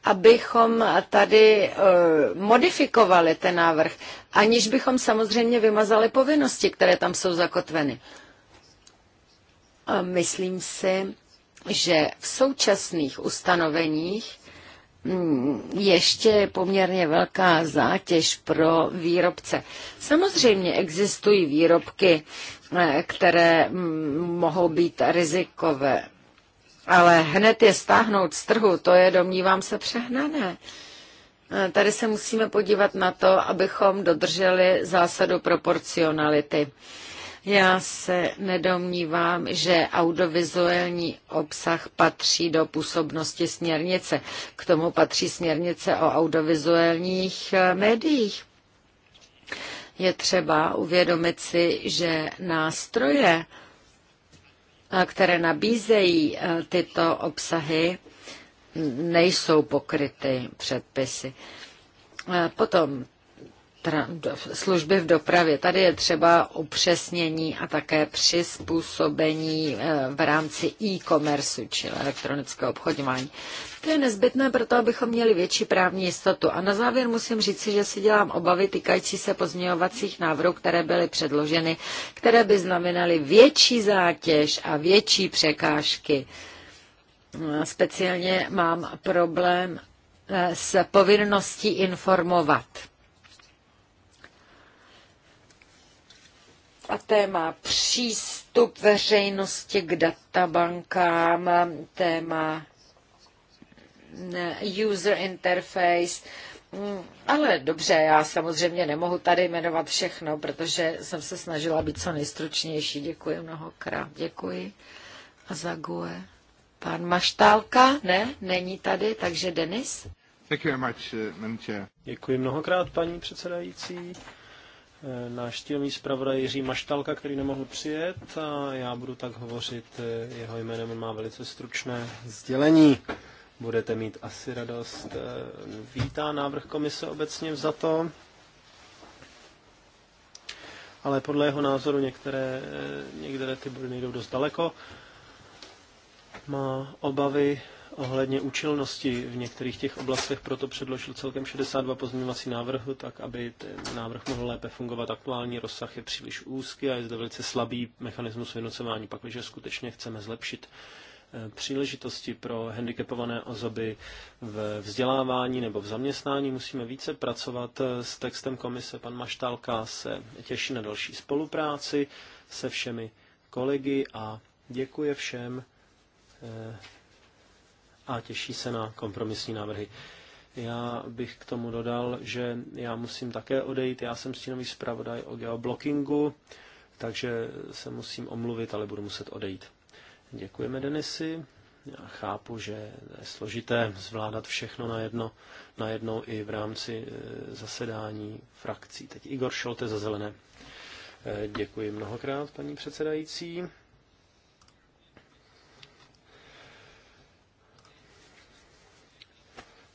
Speaker 2: abychom tady eh, modifikovali ten návrh, aniž bychom samozřejmě vymazali povinnosti, které tam jsou zakotveny. A myslím si, že v současných ustanoveních mm, ještě je poměrně velká zátěž pro výrobce. Samozřejmě existují výrobky, eh, které mm, mohou být rizikové, ale hned je stáhnout z trhu, to je, domnívám se, přehnané. Eh, tady se musíme podívat na to, abychom dodrželi zásadu proporcionality. Já se nedomnívám, že audiovizuální obsah patří do působnosti směrnice. K tomu patří směrnice o audiovizuálních eh, médiích. Je třeba uvědomit si, že nástroje, eh, které nabízejí eh, tyto obsahy, nejsou pokryty předpisy. Potom služby v dopravě. Tady je třeba upřesnění a také přizpůsobení eh, v rámci e-commerce, či elektronického obchodování. To je nezbytné proto, abychom měli větší právní jistotu. A na závěr musím říci, že si dělám obavy týkající se pozměňovacích návrhů, které byly předloženy, které by znamenaly větší zátěž a větší překážky. Eh, speciálně mám problém eh, s povinností informovat a téma přístup veřejnosti k databankám, téma user interface, mm, ale dobře, já samozřejmě nemohu tady jmenovat všechno, protože jsem se snažila být co nejstručnější. Děkuji mnohokrát. Děkuji. A za GUE. Pan Maštálka? Ne, není tady, takže Denis.
Speaker 4: Uh, Děkuji
Speaker 1: mnohokrát, paní předsedající. Eh, náš stílný zpravodaj Jiří Maštalka, který nemohl přijet a já budu tak hovořit eh, jeho jménem, má velice stručné sdělení. Budete mít asi radost. Eh, vítá návrh komise obecně to, ale podle jeho názoru některé, některé ty body nejdou dost daleko. Má obavy ohledně účelnosti v některých těch oblastech, proto předložil celkem 62 pozměňovací návrhu, tak aby ten návrh mohl lépe fungovat. Aktuální rozsah je příliš úzký a je zde velice slabý mechanismus vynocování, pakliže skutečně chceme zlepšit eh, příležitosti pro handicapované osoby v vzdělávání nebo v zaměstnání. Musíme více pracovat eh, s textem komise. Pan Maštálka se těší na další spolupráci se všemi kolegy a děkuje všem eh, a těší se na kompromisní návrhy. Já bych k tomu dodal, že já musím také odejít. Já jsem stínový zpravodaj o geoblockingu, takže se musím omluvit, ale budu muset odejít. Děkujeme, Denisy. Já chápu, že je složité zvládat všechno najedno, najednou i v rámci e, zasedání frakcí. Teď Igor Šolte za zelené. E, děkuji mnohokrát, paní předsedající.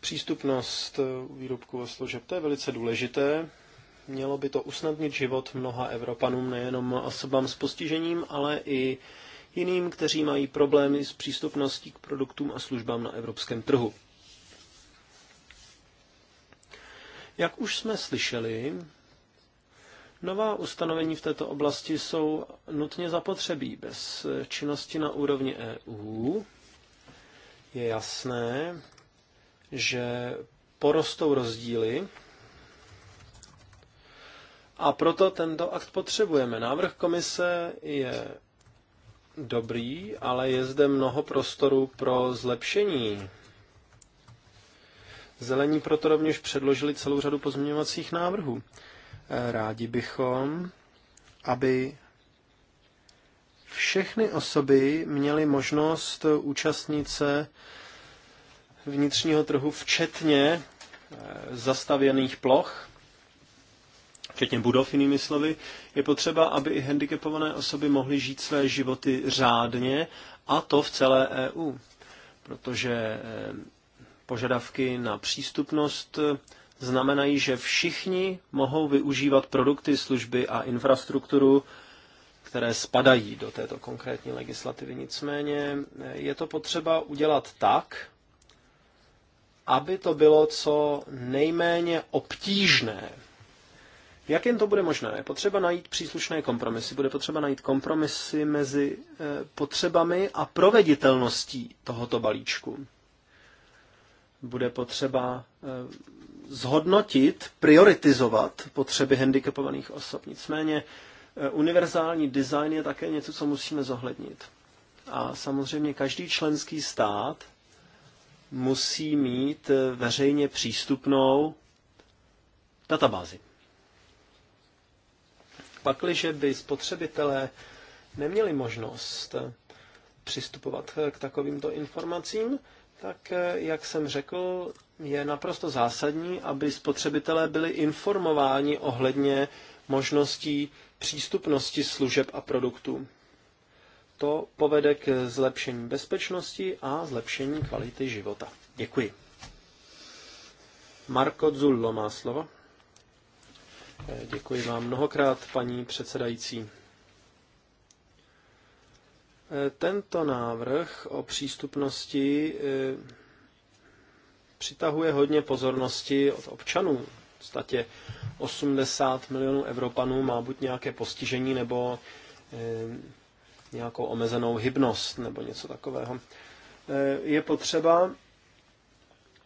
Speaker 1: Přístupnost eh, výrobků a služeb, to je velice důležité. Mělo by to usnadnit život mnoha Evropanům, nejenom osobám s postižením, ale i jiným, kteří mají problémy s přístupností k produktům a službám na evropském trhu. Jak už jsme slyšeli, nová ustanovení v této oblasti jsou nutně zapotřebí. Bez činnosti na úrovni EU je jasné, že porostou rozdíly a proto tento akt potřebujeme. Návrh komise je dobrý, ale je zde mnoho prostoru pro zlepšení. Zelení proto rovněž předložili celou řadu pozměňovacích návrhů. Rádi bychom, aby všechny osoby měly možnost účastnit se vnitřního trhu, včetně eh, zastavěných ploch, včetně budov, jinými slovy, je potřeba, aby i handicapované osoby mohly žít své životy řádně a to v celé EU. Protože eh, požadavky na přístupnost eh, znamenají, že všichni mohou využívat produkty, služby a infrastrukturu, které spadají do této konkrétní legislativy. Nicméně je to potřeba udělat tak, aby to bylo co nejméně obtížné. Jak jen to bude možné? Je potřeba najít příslušné kompromisy. Bude potřeba najít kompromisy mezi eh, potřebami a proveditelností tohoto balíčku. Bude potřeba eh, zhodnotit, prioritizovat potřeby handicapovaných osob. Nicméně eh, univerzální design je také něco, co musíme zohlednit. A samozřejmě každý členský stát musí mít eh, veřejně přístupnou databázi. Pakliže by spotřebitelé neměli možnost eh, přistupovat eh, k takovýmto informacím, tak jak jsem řekl, je naprosto zásadní, aby spotřebitelé byli informováni ohledně možností přístupnosti služeb a produktů. To povede k zlepšení bezpečnosti a zlepšení kvality života. Děkuji. Marko Zullo má slovo. Eh, děkuji vám mnohokrát, paní předsedající. Eh, tento návrh o přístupnosti eh, přitahuje hodně pozornosti od občanů. V podstatě 80 milionů Evropanů má buď nějaké postižení nebo nějakou omezenou hybnost nebo něco takového. E, je potřeba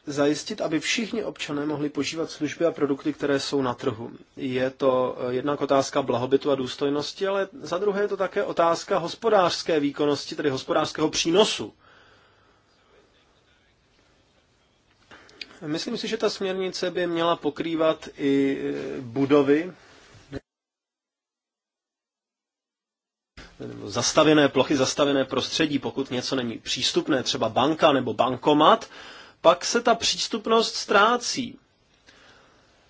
Speaker 1: zajistit, aby všichni občané mohli požívat služby a produkty, které jsou na trhu. Je to jednak otázka blahobytu a důstojnosti, ale za druhé je to také otázka hospodářské výkonnosti, tedy hospodářského přínosu. Myslím si, že ta směrnice by měla pokrývat i budovy, zastavené plochy, zastavené prostředí, pokud něco není přístupné, třeba banka nebo bankomat, pak se ta přístupnost ztrácí.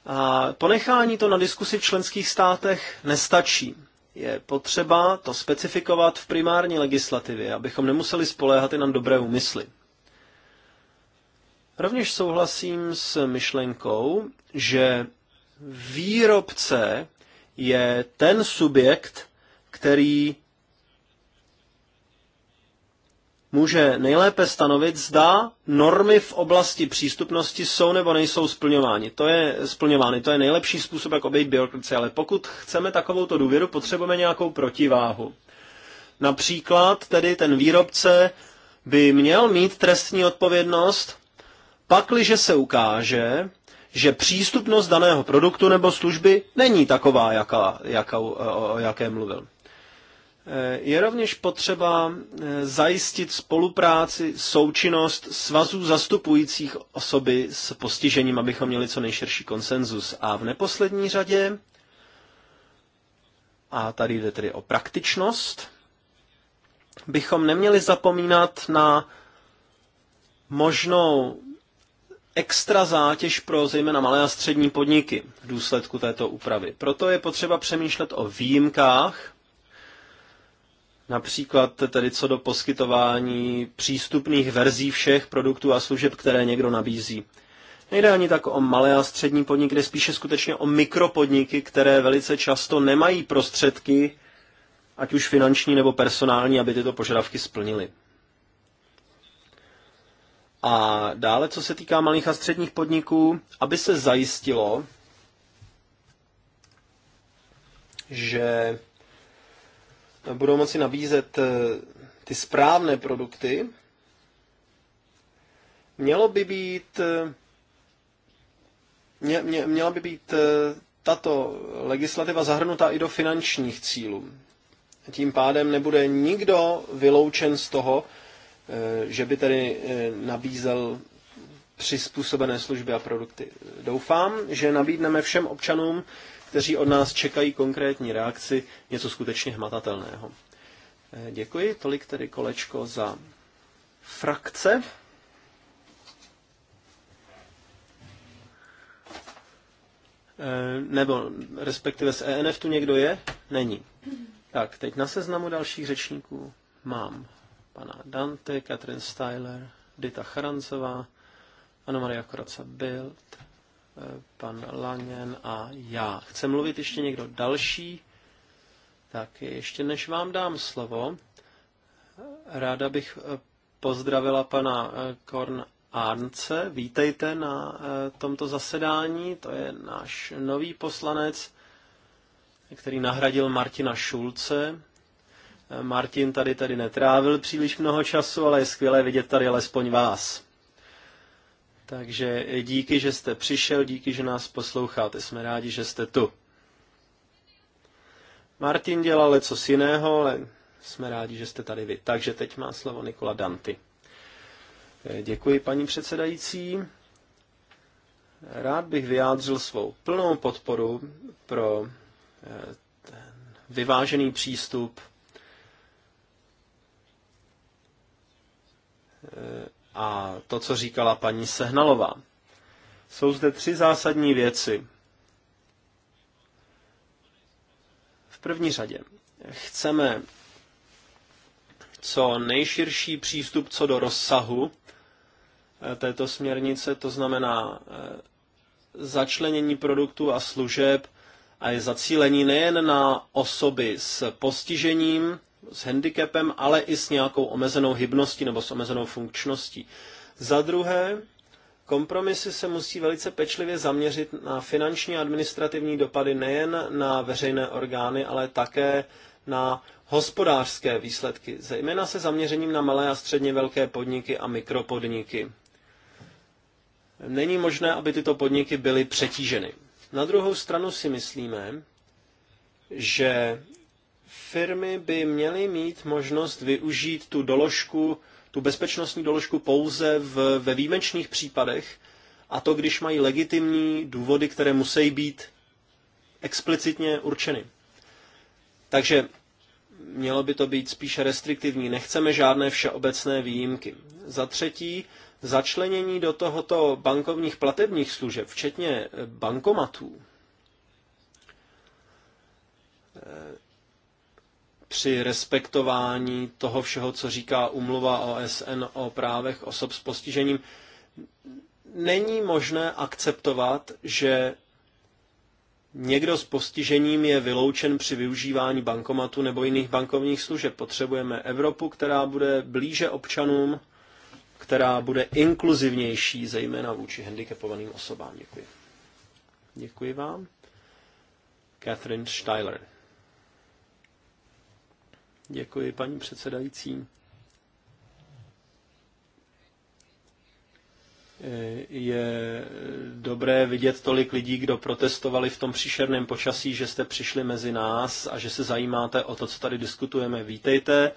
Speaker 1: A ponechání to na diskusi v členských státech nestačí. Je potřeba to specifikovat v primární legislativě, abychom nemuseli spoléhat i na dobré úmysly. Rovněž souhlasím s myšlenkou, že výrobce je ten subjekt, který může nejlépe stanovit, zda normy v oblasti přístupnosti jsou nebo nejsou splňovány. To je splňovány, to je nejlepší způsob, jak obejít byrokracii, ale pokud chceme takovou důvěru, potřebujeme nějakou protiváhu. Například tedy ten výrobce by měl mít trestní odpovědnost, pakliže se ukáže, že přístupnost daného produktu nebo služby není taková, jaká, jaká, o, o jaké mluvil. Je rovněž potřeba eh, zajistit spolupráci, součinnost svazů zastupujících osoby s postižením, abychom měli co nejširší konsenzus. A v neposlední řadě, a tady jde tedy o praktičnost, bychom neměli zapomínat na možnou extra zátěž pro zejména malé a střední podniky v důsledku této úpravy. Proto je potřeba přemýšlet o výjimkách, Například tedy co do poskytování přístupných verzí všech produktů a služeb, které někdo nabízí. Nejde ani tak o malé a střední podniky, jde spíše skutečně o mikropodniky, které velice často nemají prostředky, ať už finanční nebo personální, aby tyto požadavky splnily. A dále, co se týká malých a středních podniků, aby se zajistilo, že budou moci nabízet eh, ty správné produkty, mělo by být eh, mě, mě, měla by být eh, tato legislativa zahrnuta i do finančních cílů. Tím pádem nebude nikdo vyloučen z toho, že by tedy nabízel přizpůsobené služby a produkty. Doufám, že nabídneme všem občanům kteří od nás čekají konkrétní reakci, něco skutečně hmatatelného. Eh, děkuji, tolik tedy kolečko za frakce. Eh, nebo respektive z ENF tu někdo je? Není. Tak, teď na seznamu dalších řečníků mám pana Dante, Katrin Styler, Dita Charancová, Anna Maria Koraca Bild, pan Langen a já. Chce mluvit ještě někdo další? Tak ještě než vám dám slovo, ráda bych eh, pozdravila pana eh, Korn Arnce. Vítejte na eh, tomto zasedání. To je náš nový poslanec, který nahradil Martina Šulce. Martin tady tady netrávil příliš mnoho času, ale je skvělé vidět tady alespoň vás. Takže díky, že jste přišel, díky, že nás posloucháte. Jsme rádi, že jste tu. Martin dělal co jiného, ale jsme rádi, že jste tady vy. Takže teď má slovo Nikola Danty. Eh, děkuji, paní předsedající. Rád bych vyjádřil svou plnou podporu pro eh, ten vyvážený přístup eh, a to, co říkala paní Sehnalová. Jsou zde tři zásadní věci. V první řadě chceme co nejširší přístup co do rozsahu eh, této směrnice, to znamená eh, začlenění produktů a služeb a je zacílení nejen na osoby s postižením, s handicapem, ale i s nějakou omezenou hybností nebo s omezenou funkčností. Za druhé, kompromisy se musí velice pečlivě zaměřit na finanční a administrativní dopady nejen na veřejné orgány, ale také na hospodářské výsledky, zejména se zaměřením na malé a středně velké podniky a mikropodniky. Není možné, aby tyto podniky byly přetíženy. Na druhou stranu si myslíme, že firmy by měly mít možnost využít tu doložku, tu bezpečnostní doložku pouze v, ve výjimečných případech, a to když mají legitimní důvody, které musí být explicitně určeny. Takže mělo by to být spíše restriktivní. Nechceme žádné všeobecné výjimky. Za třetí, začlenění do tohoto bankovních platebních služeb, včetně bankomatů, při respektování toho všeho, co říká umluva OSN o právech osob s postižením, není možné akceptovat, že někdo s postižením je vyloučen při využívání bankomatu nebo jiných bankovních služeb. Potřebujeme Evropu, která bude blíže občanům, která bude inkluzivnější, zejména vůči handicapovaným osobám. Děkuji. Děkuji vám. Catherine Steiler. Děkuji, paní předsedající. je dobré vidět tolik lidí, kdo protestovali v tom příšerném počasí, že jste přišli mezi nás a že se zajímáte o to, co tady diskutujeme. Vítejte,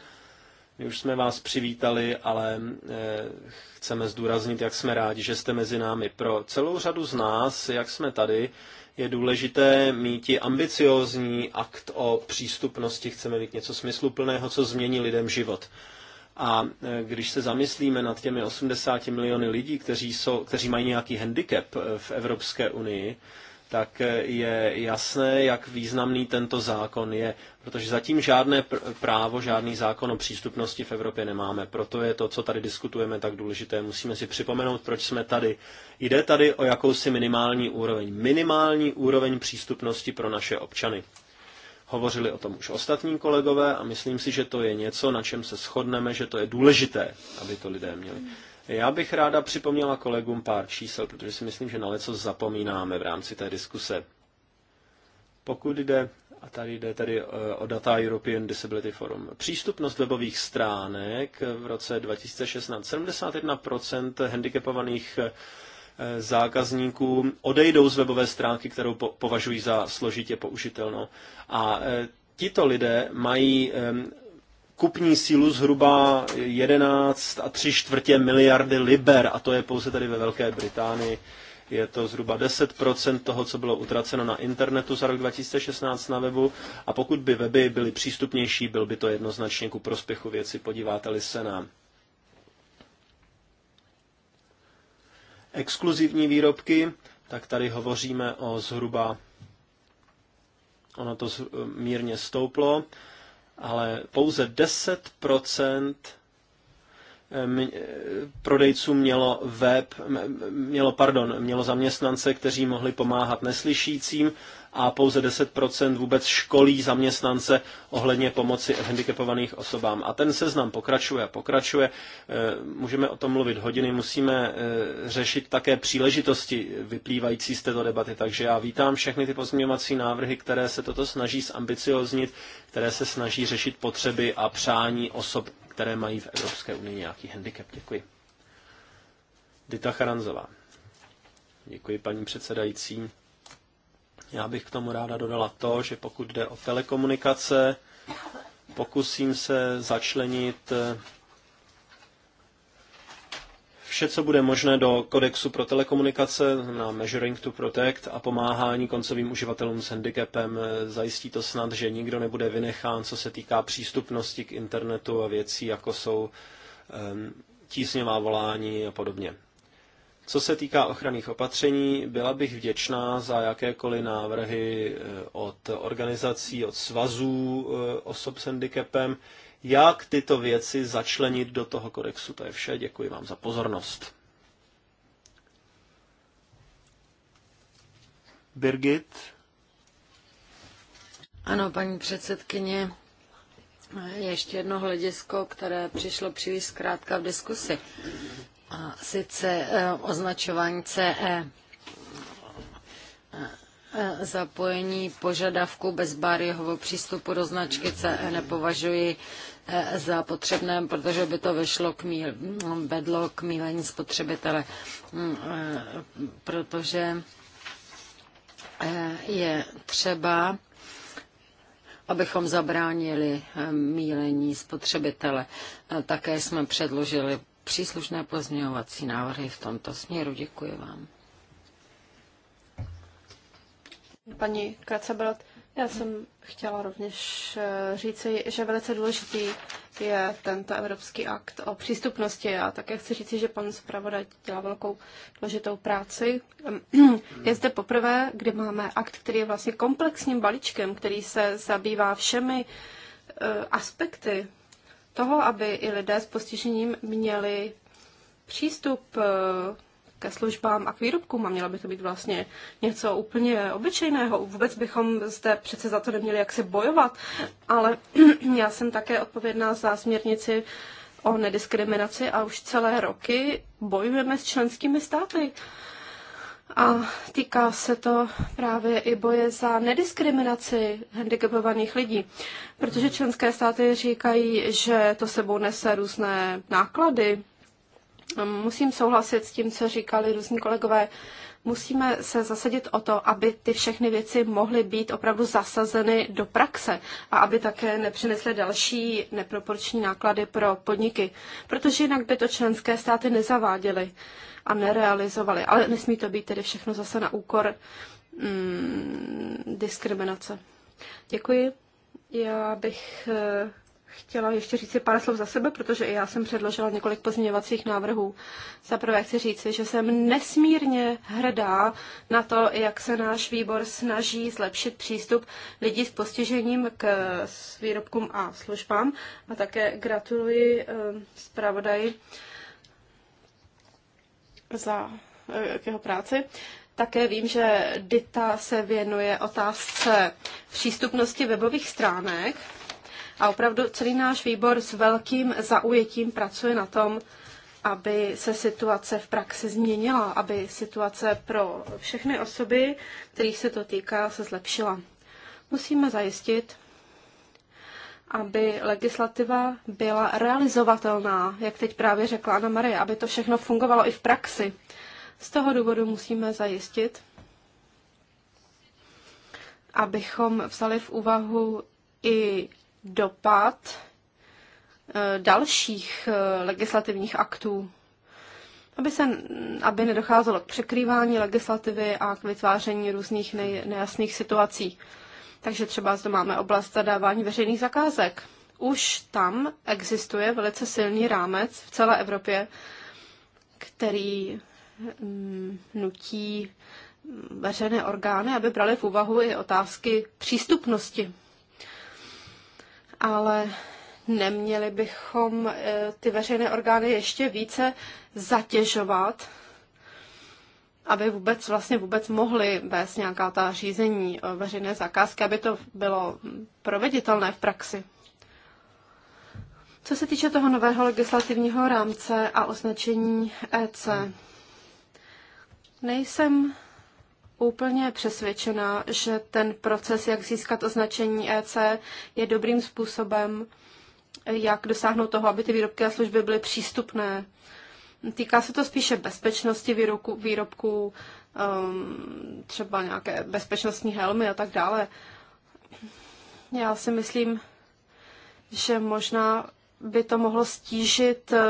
Speaker 1: my už jsme vás přivítali, ale eh, chceme zdůraznit, jak jsme rádi, že jste mezi námi. Pro celou řadu z nás, jak jsme tady, je důležité mít i ambiciozní akt o přístupnosti. Chceme mít něco smysluplného, co změní lidem život. A e, když se zamyslíme nad těmi 80 miliony lidí, kteří, jsou, kteří mají nějaký handicap e, v Evropské unii, tak eh, je jasné, jak významný tento zákon je, protože zatím žádné pr- právo, žádný zákon o přístupnosti v Evropě nemáme. Proto je to, co tady diskutujeme, tak důležité. Musíme si připomenout, proč jsme tady. Jde tady o jakousi minimální úroveň. Minimální úroveň přístupnosti pro naše občany. Hovořili o tom už ostatní kolegové a myslím si, že to je něco, na čem se shodneme, že to je důležité, aby to lidé měli. Já bych ráda připomněla kolegům pár čísel, protože si myslím, že na něco zapomínáme v rámci té diskuse. Pokud jde, a tady jde tady eh, o data European Disability Forum, přístupnost webových stránek v roce 2016, 71% handicapovaných eh, zákazníků odejdou z webové stránky, kterou považují za složitě použitelnou. A eh, tito lidé mají kupní sílu zhruba 11 a 3 čtvrtě miliardy liber, a to je pouze tady ve Velké Británii. Je to zhruba 10% toho, co bylo utraceno na internetu za rok 2016 na webu a pokud by weby byly přístupnější, byl by to jednoznačně ku prospěchu věci, podíváte-li se na exkluzivní výrobky, tak tady hovoříme o zhruba, ono to mírně stouplo, ale pouze 10% eh, eh, prodejců mělo web, mělo, pardon, mělo zaměstnance, kteří mohli pomáhat neslyšícím a pouze 10% vůbec školí zaměstnance ohledně pomoci handicapovaných osobám. A ten seznam pokračuje a pokračuje. E, můžeme o tom mluvit hodiny, musíme e, řešit také příležitosti vyplývající z této debaty. Takže já vítám všechny ty pozměňovací návrhy, které se toto snaží zambicioznit, které se snaží řešit potřeby a přání osob, které mají v Evropské unii nějaký handicap. Děkuji. Dita Charanzová. Děkuji, paní předsedající. Já bych k tomu ráda dodala to, že pokud jde o telekomunikace, pokusím se začlenit eh, vše, co bude možné do kodexu pro telekomunikace, na Measuring to Protect a pomáhání koncovým uživatelům s handicapem. Eh, zajistí to snad, že nikdo nebude vynechán, co se týká přístupnosti k internetu a věcí, jako jsou um, tísňová volání a podobně. Co se týká ochranných opatření, byla bych vděčná za jakékoliv návrhy eh, od organizací, od svazů eh, osob s handicapem, jak tyto věci začlenit do toho kodexu. To je vše. Děkuji vám za pozornost. Birgit.
Speaker 2: Ano, paní předsedkyně, ještě jedno hledisko, které přišlo příliš zkrátka v diskusi. A sice eh, označování CE eh, eh, zapojení požadavku bezbariérového přístupu do značky CE nepovažuji za potřebné, protože by to vešlo k míl, vedlo k mílení spotřebitele, mm, protože je třeba, abychom zabránili mílení spotřebitele. Také jsme předložili příslušné pozměňovací návrhy v tomto směru. Děkuji vám.
Speaker 3: Paní Kracebrot, já jsem chtěla rovněž eh, říci, že velice důležitý je tento evropský akt o přístupnosti. Já také chci říci, že pan zpravodaj dělá velkou důležitou práci. Ehm, (clears throat) je zde poprvé, kdy máme akt, který je vlastně komplexním balíčkem, který se zabývá všemi eh, aspekty toho, aby i lidé s postižením měli přístup eh, ke službám a k výrobkům a mělo by to být vlastně něco úplně obyčejného. Vůbec bychom zde přece za to neměli jak se bojovat, ale (clears throat) já jsem také odpovědná za směrnici o nediskriminaci a už celé roky bojujeme s členskými státy. A týká se to právě i boje za nediskriminaci handicapovaných lidí, protože členské státy říkají, že to sebou nese různé náklady. Musím souhlasit s tím, co říkali různí kolegové. Musíme se zasadit o to, aby ty všechny věci mohly být opravdu zasazeny do praxe a aby také nepřinesly další neproporční náklady pro podniky, protože jinak by to členské státy nezaváděly a nerealizovali. Ale nesmí to být tedy všechno zase na úkor mm, diskriminace. Děkuji. Já bych eh, chtěla ještě říct si pár slov za sebe, protože i já jsem předložila několik pozměňovacích návrhů. Za prvé chci říct, že jsem nesmírně hrdá na to, jak se náš výbor snaží zlepšit přístup lidí s postižením k výrobkům a službám. A také gratuluji eh, zpravodaji za eh, k jeho práci. Také vím, že Dita se věnuje otázce přístupnosti webových stránek a opravdu celý náš výbor s velkým zaujetím pracuje na tom, aby se situace v praxi změnila, aby situace pro všechny osoby, kterých se to týká, se zlepšila. Musíme zajistit, aby legislativa byla realizovatelná, jak teď právě řekla Anna Marie, aby to všechno fungovalo i v praxi. Z toho důvodu musíme zajistit, abychom vzali v úvahu i dopad eh, dalších eh, legislativních aktů, aby, se, aby nedocházelo k překrývání legislativy a k vytváření různých nejasných situací. Takže třeba zde máme oblast zadávání veřejných zakázek. Už tam existuje velice silný rámec v celé Evropě, který mm, nutí mm, veřejné orgány, aby brali v úvahu i otázky přístupnosti. Ale neměli bychom eh, ty veřejné orgány ještě více zatěžovat aby vůbec vlastně vůbec mohli vést nějaká ta řízení eh, veřejné zakázky, aby to bylo proveditelné v praxi. Co se týče toho nového legislativního rámce a označení EC, nejsem úplně přesvědčena, že ten proces, jak získat označení EC, je dobrým způsobem, jak dosáhnout toho, aby ty výrobky a služby byly přístupné Týká se to spíše bezpečnosti výroku, výrobků um, třeba nějaké bezpečnostní helmy a tak dále. Já si myslím, že možná by to mohlo stížit eh,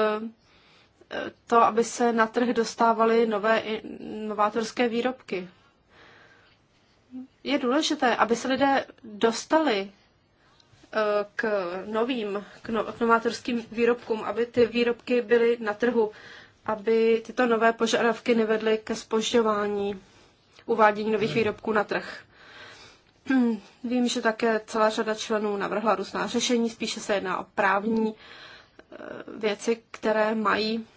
Speaker 3: to, aby se na trh dostávaly nové novátorské výrobky. Je důležité, aby se lidé dostali eh, k novým, k, no, k novátorským výrobkům, aby ty výrobky byly na trhu aby tyto nové požadavky nevedly ke spožďování uvádění nových výrobků na trh. (clears throat) Vím, že také celá řada členů navrhla různá řešení, spíše se jedná o právní eh, věci, které mají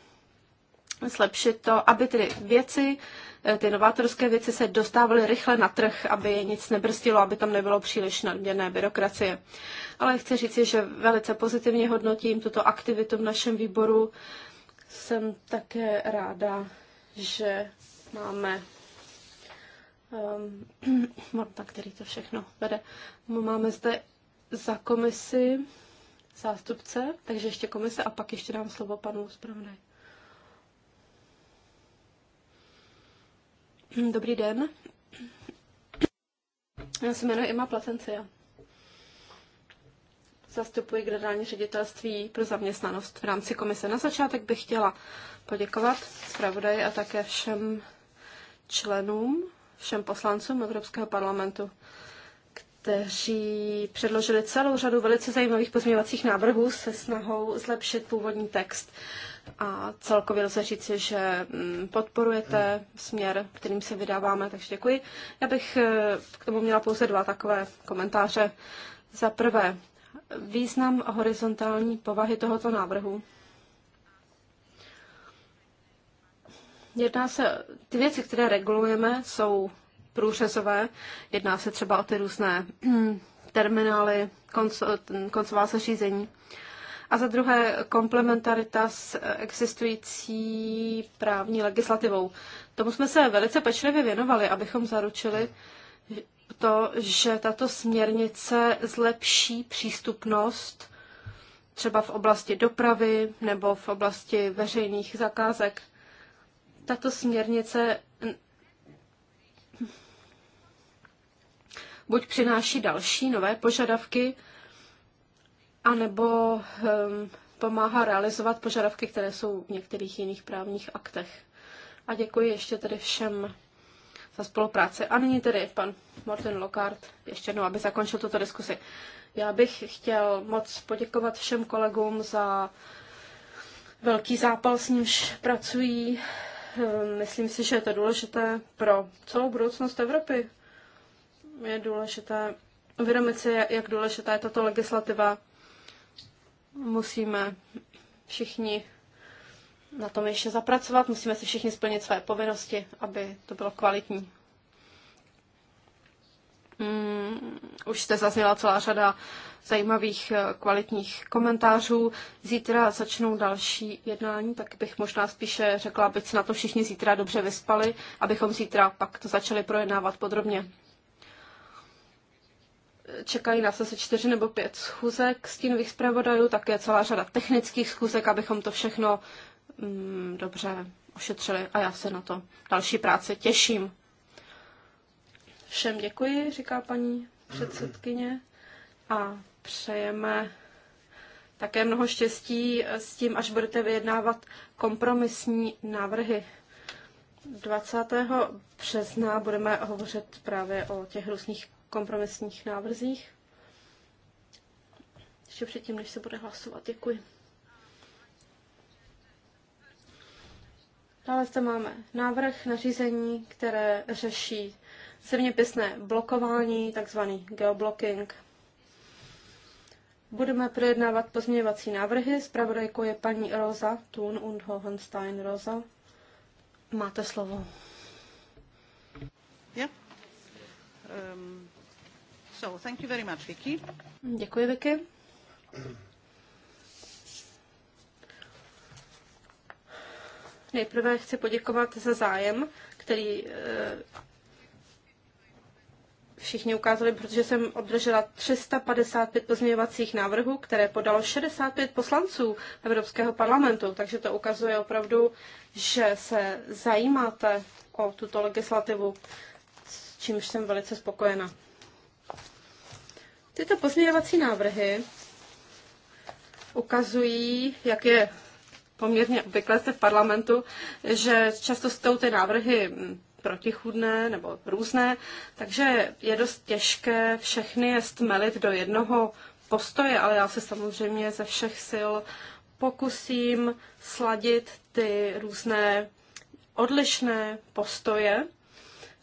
Speaker 3: zlepšit to, aby tedy věci, eh, ty novátorské věci se dostávaly rychle na trh, aby je nic nebrstilo, aby tam nebylo příliš nadměrné byrokracie. Ale chci říci, že velice pozitivně hodnotím tuto aktivitu v našem výboru. Jsem také ráda, že máme um, (clears throat) Marta, který to všechno vede. Máme zde za komisi zástupce, takže ještě komise a pak ještě dám slovo panu zpravodaj. Dobrý den. Já se jmenuji Ima Placencia zastupuji generální ředitelství pro zaměstnanost v rámci komise. Na začátek bych chtěla poděkovat zpravodaji a také všem členům, všem poslancům Evropského parlamentu, kteří předložili celou řadu velice zajímavých pozměňovacích návrhů se snahou zlepšit původní text. A celkově lze říci, že mm, podporujete směr, kterým se vydáváme, takže děkuji. Já bych eh, k tomu měla pouze dva takové komentáře. Za prvé, význam horizontální povahy tohoto návrhu. Jedná se, ty věci, které regulujeme, jsou průřezové. Jedná se třeba o ty různé (clears throat) terminály, konco, koncová zařízení. A za druhé komplementarita s existující právní legislativou. Tomu jsme se velice pečlivě věnovali, abychom zaručili, to, že tato směrnice zlepší přístupnost třeba v oblasti dopravy nebo v oblasti veřejných zakázek. Tato směrnice buď přináší další nové požadavky, anebo um, pomáhá realizovat požadavky, které jsou v některých jiných právních aktech. A děkuji ještě tedy všem za spolupráci. A nyní tedy pan Morten Lockhart ještě jednou, aby zakončil tuto diskusi. Já bych chtěl moc poděkovat všem kolegům za velký zápal, s nímž pracují. Ehm, myslím si, že je to důležité pro celou budoucnost Evropy. Je důležité uvědomit si, jak důležitá je tato legislativa. Musíme všichni na tom ještě zapracovat. Musíme si všichni splnit své povinnosti, aby to bylo kvalitní. Mm, už jste zazněla celá řada zajímavých eh, kvalitních komentářů. Zítra začnou další jednání, tak bych možná spíše řekla, aby se na to všichni zítra dobře vyspali, abychom zítra pak to začali projednávat podrobně. Čekají nás asi čtyři nebo pět schůzek stínových zpravodajů, také celá řada technických schůzek, abychom to všechno mm, dobře ošetřili a já se na to další práce těším. Všem děkuji, říká paní
Speaker 4: předsedkyně
Speaker 3: a přejeme také mnoho štěstí s tím, až budete vyjednávat kompromisní návrhy. 20. března budeme hovořit právě o těch různých kompromisních návrzích. Ještě předtím, než se bude hlasovat, děkuji. Dále zde máme návrh nařízení, které řeší zeměpisné blokování, takzvaný geoblocking. Budeme projednávat pozměňovací návrhy. Zpravodajkou je paní Rosa Thun und Hohenstein Rosa. Máte slovo. Yeah. Um, so, thank you very much, Vicky. Děkuji, Vicky. Nejprve chci poděkovat za zájem, který eh, všichni ukázali, protože jsem obdržela 355 pozměňovacích návrhů, které podalo 65 poslanců Evropského parlamentu, takže to ukazuje opravdu, že se zajímáte o tuto legislativu, s čímž jsem velice spokojena. Tyto pozměňovací návrhy ukazují, jak je poměrně obvyklé v parlamentu, že často jsou ty návrhy hm, protichudné nebo různé, takže je dost těžké všechny je stmelit do jednoho postoje, ale já se samozřejmě ze všech sil pokusím sladit ty různé odlišné postoje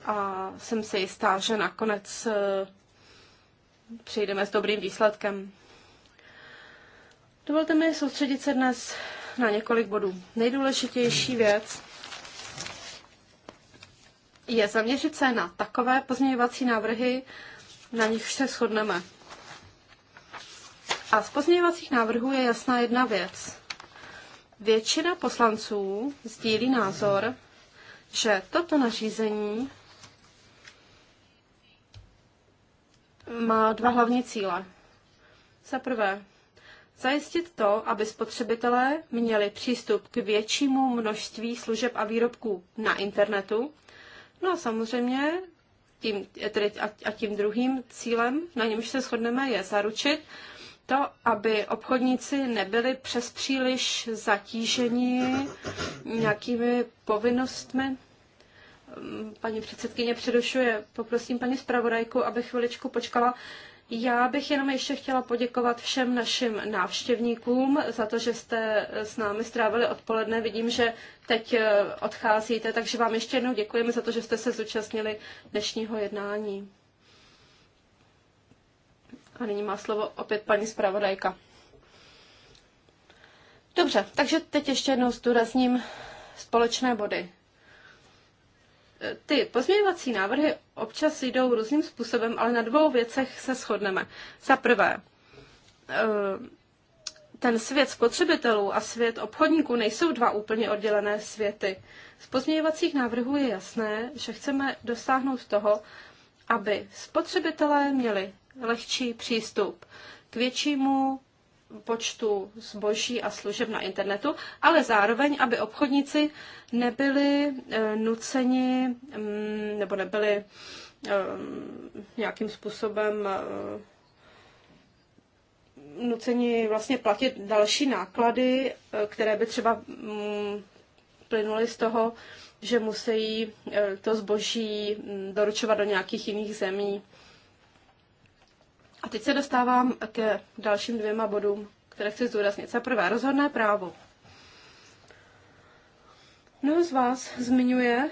Speaker 3: a jsem si jistá, že nakonec hm, přijdeme s dobrým výsledkem. Dovolte mi soustředit se dnes na několik bodů. Nejdůležitější věc je zaměřit se na takové pozměňovací návrhy, na nich se shodneme. A z pozměňovacích návrhů je jasná jedna věc. Většina poslanců sdílí názor, že toto nařízení má dva hlavní cíle. Za prvé, Zajistit to, aby spotřebitelé měli přístup k většímu množství služeb a výrobků na internetu. No a samozřejmě tím, tedy a tím druhým cílem, na němž se shodneme, je zaručit to, aby obchodníci nebyli přes příliš zatíženi nějakými povinnostmi. Paní předsedkyně přerušuje, poprosím paní zpravodajku, aby chviličku počkala. Já bych jenom ještě chtěla poděkovat všem našim návštěvníkům za to, že jste s námi strávili odpoledne. Vidím, že teď eh, odcházíte, takže vám ještě jednou děkujeme za to, že jste se zúčastnili dnešního jednání. A nyní má slovo opět paní zpravodajka. Dobře, takže teď ještě jednou zdůrazním společné body ty pozměňovací návrhy občas jdou různým způsobem, ale na dvou věcech se shodneme. Za prvé, eh, ten svět spotřebitelů a svět obchodníků nejsou dva úplně oddělené světy. Z pozměňovacích návrhů je jasné, že chceme dosáhnout toho, aby spotřebitelé měli lehčí přístup k většímu počtu zboží a služeb na internetu, ale zároveň, aby obchodníci nebyli eh, nuceni mm, nebo nebyli eh, nějakým způsobem eh, nuceni vlastně platit další náklady, které by třeba mm, plynuly z toho, že musí to zboží mm, doručovat do nějakých jiných zemí. A teď se dostávám ke dalším dvěma bodům, které chci zdůraznit. Za prvé, rozhodné právo. Mnoho z vás zmiňuje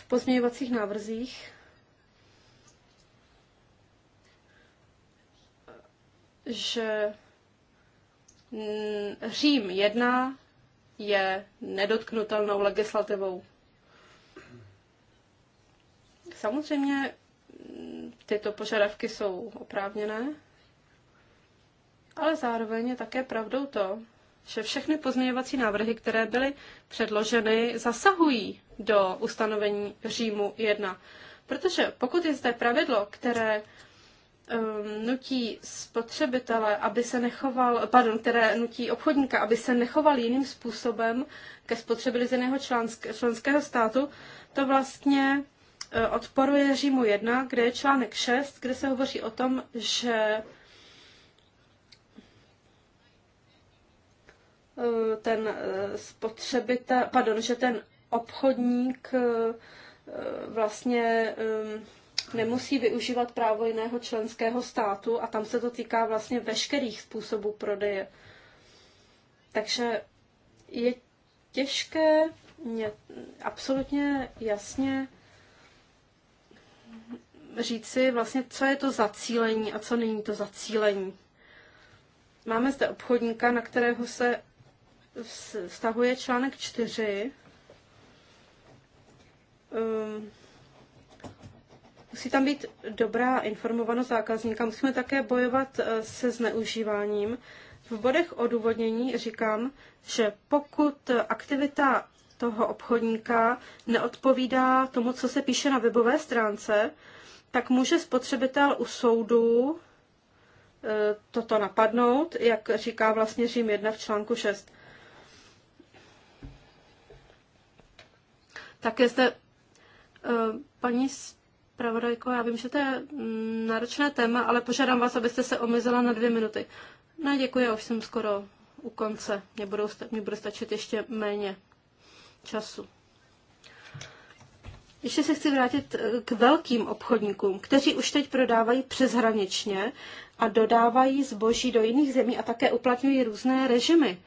Speaker 3: v pozměňovacích návrzích, že Řím 1 je nedotknutelnou legislativou. Samozřejmě tyto požadavky jsou oprávněné, ale zároveň je také pravdou to, že všechny pozměňovací návrhy, které byly předloženy, zasahují do ustanovení Římu 1. Protože pokud je zde pravidlo, které um, nutí spotřebitele, aby se nechoval, pardon, které nutí obchodníka, aby se nechoval jiným způsobem ke spotřebiteli z jiného členského státu, to vlastně Eh, odporuje Římu 1, kde je článek 6, kde se hovoří o tom, že eh, ten eh, spotřebitel, pardon, že ten obchodník vlastně nemusí využívat právo jiného členského státu a tam se to týká vlastně veškerých způsobů prodeje. Takže je těžké mě absolutně jasně říci vlastně, co je to zacílení a co není to zacílení. Máme zde obchodníka, na kterého se vztahuje článek 4. Um, ehm, musí tam být dobrá informovanost zákazníka. Musíme také bojovat e, se zneužíváním. V bodech odůvodnění říkám, že pokud aktivita toho obchodníka neodpovídá tomu, co se píše na webové stránce, tak může spotřebitel u soudu e, toto napadnout, jak říká vlastně Řím 1 v článku 6. Tak je zde, e, paní zpravodajko, já vím, že to je mm, náročné téma, ale požádám vás, abyste se omezila na dvě minuty. Ne, děkuji, já už jsem skoro u konce. Mě, budou, mě bude stačit ještě méně času. Ještě se chci vrátit eh, k velkým obchodníkům, kteří už teď prodávají přeshraničně a dodávají zboží do jiných zemí a také uplatňují různé režimy.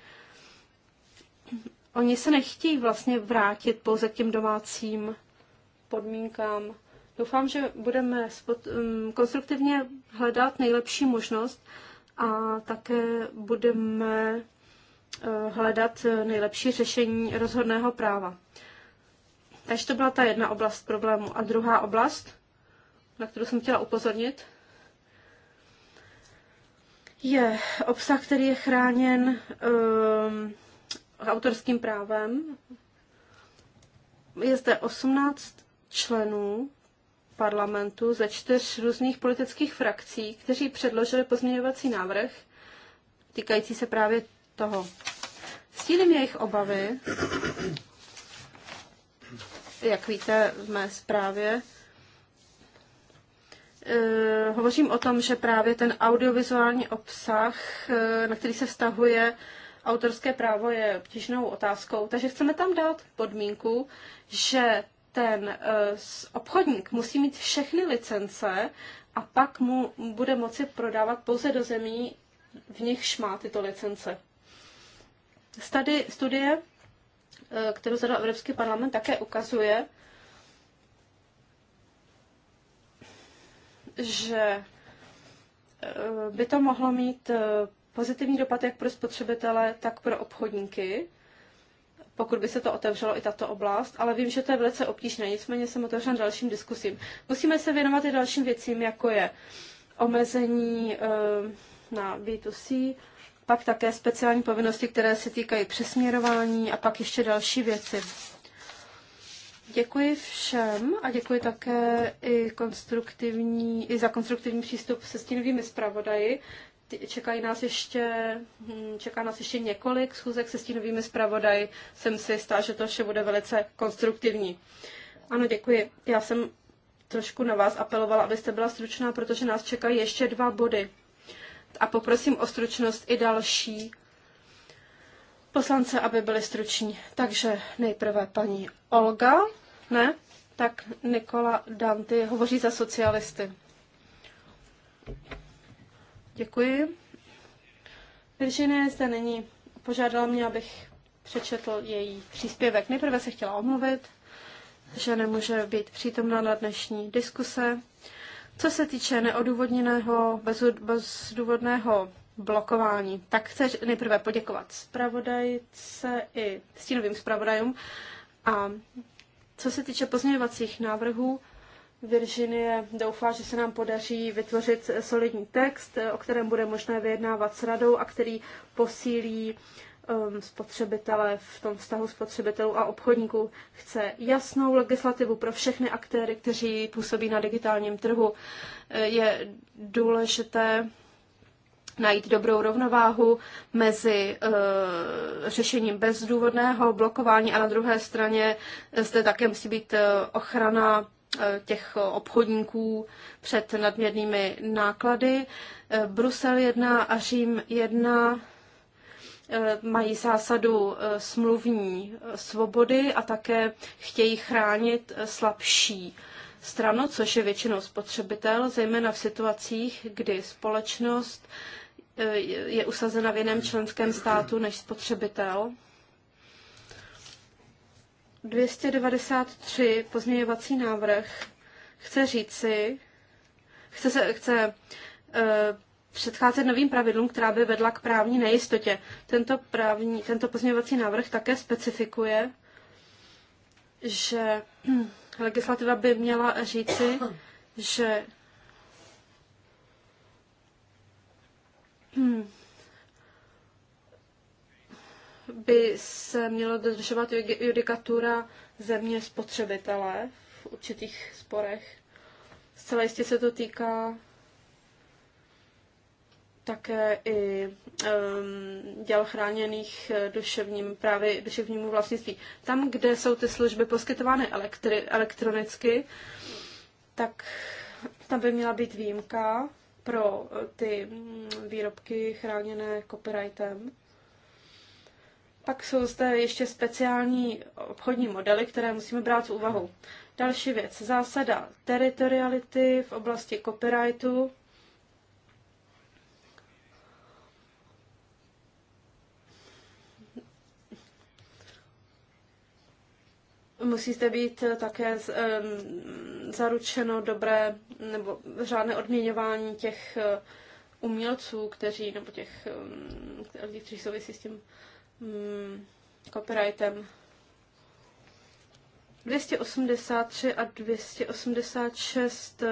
Speaker 3: Oni se nechtějí vlastně vrátit pouze k těm domácím podmínkám. Doufám, že budeme spod, um, mm, konstruktivně hledat nejlepší možnost a také budeme uh, hledat eh, nejlepší řešení rozhodného práva. Takže to byla ta jedna oblast problému. A druhá oblast, na kterou jsem chtěla upozornit, je obsah, který je chráněn um, autorským právem. Je zde 18 členů parlamentu ze čtyř různých politických frakcí, kteří předložili pozměňovací návrh týkající se právě toho. Stílím jejich obavy jak víte v mé zprávě, eh, hovořím o tom, že právě ten audiovizuální obsah, eh, na který se vztahuje autorské právo, je obtížnou otázkou. Takže chceme tam dát podmínku, že ten eh, obchodník musí mít všechny licence a pak mu bude moci prodávat pouze do zemí, v nichž má tyto licence. Tady studie kterou zadal Evropský parlament, také ukazuje, že eh, by to mohlo mít eh, pozitivní dopad jak pro spotřebitele, tak pro obchodníky, pokud by se to otevřelo i tato oblast, ale vím, že to je velice obtížné, nicméně jsem otevřen dalším diskusím. Musíme se věnovat i dalším věcím, jako je omezení eh, na B2C, pak také speciální povinnosti, které se týkají přesměrování a pak ještě další věci. Děkuji všem a děkuji také i, konstruktivní, i za konstruktivní přístup se stínovými zpravodaji. Čekají nás ještě, hm, čeká nás ještě několik schůzek se stínovými zpravodaji. Jsem si jistá, že to vše bude velice konstruktivní. Ano, děkuji. Já jsem trošku na vás apelovala, abyste byla stručná, protože nás čekají ještě dva body a poprosím o stručnost i další poslance, aby byli struční. Takže nejprve paní Olga, ne? Tak Nikola Danty hovoří za socialisty. Děkuji. Virginie zde není. Požádala mě, abych přečetl její příspěvek. Nejprve se chtěla omluvit, že nemůže být přítomná na dnešní diskuse. Co se týče neodůvodněného, bezdůvodného blokování, tak chci nejprve poděkovat zpravodajce i stínovým zpravodajům. A co se týče pozměňovacích návrhů, Virginie doufá, že se nám podaří vytvořit solidní text, o kterém bude možné vyjednávat s radou a který posílí um, spotřebitele v tom vztahu spotřebitelů a obchodníků. Chce jasnou legislativu pro všechny aktéry, kteří působí na digitálním trhu. Je důležité najít dobrou rovnováhu mezi uh, řešením bezdůvodného blokování a na druhé straně zde také musí být uh, ochrana uh, těch obchodníků před nadměrnými náklady. Uh, Brusel 1 a Řím 1 Eh, mají zásadu eh, smluvní eh, svobody a také chtějí chránit slabší stranu, což je většinou spotřebitel, zejména v situacích, kdy společnost je usazena v jiném členském státu než spotřebitel. 293 pozměňovací návrh chce říci, chce, se, chce předcházet novým pravidlům, která by vedla k právní nejistotě. Tento, právní, tento pozměňovací návrh také specifikuje, že (clears throat) legislativa by měla říci, že (clears throat) by se měla dodržovat judikatura země spotřebitele v určitých sporech. Zcela jistě se to týká také i um, děl chráněných eh, duševním, právě duševnímu vlastnictví. Tam, kde jsou ty služby poskytovány elektri, elektronicky, tak tam by měla být výjimka pro eh, ty mm, výrobky chráněné copyrightem. Pak jsou zde ještě speciální obchodní modely, které musíme brát v úvahu. Další věc, zásada teritoriality v oblasti copyrightu Musí zde být také eh, zaručeno dobré nebo řádné odměňování těch eh, umělců, kteří, nebo těch eh, lidí, kteří souvisí s tím mm, copyrightem. 283 a 286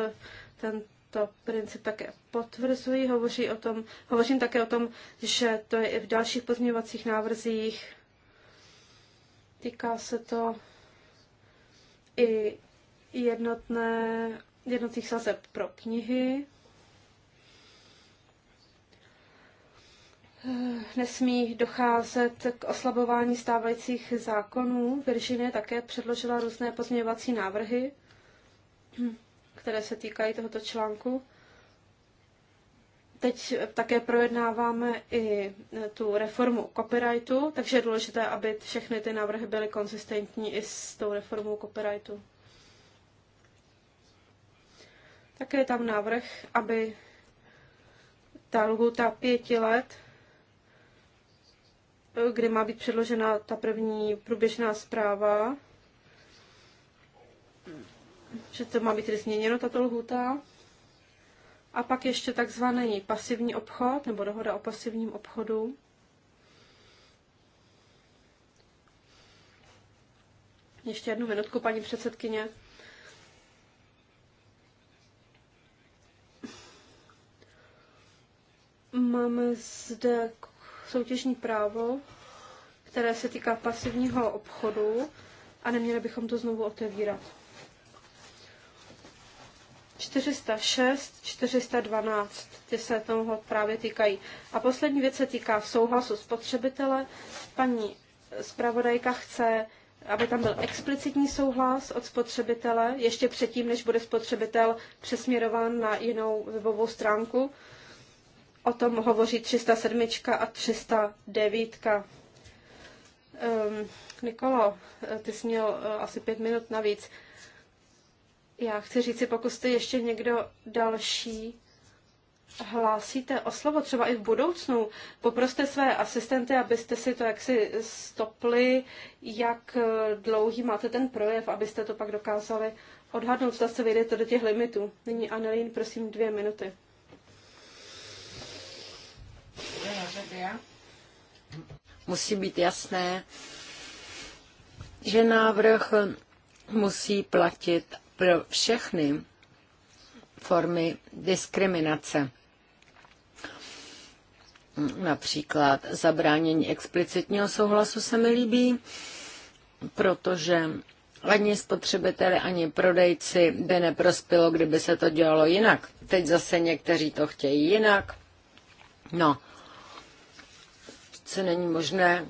Speaker 3: tento princip také potvrzují. Hovoří o tom, hovořím také o tom, že to je i v dalších pozměňovacích návrzích. Týká se to i jednotné, jednotných sazeb pro knihy. Nesmí docházet k oslabování stávajících zákonů. Virginie také předložila různé pozměňovací návrhy, které se týkají tohoto článku. Teď také projednáváme i e, tu reformu copyrightu, takže je důležité, aby všechny ty návrhy byly konzistentní i s tou reformou copyrightu. Také je tam návrh, aby ta lhuta pěti let, e, kdy má být předložena ta první průběžná zpráva, že to má být změněno, tato lhuta. A pak ještě takzvaný pasivní obchod nebo dohoda o pasivním obchodu. Ještě jednu minutku, paní předsedkyně. Máme zde soutěžní právo, které se týká pasivního obchodu a neměli bychom to znovu otevírat. 406, 412, ty se tomuhle právě týkají. A poslední věc se týká souhlasu spotřebitele. Paní zpravodajka chce, aby tam byl explicitní souhlas od spotřebitele, ještě předtím, než bude spotřebitel přesměrován na jinou webovou stránku. O tom hovoří 307 a 309. Um, ehm, Nikolo, ty jsi měl eh, asi pět minut navíc. Já chci si, pokud jste ještě někdo další hlásíte o slovo třeba i v budoucnu, poproste své asistenty, abyste si to jaksi stopli, jak dlouhý máte ten projev, abyste to pak dokázali odhadnout, zda se vyjde to do těch limitů. Nyní Anelín, prosím, dvě minuty.
Speaker 2: Musí být jasné, že návrh musí platit pro všechny formy diskriminace. Například zabránění explicitního souhlasu se mi líbí, protože ani spotřebiteli, ani prodejci by neprospělo, kdyby se to dělalo jinak. Teď zase někteří to chtějí jinak. No, co není možné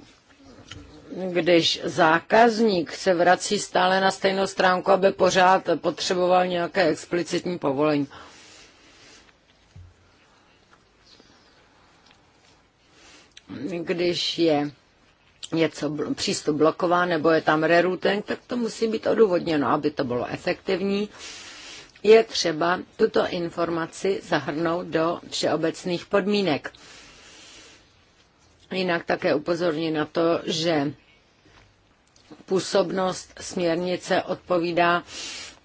Speaker 2: když zákazník se vrací stále na stejnou stránku, aby pořád potřeboval nějaké explicitní povolení. Když je něco přístup blokován nebo je tam rerouting, tak to musí být odůvodněno, aby to bylo efektivní. Je třeba tuto informaci zahrnout do všeobecných podmínek Jinak také upozorní na to, že působnost směrnice odpovídá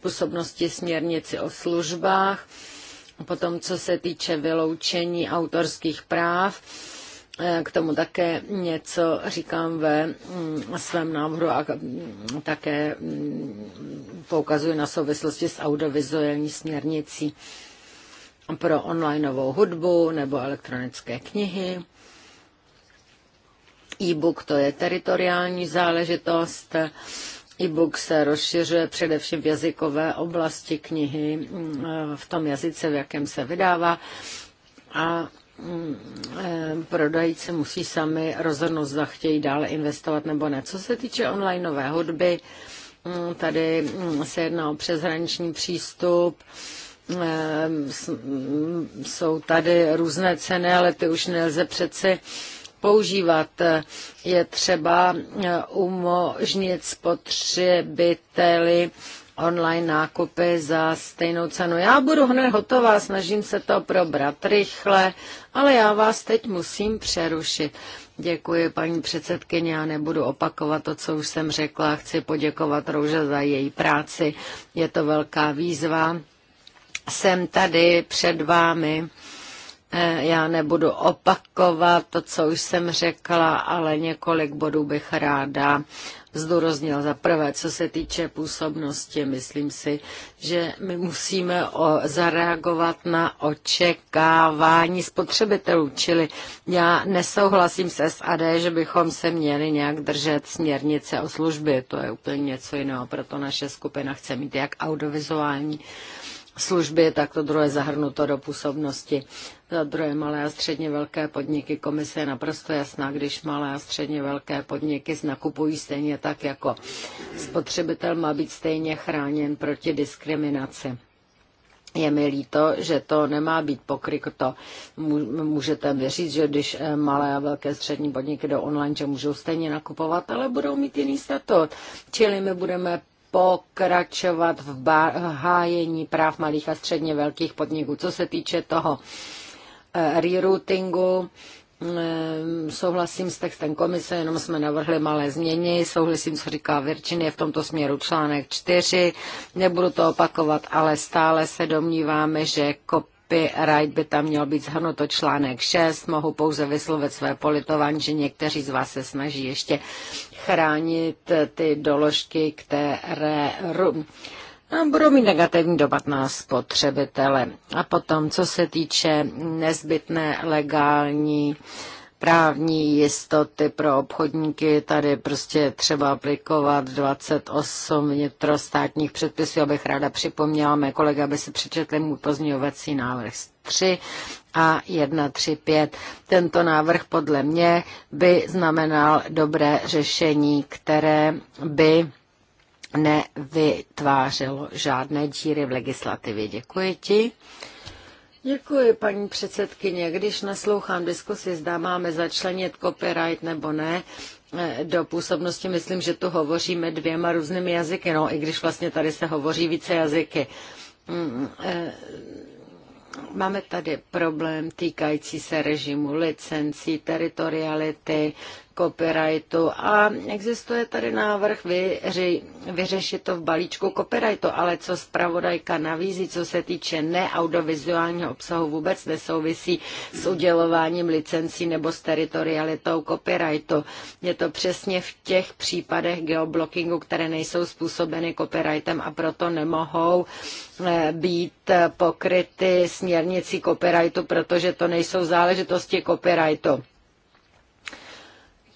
Speaker 2: působnosti směrnici o službách. Potom, co se týče vyloučení autorských práv, eh, k tomu také něco říkám ve mm, svém návrhu a mm, také mm, poukazuji na souvislosti s audiovizuální směrnicí pro onlineovou hudbu nebo elektronické knihy. E-book to je teritoriální záležitost. E-book se rozšiřuje především v jazykové oblasti knihy, mm, v tom jazyce, v jakém se vydává. A mm, e, prodajíci musí sami rozhodnout, zda chtějí dále investovat nebo ne. Co se týče onlineové hudby, mm, tady se jedná o přeshraniční přístup, e, jsou tady různé ceny, ale ty už nelze přeci používat. Je třeba eh, umožnit spotřebiteli online nákupy za stejnou cenu. Já budu hned hotová, snažím se to probrat rychle, ale já vás teď musím přerušit. Děkuji, paní předsedkyně, já nebudu opakovat to, co už jsem řekla. Chci poděkovat Rouže za její práci. Je to velká výzva. Jsem tady před vámi Eh, já nebudu opakovat to, co už jsem řekla, ale několik bodů bych ráda zdůraznila. Za prvé, co se týče působnosti, myslím si, že my musíme o, zareagovat na očekávání spotřebitelů, čili já nesouhlasím s SAD, že bychom se měli nějak držet směrnice o služby, to je úplně něco jiného, proto naše skupina chce mít jak audiovizuální služby, tak to druhé zahrnuto do působnosti. Za druhé malé a středně velké podniky. Komise je naprosto jasná, když malé a středně velké podniky nakupují stejně tak, jako spotřebitel má být stejně chráněn proti diskriminaci. Je mi líto, že to nemá být pokryto. Můžete mi říct, že když eh, malé a velké střední podniky do online, že můžou stejně nakupovat, ale budou mít jiný statut. Čili my budeme pokračovat v, hájení práv malých a středně velkých podniků. Co se týče toho eh, reroutingu, eh, souhlasím s textem komise, jenom jsme navrhli malé změny, souhlasím, co říká Virginie v tomto směru článek 4, nebudu to opakovat, ale stále se domníváme, že COP copyright by tam měl být zhrnuto článek 6. Mohu pouze vyslovit své politování, že někteří z vás se snaží ještě chránit ty doložky, které a budou mít negativní dopad na spotřebitele. A potom, co se týče nezbytné legální uh, právní jistoty pro obchodníky. Tady prostě třeba aplikovat 28 vnitrostátních předpisů. Abych ráda připomněla mé kolega, aby si přečetli můj pozměňovací návrh 3 a 135. Tento návrh podle mě by znamenal dobré řešení, které by nevytvářelo žádné díry v legislativě. Děkuji ti. Děkuji, paní předsedkyně. Když naslouchám diskusi, zda máme začlenit copyright nebo ne, eh, do působnosti myslím, že tu hovoříme dvěma různými jazyky, no i když vlastně tady se hovoří více jazyky. Mm, eh, máme tady problém týkající se režimu licencí, teritoriality, copyrightu. A existuje tady návrh vyři, vyřešit to v balíčku copyrightu, ale co zpravodajka navízí, co se týče neaudiovizuálního obsahu, vůbec nesouvisí s udělováním licencí nebo s teritorialitou copyrightu. Je to přesně v těch případech geoblockingu, které nejsou způsobeny copyrightem a proto nemohou eh, být pokryty směrnicí copyrightu, protože to nejsou záležitosti copyrightu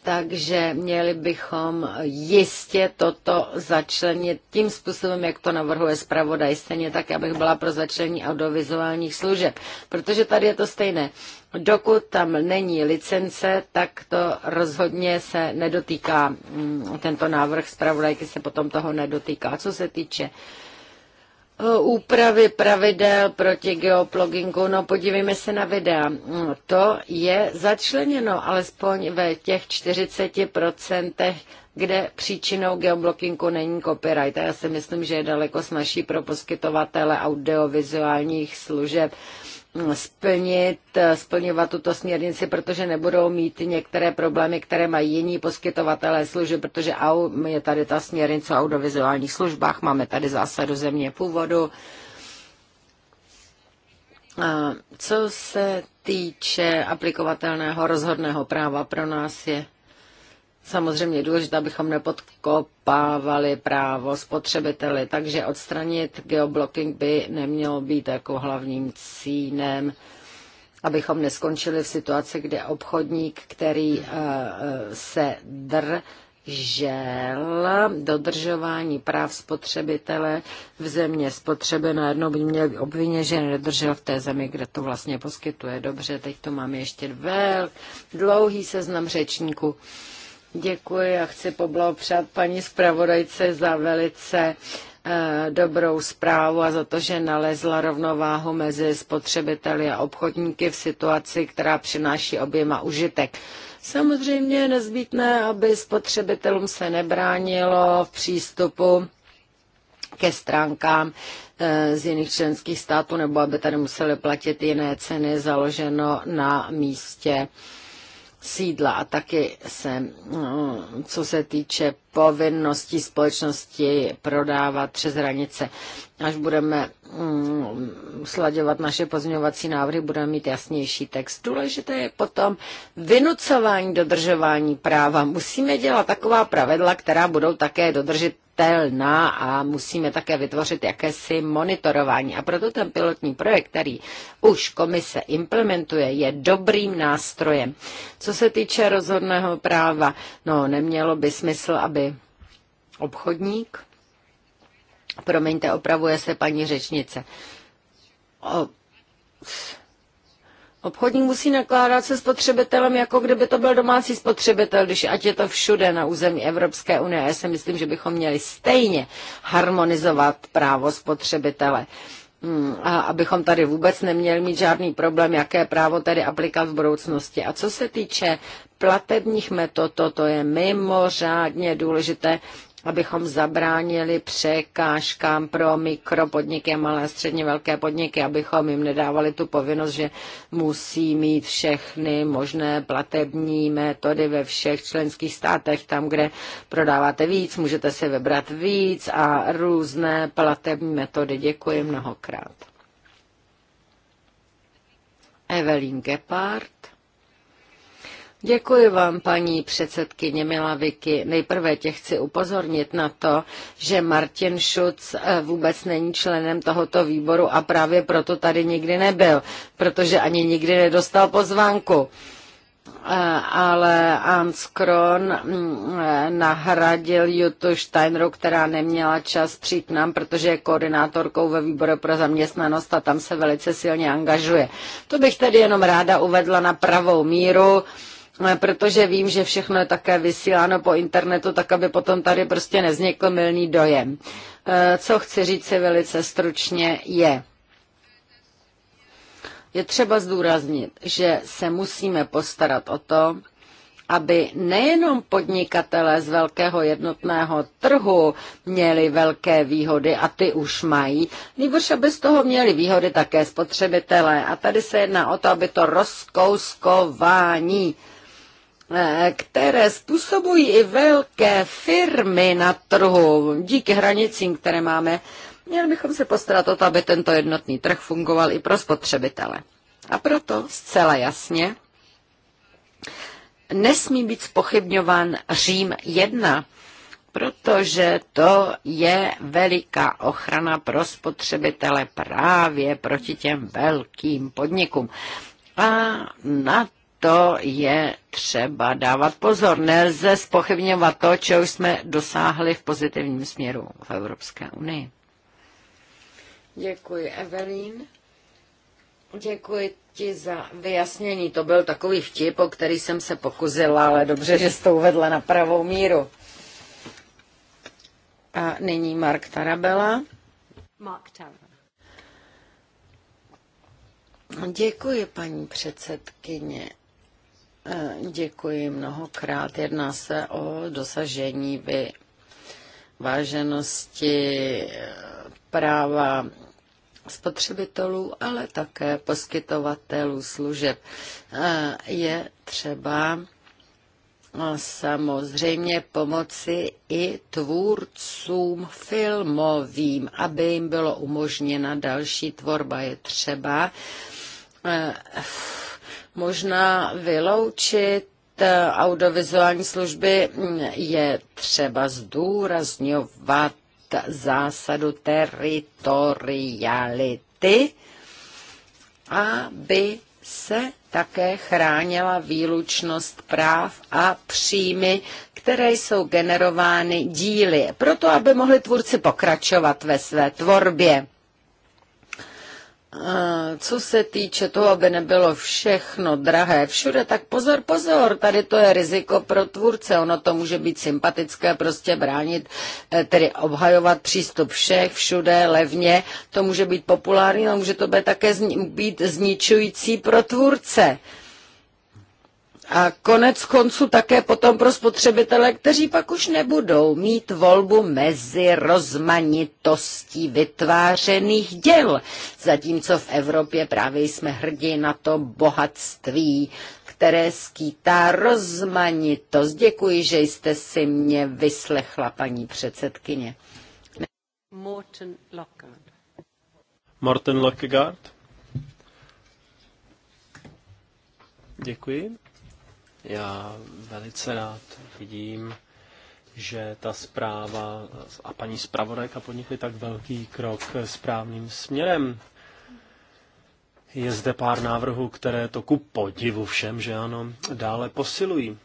Speaker 2: takže měli bychom jistě toto začlenit tím způsobem, jak to navrhuje zpravodaj, stejně tak, abych byla pro začlení audiovizuálních služeb, protože tady je to stejné. Dokud tam není licence, tak to rozhodně se nedotýká, mm, tento návrh zpravodajky se potom toho nedotýká. Co se týče uh, Eh, úpravy pravidel proti geoplogingu. No podívejme se na videa. No, to je začleněno alespoň ve těch 40%, kde příčinou geoblockingu není copyright. A já si myslím, že je daleko snažší pro poskytovatele audiovizuálních služeb splnit, eh, splňovat tuto směrnici, protože nebudou mít některé problémy, které mají jiní poskytovatelé služeb, protože je tady ta směrnice o audiovizuálních službách, máme tady zásadu země původu. A co se týče aplikovatelného rozhodného práva pro nás je Samozřejmě je důležité, abychom nepodkopávali právo spotřebiteli, takže odstranit geoblocking by nemělo být jako hlavním cínem, abychom neskončili v situaci, kde obchodník, který eh, eh, se držel dodržování práv spotřebitele v země spotřeby, najednou by měl obvině, že nedržel v té zemi, kde to vlastně poskytuje. Dobře, teď to máme ještě velk, dlouhý seznam řečníků. Děkuji a chci poblahopřát paní zpravodajce za velice eh, dobrou zprávu a za to, že nalezla rovnováhu mezi spotřebiteli a obchodníky v situaci, která přináší oběma užitek. Samozřejmě je nezbytné, aby spotřebitelům se nebránilo v přístupu ke stránkám eh, z jiných členských států, nebo aby tady museli platit jiné ceny založeno na místě sídla a taky se, mm, co se týče povinnosti společnosti prodávat přes hranice. Až budeme mm, sladěvat naše pozměňovací návrhy, budeme mít jasnější text. Důležité je potom vynucování dodržování práva. Musíme dělat taková pravidla, která budou také dodržit, hmatatelná a musíme také vytvořit jakési monitorování. A proto ten pilotní projekt, který už komise implementuje, je dobrým nástrojem. Co se týče rozhodného práva, no nemělo by smysl, aby obchodník, promiňte, opravuje se paní řečnice, o, Obchodník musí nakládat se spotřebitelem, jako kdyby to byl domácí spotřebitel, když ať je to všude na území Evropské unie. Já si myslím, že bychom měli stejně harmonizovat právo spotřebitele. Hmm, a abychom tady vůbec neměli mít žádný problém, jaké právo tedy aplikat v budoucnosti. A co se týče platebních metod, toto je mimořádně důležité abychom zabránili překážkám pro mikropodniky a malé a středně velké podniky, abychom jim nedávali tu povinnost, že musí mít všechny možné platební metody ve všech členských státech. Tam, kde prodáváte víc, můžete si vybrat víc a různé platební metody. Děkuji mnohokrát. Evelyn Gepard. Děkuji vám, paní předsedkyně Milaviky. Nejprve tě chci upozornit na to, že Martin Schutz eh, vůbec není členem tohoto výboru a právě proto tady nikdy nebyl, protože ani nikdy nedostal pozvánku eh, ale Anskron mm, eh, nahradil Jutu Steinru, která neměla čas přijít k nám, protože je koordinátorkou ve výboru pro zaměstnanost a tam se velice silně angažuje. To bych tedy jenom ráda uvedla na pravou míru No, protože vím, že všechno je také vysíláno po internetu, tak aby potom tady prostě nevznikl milný dojem. E, co chci říct si velice stručně je, je třeba zdůraznit, že se musíme postarat o to, aby nejenom podnikatelé z velkého jednotného trhu měli velké výhody a ty už mají, nebož aby z toho měli výhody také spotřebitelé. A tady se jedná o to, aby to rozkouskování Eh, které způsobují i velké firmy na trhu díky hranicím, které máme, měli bychom se postarat o to, aby tento jednotný trh fungoval i pro spotřebitele. A proto zcela jasně nesmí být spochybňován Řím 1, protože to je veliká ochrana pro spotřebitele právě proti těm velkým podnikům. A na to je třeba dávat pozor. Nelze spochybňovat to, čeho jsme dosáhli v pozitivním směru v Evropské unii. Děkuji, Evelyn. Děkuji ti za vyjasnění. To byl takový vtip, o který jsem se pokusila, ale dobře, že jsi to uvedla na pravou míru. A nyní Mark Tarabela. Mark Tarabela. Děkuji, paní předsedkyně. Děkuji mnohokrát. Jedná se o dosažení by váženosti eh, práva spotřebitelů, ale také poskytovatelů služeb. Eh, je třeba eh, samozřejmě pomoci i tvůrcům filmovým, aby jim bylo umožněna další tvorba. Je třeba možná vyloučit eh, audiovizuální služby, mm, je třeba zdůrazňovat zásadu teritoriality, aby se také chránila výlučnost práv a příjmy, které jsou generovány díly, proto aby mohli tvůrci pokračovat ve své tvorbě. Eh, co se týče toho, aby nebylo všechno drahé všude, tak pozor, pozor, tady to je riziko pro tvůrce. Ono to může být sympatické, prostě bránit, eh, tedy obhajovat přístup všech, všude, levně. To může být populární, ale může to být také zni- být zničující pro tvůrce. A konec konců také potom pro spotřebitele, kteří pak už nebudou mít volbu mezi rozmanitostí vytvářených děl, zatímco v Evropě právě jsme hrdí na to bohatství, které skýtá rozmanitost. Děkuji, že jste si mě vyslechla, paní předsedkyně.
Speaker 5: Morten Lockhart.
Speaker 1: Morten Lockhart. Děkuji. Já velice rád vidím, že ta zpráva a paní zpravodajka podnikly tak velký krok správným směrem. Je zde pár návrhů, které to ku podivu všem, že ano, dále posilují.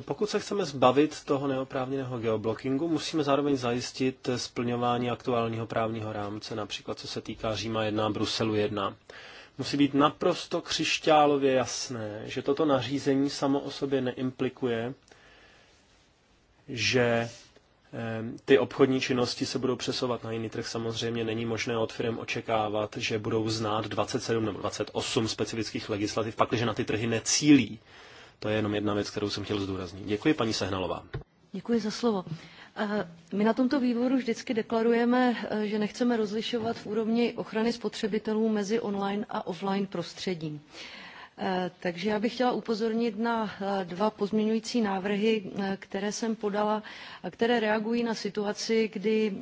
Speaker 1: Pokud se chceme zbavit toho neoprávněného geoblockingu, musíme zároveň zajistit splňování aktuálního právního rámce, například co se týká Říma 1 Bruselu 1 musí být naprosto křišťálově jasné, že toto nařízení samo o sobě neimplikuje, že ty obchodní činnosti se budou přesovat na jiný trh. Samozřejmě není možné od firm očekávat, že budou znát 27 nebo 28 specifických legislativ, pakliže na ty trhy necílí. To je jenom jedna věc, kterou jsem chtěl zdůraznit. Děkuji, paní Sehnalová.
Speaker 5: Děkuji za slovo. Eh, my na tomto výboru vždycky deklarujeme, eh, že nechceme rozlišovat v úrovni ochrany spotřebitelů mezi online a offline prostředím. Eh, takže já bych chtěla upozornit na dva pozměňující návrhy, které jsem podala a které reagují na situaci, kdy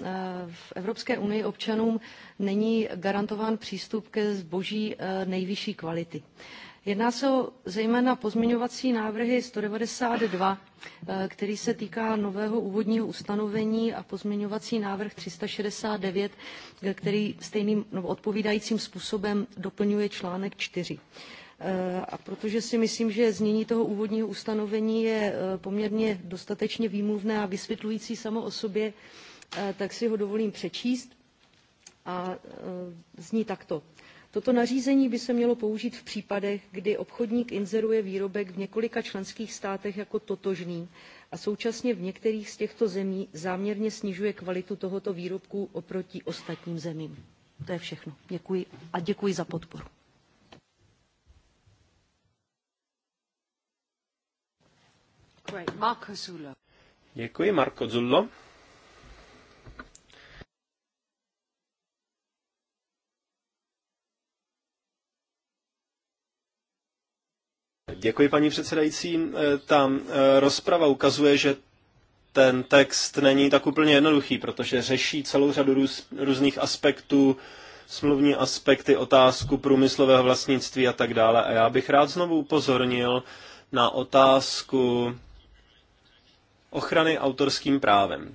Speaker 5: v Evropské unii občanům není garantován přístup ke zboží nejvyšší kvality. Jedná se o zejména pozměňovací návrhy 192, eh, který se týká nového úvodního ustanovení a pozměňovací návrh 369, eh, který stejným nebo odpovídajícím způsobem doplňuje článek 4. Eh, a protože si myslím, že znění toho úvodního ustanovení je poměrně dostatečně výmluvné a vysvětlující samo o sobě, tak si ho dovolím přečíst a zní takto. Toto nařízení by se mělo použít v případech, kdy obchodník inzeruje výrobek v několika členských státech jako totožný a současně v některých z těchto zemí záměrně snižuje kvalitu tohoto výrobku oproti ostatním zemím. To je všechno. Děkuji a děkuji za podporu.
Speaker 1: Děkuji, Marko Zullo. Děkuji, paní předsedající. E, ta e, rozprava ukazuje, že ten text není tak úplně jednoduchý, protože řeší celou řadu růz, různých aspektů, smluvní aspekty, otázku průmyslového vlastnictví a tak dále. A já bych rád znovu upozornil na otázku ochrany autorským právem.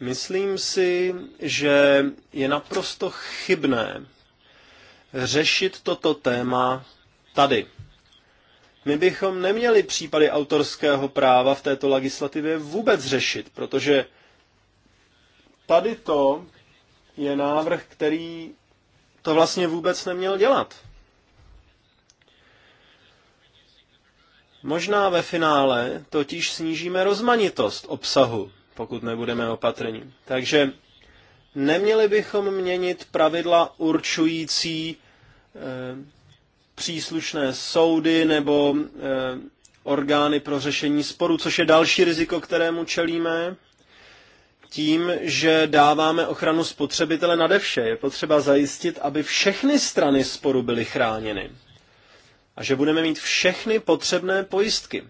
Speaker 1: Myslím si, že je naprosto chybné řešit toto téma tady. My bychom neměli případy autorského práva v této legislativě vůbec řešit, protože tady to je návrh, který to vlastně vůbec neměl dělat. Možná ve finále totiž snížíme rozmanitost obsahu, pokud nebudeme opatrní. Takže neměli bychom měnit pravidla určující eh, příslušné soudy nebo eh, orgány pro řešení sporu, což je další riziko, kterému čelíme, tím, že dáváme ochranu spotřebitele nade vše. Je potřeba zajistit, aby všechny strany sporu byly chráněny a že budeme mít všechny potřebné pojistky.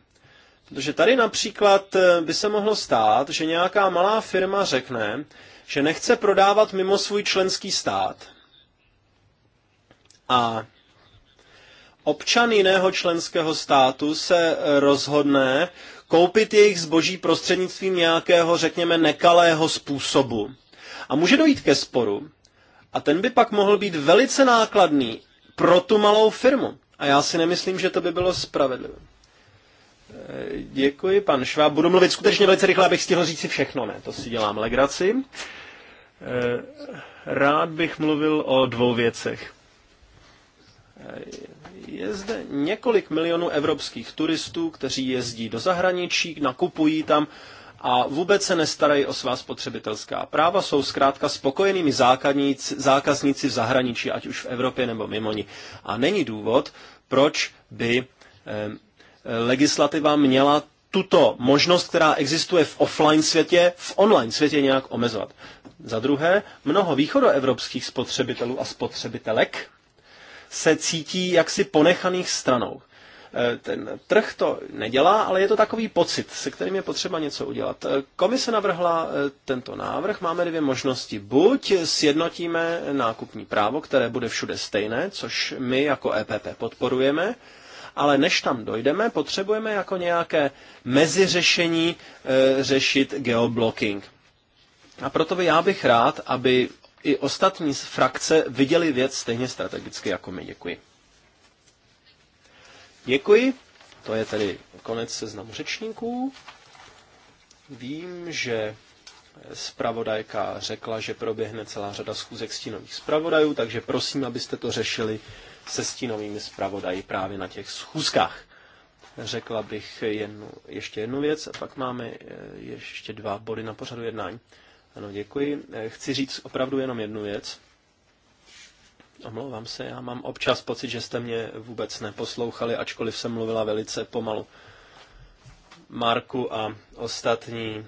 Speaker 1: Protože tady například eh, by se mohlo stát, že nějaká malá firma řekne, že nechce prodávat mimo svůj členský stát. A občan jiného členského státu se eh, rozhodne koupit jejich zboží prostřednictvím nějakého, řekněme, nekalého způsobu. A může dojít ke sporu. A ten by pak mohl být velice nákladný pro tu malou firmu. A já si nemyslím, že to by bylo spravedlivé. Eh, děkuji, pan Šváb. Budu mluvit skutečně velice rychle, abych stihl říct si všechno. Ne, to si dělám legraci. Eh, rád bych mluvil o dvou věcech. Je zde několik milionů evropských turistů, kteří jezdí do zahraničí, nakupují tam a vůbec se nestarají o svá spotřebitelská práva, jsou zkrátka spokojenými zákazníci v zahraničí, ať už v Evropě nebo mimo ní. A není důvod, proč by eh, legislativa měla tuto možnost, která existuje v offline světě, v online světě nějak omezovat. Za druhé, mnoho východoevropských spotřebitelů a spotřebitelek se cítí jaksi ponechaných stranou. Eh, ten trh to nedělá, ale je to takový pocit, se kterým je potřeba něco udělat. Eh, komise navrhla eh, tento návrh, máme dvě možnosti. Buď sjednotíme nákupní právo, které bude všude stejné, což my jako EPP podporujeme, ale než tam dojdeme, potřebujeme jako nějaké meziřešení řešit geoblocking. A proto já bych rád, aby i ostatní z frakce viděli věc stejně strategicky jako my. Děkuji. Děkuji. To je tedy konec seznamu řečníků. Vím, že zpravodajka řekla, že proběhne celá řada schůzek stínových zpravodajů, takže prosím, abyste to řešili se stínovými zpravodaji právě na těch schůzkách. Řekla bych jednu, ještě jednu věc a pak máme eh, ještě dva body na pořadu jednání. Ano, děkuji. Eh, chci říct opravdu jenom jednu věc. Omlouvám se, já mám občas pocit, že jste mě vůbec neposlouchali, ačkoliv jsem mluvila velice pomalu. Marku a ostatní.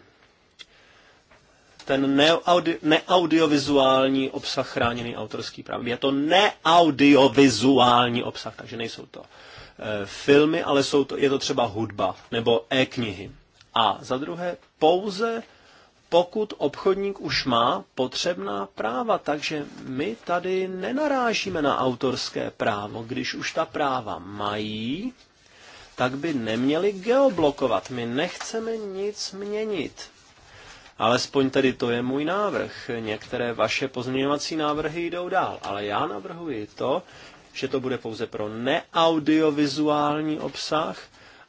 Speaker 1: Ten neaudi- neaudiovizuální obsah chráněný autorský práv. Je to neaudiovizuální obsah, takže nejsou to e, filmy, ale jsou to, je to třeba hudba nebo e-knihy. A za druhé, pouze pokud obchodník už má potřebná práva, takže my tady nenarážíme na autorské právo. Když už ta práva mají, tak by neměli geoblokovat. My nechceme nic měnit. Alespoň tedy to je můj návrh. Některé vaše pozměňovací návrhy jdou dál, ale já navrhuji to, že to bude pouze pro neaudiovizuální obsah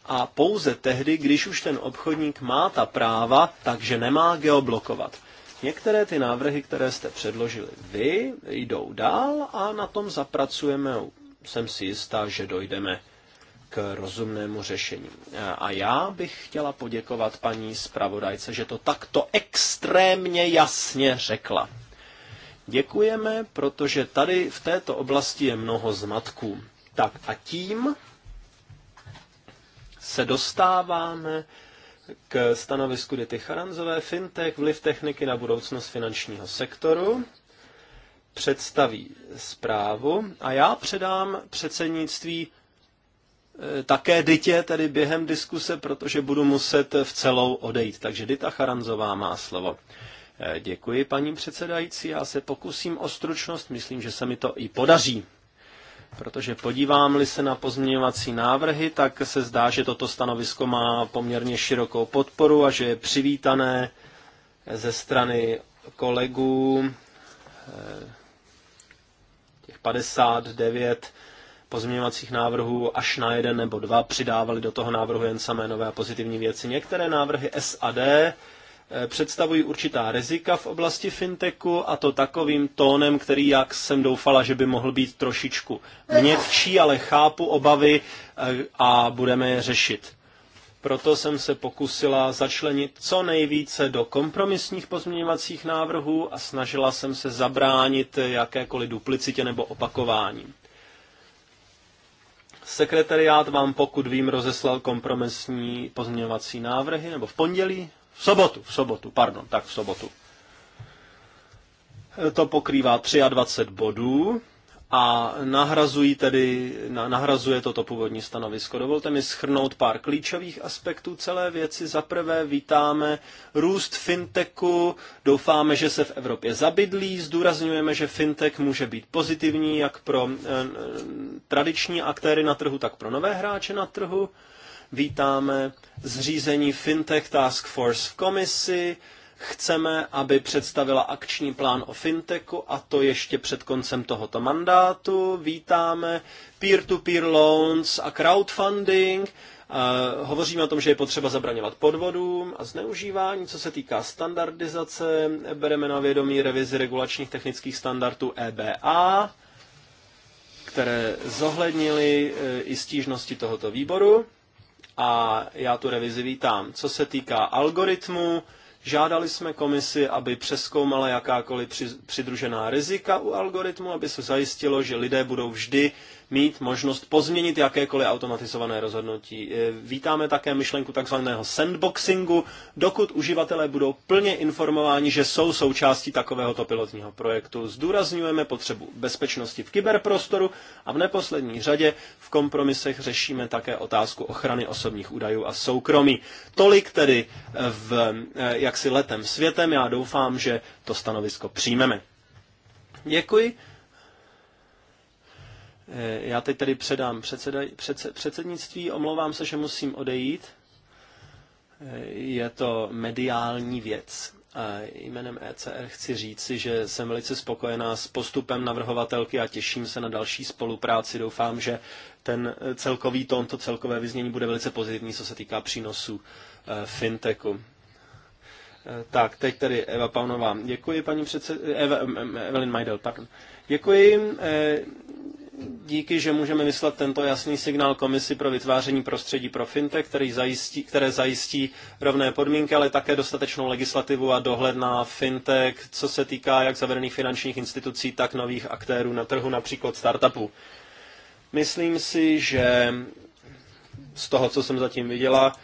Speaker 1: a pouze tehdy, když už ten obchodník má ta práva, takže nemá geoblokovat. Některé ty návrhy, které jste předložili vy, jdou dál a na tom zapracujeme. Jsem si jistá, že dojdeme k rozumnému řešení. A já bych chtěla poděkovat paní zpravodajce, že to takto extrémně jasně řekla. Děkujeme, protože tady v této oblasti je mnoho zmatků. Tak a tím se dostáváme k stanovisku Dity Charanzové Fintech, vliv techniky na budoucnost finančního sektoru. Představí zprávu a já předám předsednictví e, také Dytě tedy během diskuse, protože budu muset v celou odejít. Takže Dita Charanzová má slovo. E, děkuji, paní předsedající. Já se pokusím o stručnost. Myslím, že se mi to i podaří protože podívám-li se na pozměňovací návrhy, tak se zdá, že toto stanovisko má poměrně širokou podporu a že je přivítané ze strany kolegů eh, těch 59 pozměňovacích návrhů až na jeden nebo dva přidávali do toho návrhu jen samé nové a pozitivní věci. Některé návrhy SAD Eh, představují určitá rizika v oblasti fintechu a to takovým tónem, který jak jsem doufala, že by mohl být trošičku měkčí, ale chápu obavy eh, a budeme je řešit. Proto jsem se pokusila začlenit co nejvíce do kompromisních pozměňovacích návrhů a snažila jsem se zabránit jakékoliv duplicitě nebo opakování. Sekretariát vám, pokud vím, rozeslal kompromisní pozměňovací návrhy, nebo v pondělí, v sobotu, v sobotu, pardon, tak v sobotu. E, to pokrývá 23 bodů a nahrazují tedy, nahrazuje toto původní stanovisko. Dovolte mi schrnout pár klíčových aspektů celé věci. Za prvé vítáme růst fintechu, doufáme, že se v Evropě zabydlí, zdůrazňujeme, že fintech může být pozitivní jak pro eh, tradiční aktéry na trhu, tak pro nové hráče na trhu. Eh, Vítáme zřízení Fintech Task Force v komisi. Chceme, aby představila akční plán o fintechu a to ještě před koncem tohoto mandátu. Vítáme peer-to-peer -peer loans a crowdfunding. Eh, hovoříme o tom, že je potřeba zabraňovat podvodům a zneužívání. Co se týká standardizace, bereme na vědomí revizi regulačních technických standardů EBA, které zohlednili eh, i stížnosti tohoto výboru a já tu revizi vítám. Co se týká algoritmu, žádali jsme komisi, aby přeskoumala jakákoliv přidružená rizika u algoritmu, aby se zajistilo, že lidé budou vždy mít možnost pozměnit jakékoliv automatizované rozhodnutí. E, vítáme také myšlenku takzvaného sandboxingu, dokud uživatelé budou plně informováni, že jsou součástí takovéhoto pilotního projektu. Zdůrazňujeme potřebu bezpečnosti v kyberprostoru a v neposlední řadě v kompromisech řešíme také otázku ochrany osobních údajů a soukromí. Tolik tedy e, v e, jaksi letem světem. Já doufám, že to stanovisko přijmeme. Děkuji. Eh, já teď tedy předám předseda, předse, předsednictví, omlouvám se, že musím odejít. Eh, je to mediální věc. A jménem ECR chci říci, že jsem velice spokojená s postupem navrhovatelky a těším se na další spolupráci. Doufám, že ten eh, celkový tón, to celkové vyznění bude velice pozitivní, co se týká přínosu fintechu. Tak, teď tedy Eva Paunová. Děkuji, paní předsed... Eva, Evelyn Majdel, pardon. Děkuji díky, že můžeme vyslat tento jasný signál komisi pro vytváření prostředí pro fintech, který zajistí, které zajistí rovné podmínky, ale také dostatečnou legislativu a dohled na fintech, co se týká jak zavedených finančních institucí, tak nových aktérů na trhu, například startupů. Myslím si, že z toho, co jsem zatím viděla,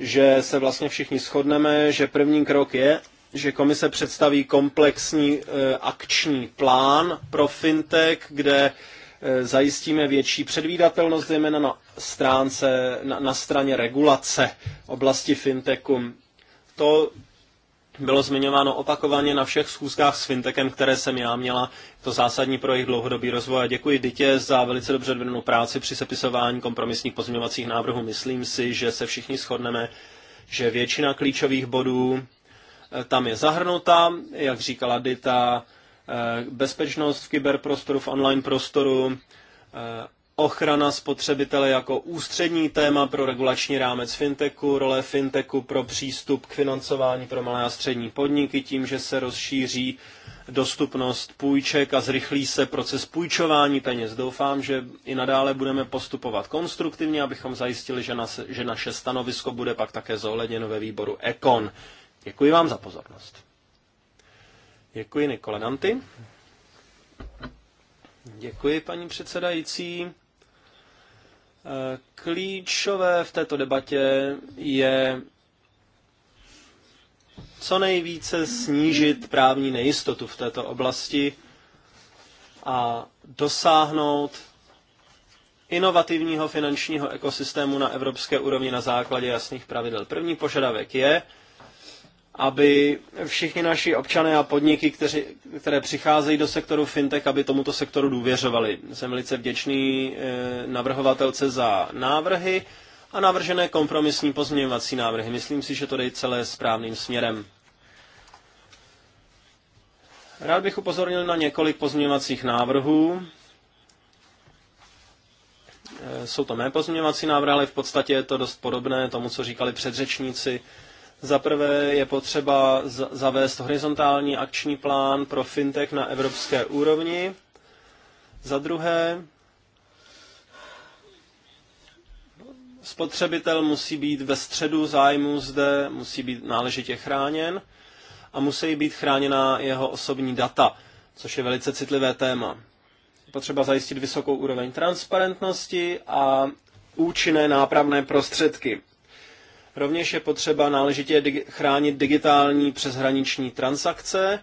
Speaker 1: že se vlastně všichni shodneme, že první krok je, že komise představí komplexní e, akční plán pro fintech, kde Eh, zajistíme větší předvídatelnost, zejména na, stránce, na, na straně regulace oblasti fintechu. To bylo zmiňováno opakovaně na všech schůzkách s fintechem, které jsem já měla. To zásadní pro jejich dlouhodobý rozvoj. A děkuji Dytě za velice dobře odvedenou práci při sepisování kompromisních pozměňovacích návrhů. Myslím si, že se všichni shodneme, že většina klíčových bodů eh, tam je zahrnuta, jak říkala Dita, Eh, bezpečnost v kyberprostoru, v online prostoru, eh, ochrana spotřebitele jako ústřední téma pro regulační rámec fintechu, role fintechu pro přístup k financování pro malé a střední podniky tím, že se rozšíří dostupnost půjček a zrychlí se proces půjčování peněz. Doufám, že i nadále budeme postupovat konstruktivně, abychom zajistili, že, nas, že naše stanovisko bude pak také zohledněno ve výboru ECON. Děkuji vám za pozornost. Děkuji Nikole Nanty. Děkuji, paní předsedající. Eh, klíčové v této debatě je co nejvíce snížit právní nejistotu v této oblasti a dosáhnout inovativního finančního ekosystému na evropské úrovni na základě jasných pravidel. První požadavek je, aby všichni naši občané a podniky, kteři, které přicházejí do sektoru fintech, aby tomuto sektoru důvěřovali. Jsem velice vděčný eh, navrhovatelce za návrhy a navržené kompromisní pozměňovací návrhy. Myslím si, že to jde celé správným směrem. Rád bych upozornil na několik pozměňovacích návrhů. Eh, jsou to mé pozměňovací návrhy, ale v podstatě je to dost podobné tomu, co říkali předřečníci za prvé je potřeba zavést horizontální akční plán pro fintech na evropské úrovni. Za druhé, spotřebitel musí být ve středu zájmu zde, musí být náležitě chráněn a musí být chráněna jeho osobní data, což je velice citlivé téma. Je potřeba zajistit vysokou úroveň transparentnosti a účinné nápravné prostředky. Rovněž je potřeba náležitě chránit digitální přeshraniční transakce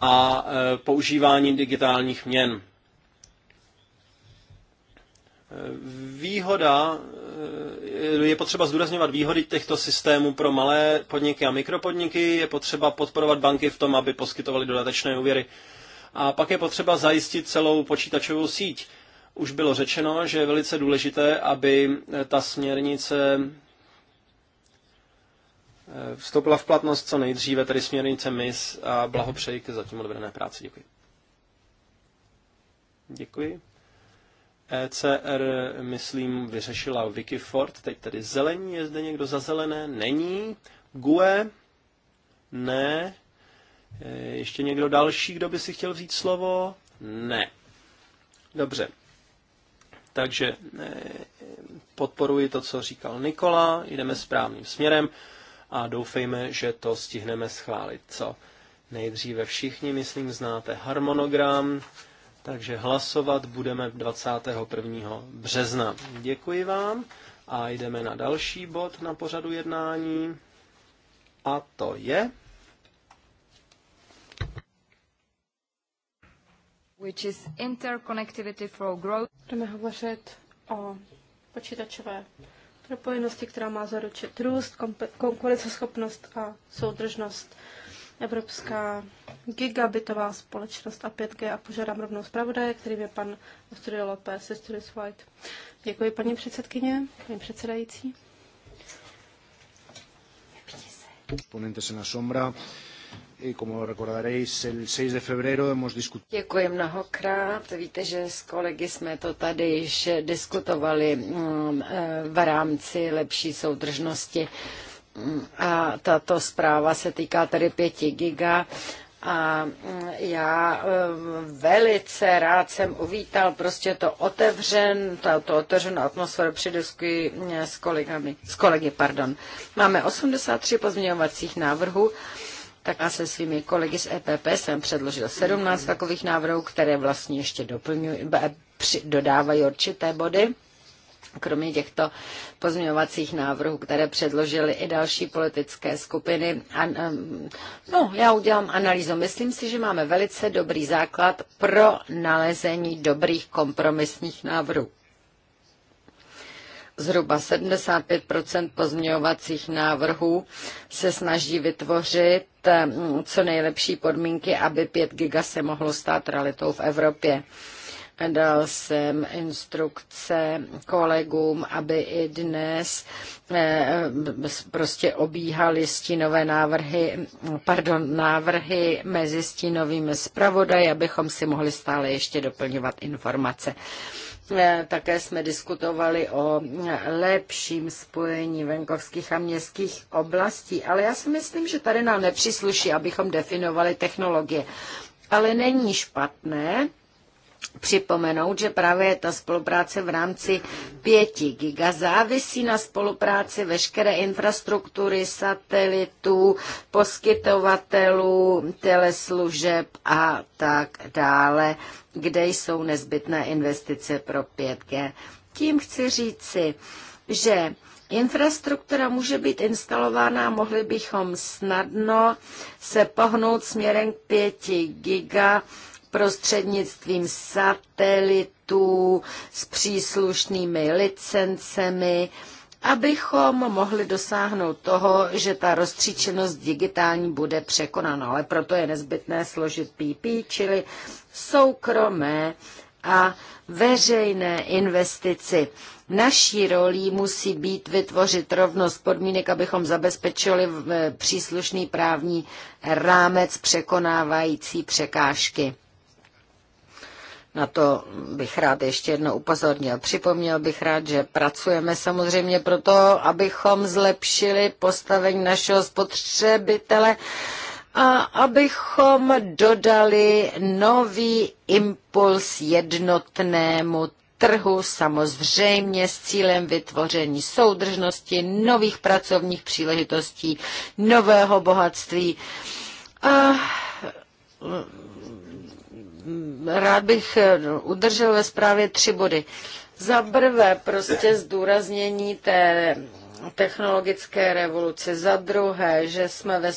Speaker 1: a e, používání digitálních měn. E, výhoda, e, je potřeba zdůrazňovat výhody těchto systémů pro malé podniky a mikropodniky, je potřeba podporovat banky v tom, aby poskytovaly dodatečné úvěry. A pak je potřeba zajistit celou počítačovou síť. Už bylo řečeno, že je velice důležité, aby ta směrnice Eh, vstoupila v platnost co nejdříve, tedy směrnice MIS a blahopřeji k zatím odvedené práci. Děkuji. Děkuji. ECR, myslím, vyřešila Vicky Ford, teď tedy zelení, je zde někdo za zelené? Není. GUE? Ne. Eh, ještě někdo další, kdo by si chtěl vzít slovo? Ne. Dobře. Takže eh, podporuji to, co říkal Nikola, jdeme správným směrem a doufejme, že to stihneme schválit. Co? Nejdříve všichni, myslím, znáte harmonogram, takže hlasovat budeme 21. března. Děkuji vám a jdeme na další bod na pořadu jednání a to je...
Speaker 3: Which is interconnectivity for growth. Budeme hovořit o počítačové propojenosti, která má zaručit růst, konkurenceschopnost a soudržnost. Evropská gigabitová společnost a 5G a požádám rovnou zpravodaje, kterým je pan Ostudio López, Studios White. Děkuji paní předsedkyně, paní předsedající.
Speaker 4: Ponente se na sombra como recordaréis, el 6 de febrero hemos discutido.
Speaker 2: Děkuji mnohokrát. Víte, že s kolegy jsme to tady již diskutovali mm, eh, v rámci lepší soudržnosti. Mm, a tato zpráva se týká tady 5 giga a mm, já eh, velice rád jsem uvítal prostě to otevřen, to, to otevřenou atmosféru při diskuji eh, s kolegami, s kolegy, pardon. Máme 83 pozměňovacích návrhů tak já se svými kolegy z EPP jsem předložil 17 takových návrhů, které vlastně ještě doplňují, dodávají určité body. Kromě těchto pozměňovacích návrhů, které předložily i další politické skupiny. A, no, já udělám analýzu. Myslím si, že máme velice dobrý základ pro nalezení dobrých kompromisních návrhů zhruba 75 pozměňovacích návrhů se snaží vytvořit mm, co nejlepší podmínky, aby 5 giga se mohlo stát realitou v Evropě. Dal jsem instrukce kolegům, aby i dnes eh, prostě obíhali stínové návrhy, pardon, návrhy mezi stínovými zpravodaji, abychom si mohli stále ještě doplňovat informace. E, také jsme diskutovali o lepším spojení venkovských a městských oblastí, ale já si myslím, že tady nám nepřísluší, abychom definovali technologie. Ale není špatné, připomenout, že právě ta spolupráce v rámci 5 giga závisí na spolupráci veškeré infrastruktury, satelitů, poskytovatelů, teleslužeb a tak dále, kde jsou nezbytné investice pro 5G. Tím chci říci, že Infrastruktura může být instalována, mohli bychom snadno se pohnout směrem k 5 giga prostřednictvím satelitů s příslušnými licencemi, abychom mohli dosáhnout toho, že ta roztříčenost digitální bude překonána. Ale proto je nezbytné složit PP, čili soukromé a veřejné investici. Naší rolí musí být vytvořit rovnost podmínek, abychom zabezpečili eh, příslušný právní rámec překonávající překážky. Na to bych rád ještě jednou upozornil. Připomněl bych rád, že pracujeme samozřejmě proto, abychom zlepšili postavení našeho spotřebitele a abychom dodali nový impuls jednotnému trhu, samozřejmě s cílem vytvoření soudržnosti, nových pracovních příležitostí, nového bohatství. A rád bych eh, udržel ve zprávě tři body. Za prvé prostě zdůraznění té technologické revoluce. Za druhé, že jsme ve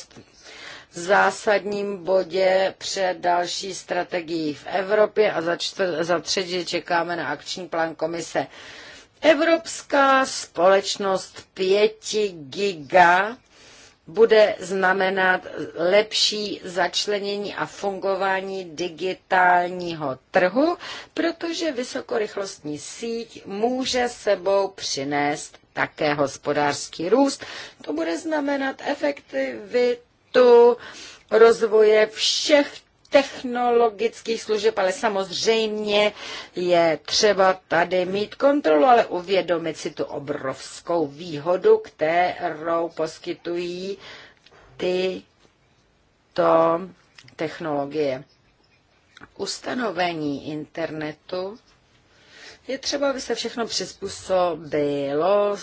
Speaker 2: zásadním bodě před další strategií v Evropě a za, čtvr, za třetí čekáme na akční plán komise. Evropská společnost 5 giga bude znamenat lepší začlenění a fungování digitálního trhu, protože vysokorychlostní síť může sebou přinést také hospodářský růst. To bude znamenat efektivitu rozvoje všech technologických služeb, ale samozřejmě je třeba tady mít kontrolu, ale uvědomit si tu obrovskou výhodu, kterou poskytují tyto technologie. Ustanovení internetu je třeba, aby se všechno přizpůsobilo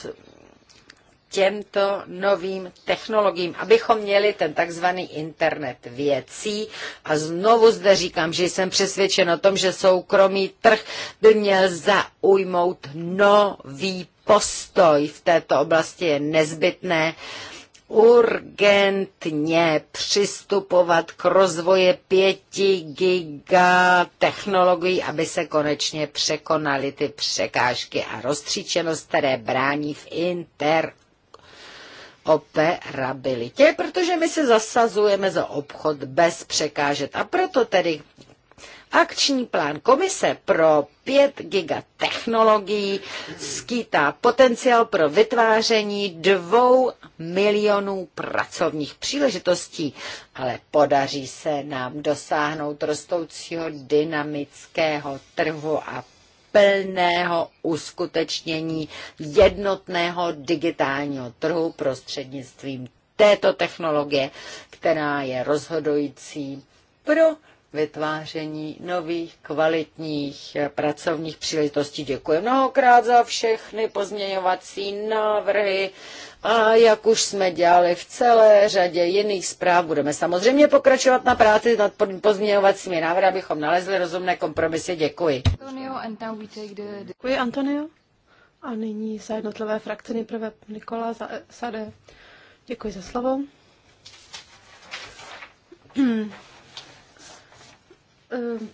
Speaker 2: těmto novým technologiím, abychom měli ten takzvaný internet věcí. A znovu zde říkám, že jsem přesvědčen o tom, že soukromý trh by měl zaujmout nový postoj v této oblasti je nezbytné urgentně přistupovat k rozvoji 5 giga technologií, aby se konečně překonaly ty překážky a roztříčenost, které brání v inter interoperabilitě, protože my se zasazujeme za obchod bez překážet. A proto tedy Akční plán komise pro 5 giga technologií skýtá potenciál pro vytváření dvou milionů pracovních příležitostí, ale podaří se nám dosáhnout rostoucího dynamického trhu a plného uskutečnění jednotného digitálního trhu prostřednictvím této technologie, která je rozhodující pro vytváření nových kvalitních pracovních příležitostí. Děkuji mnohokrát za všechny pozměňovací návrhy, a jak už jsme dělali v celé řadě jiných zpráv, budeme samozřejmě pokračovat na práci nad pozměňovacími návrhy, abychom nalezli rozumné kompromisy. Děkuji.
Speaker 3: Děkuji, Antonio. A nyní za jednotlivé frakce nejprve Nikola za SAD. Děkuji za slovo. Ehm,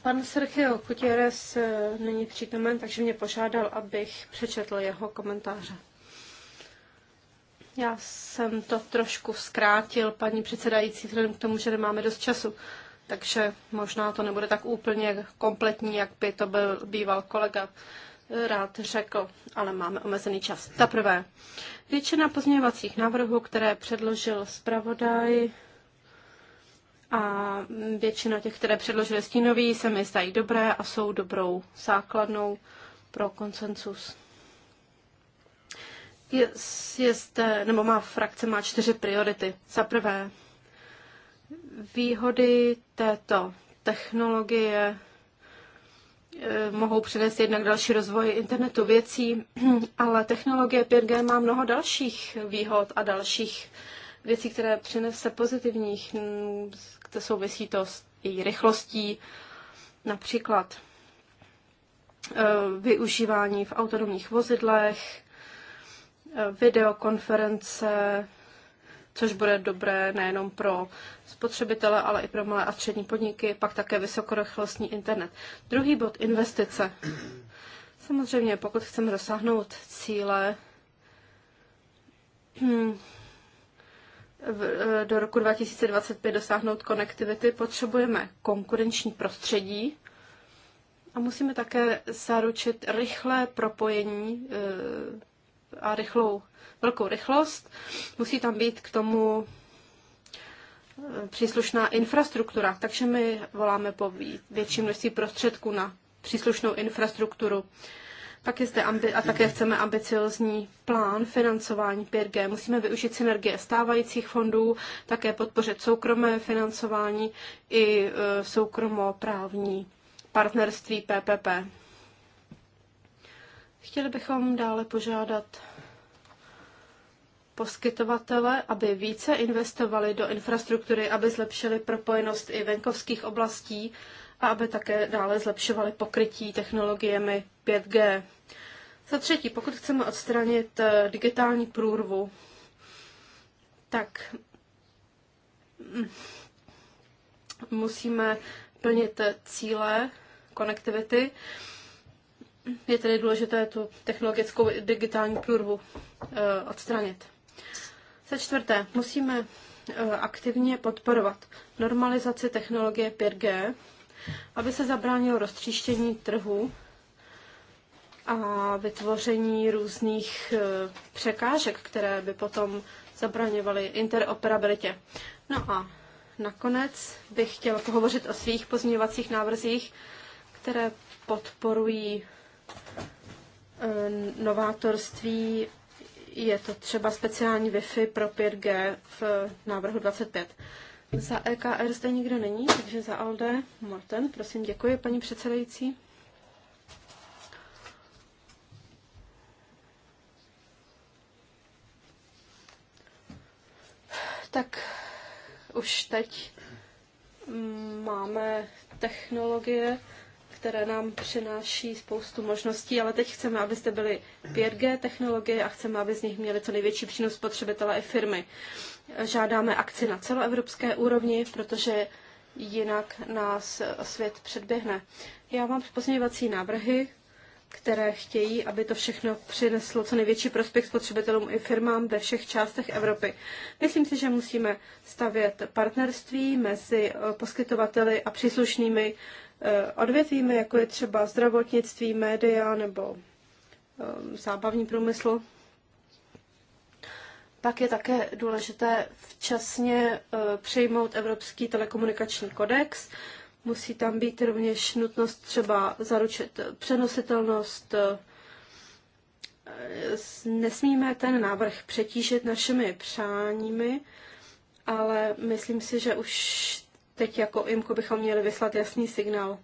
Speaker 3: pan Sergio Kutieres eh, není přítomen, takže mě požádal, abych přečetl jeho komentáře. Já jsem to trošku zkrátil, paní předsedající, vzhledem k tomu, že nemáme dost času. Takže možná to nebude tak úplně kompletní, jak by to byl býval kolega rád řekl, ale máme omezený čas. Za prvé, většina pozměňovacích návrhů, které předložil zpravodaj a většina těch, které předložili stínoví, se mi zdají dobré a jsou dobrou základnou pro konsensus je, nebo má frakce má čtyři priority. Za prvé, výhody této technologie eh, mohou přinést jednak další rozvoj internetu věcí, (clears throat) ale technologie 5G má mnoho dalších výhod a dalších věcí, které přinese pozitivních, mm, které souvisí to s její rychlostí, například eh, využívání v autonomních vozidlech, videokonference, což bude dobré nejenom pro spotřebitele, ale i pro malé a střední podniky, pak také vysokorychlostní internet. Druhý bod, investice. Samozřejmě, pokud chceme dosáhnout cíle hmm, eh, do roku 2025 dosáhnout konektivity, potřebujeme konkurenční prostředí a musíme také zaručit rychlé propojení eh, a rychlou, velkou rychlost. Musí tam být k tomu eh, příslušná infrastruktura, takže my voláme po větším množství prostředků na příslušnou infrastrukturu. Pak je zde ambi- a také chceme ambiciozní plán financování 5G. Musíme využít synergie stávajících fondů, také podpořit soukromé financování i eh, soukromoprávní partnerství PPP. Chtěli bychom dále požádat poskytovatele, aby více investovali do infrastruktury, aby zlepšili propojenost i venkovských oblastí a aby také dále zlepšovali pokrytí technologiemi 5G. Za třetí, pokud chceme odstranit eh, digitální průrvu, tak mm, musíme plnit eh, cíle konektivity je tedy důležité tu technologickou digitální průrvu eh, odstranit. Za čtvrté, musíme eh, aktivně podporovat normalizaci technologie 5G, aby se zabránilo roztříštění trhu a vytvoření různých eh, překážek, které by potom zabraňovaly interoperabilitě. No a nakonec bych chtěla pohovořit o svých pozměňovacích návrzích, které podporují Eh, novátorství je to třeba speciální Wi-Fi pro 5G v návrhu 25. Za EKR zde nikdo není, takže za ALDE Morten, prosím, děkuji, paní předsedající. Tak už teď mm, máme technologie, které nám přináší spoustu možností, ale teď chceme, abyste byli 5G technologie a chceme, aby z nich měli co největší přínos spotřebitele i firmy. Žádáme akci na celoevropské úrovni, protože jinak nás svět předběhne. Já mám pozměňovací návrhy, které chtějí, aby to všechno přineslo co největší prospěch spotřebitelům i firmám ve všech částech Evropy. Myslím si, že musíme stavět partnerství mezi eh, poskytovateli a příslušnými Eh, odvětvími, jako je třeba zdravotnictví, média nebo ehm, zábavní průmysl. Pak je také důležité včasně eh, přijmout Evropský telekomunikační kodex. Musí tam být rovněž nutnost třeba zaručit přenositelnost. Eh, nesmíme ten návrh přetížit našimi přáními, ale myslím si, že už teď jako IMKO bychom měli vyslat jasný signál.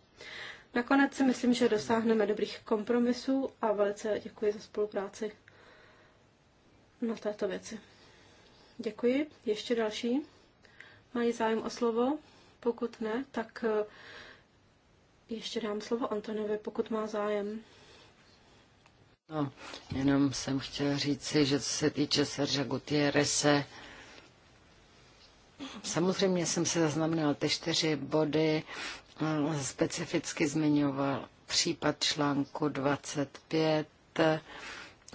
Speaker 3: Nakonec si myslím, že dosáhneme dobrých kompromisů a velice děkuji za spolupráci na této věci. Děkuji. Ještě další? Mají zájem o slovo? Pokud ne, tak eh, ještě dám slovo Antonovi, pokud má zájem.
Speaker 2: No, jenom jsem chtěla říci, že co se týče Serge Gutierrese, Samozřejmě jsem se zaznamenal ty čtyři body, mm, specificky zmiňoval případ článku 25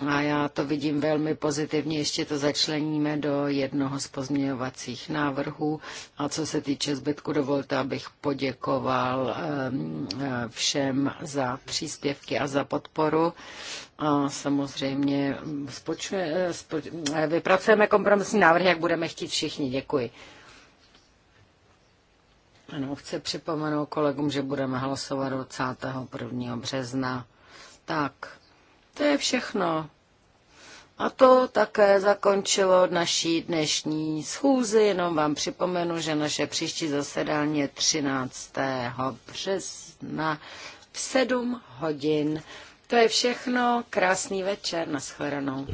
Speaker 2: a já to vidím velmi pozitivně, ještě to začleníme do jednoho z pozměňovacích návrhů. A co se týče zbytku, dovolte, abych poděkoval ehm, eh, všem za příspěvky a za podporu. A samozřejmě spočuje, eh, eh, vypracujeme kompromisní návrh, jak budeme chtít všichni. Děkuji. Ano, chci připomenout kolegům, že budeme hlasovat 21. března. Tak, to je všechno. A to také zakončilo naší dnešní schůzi. Jenom vám připomenu, že naše příští zasedání je 13. března v 7 hodin. To je všechno. Krásný večer. Naschledanou.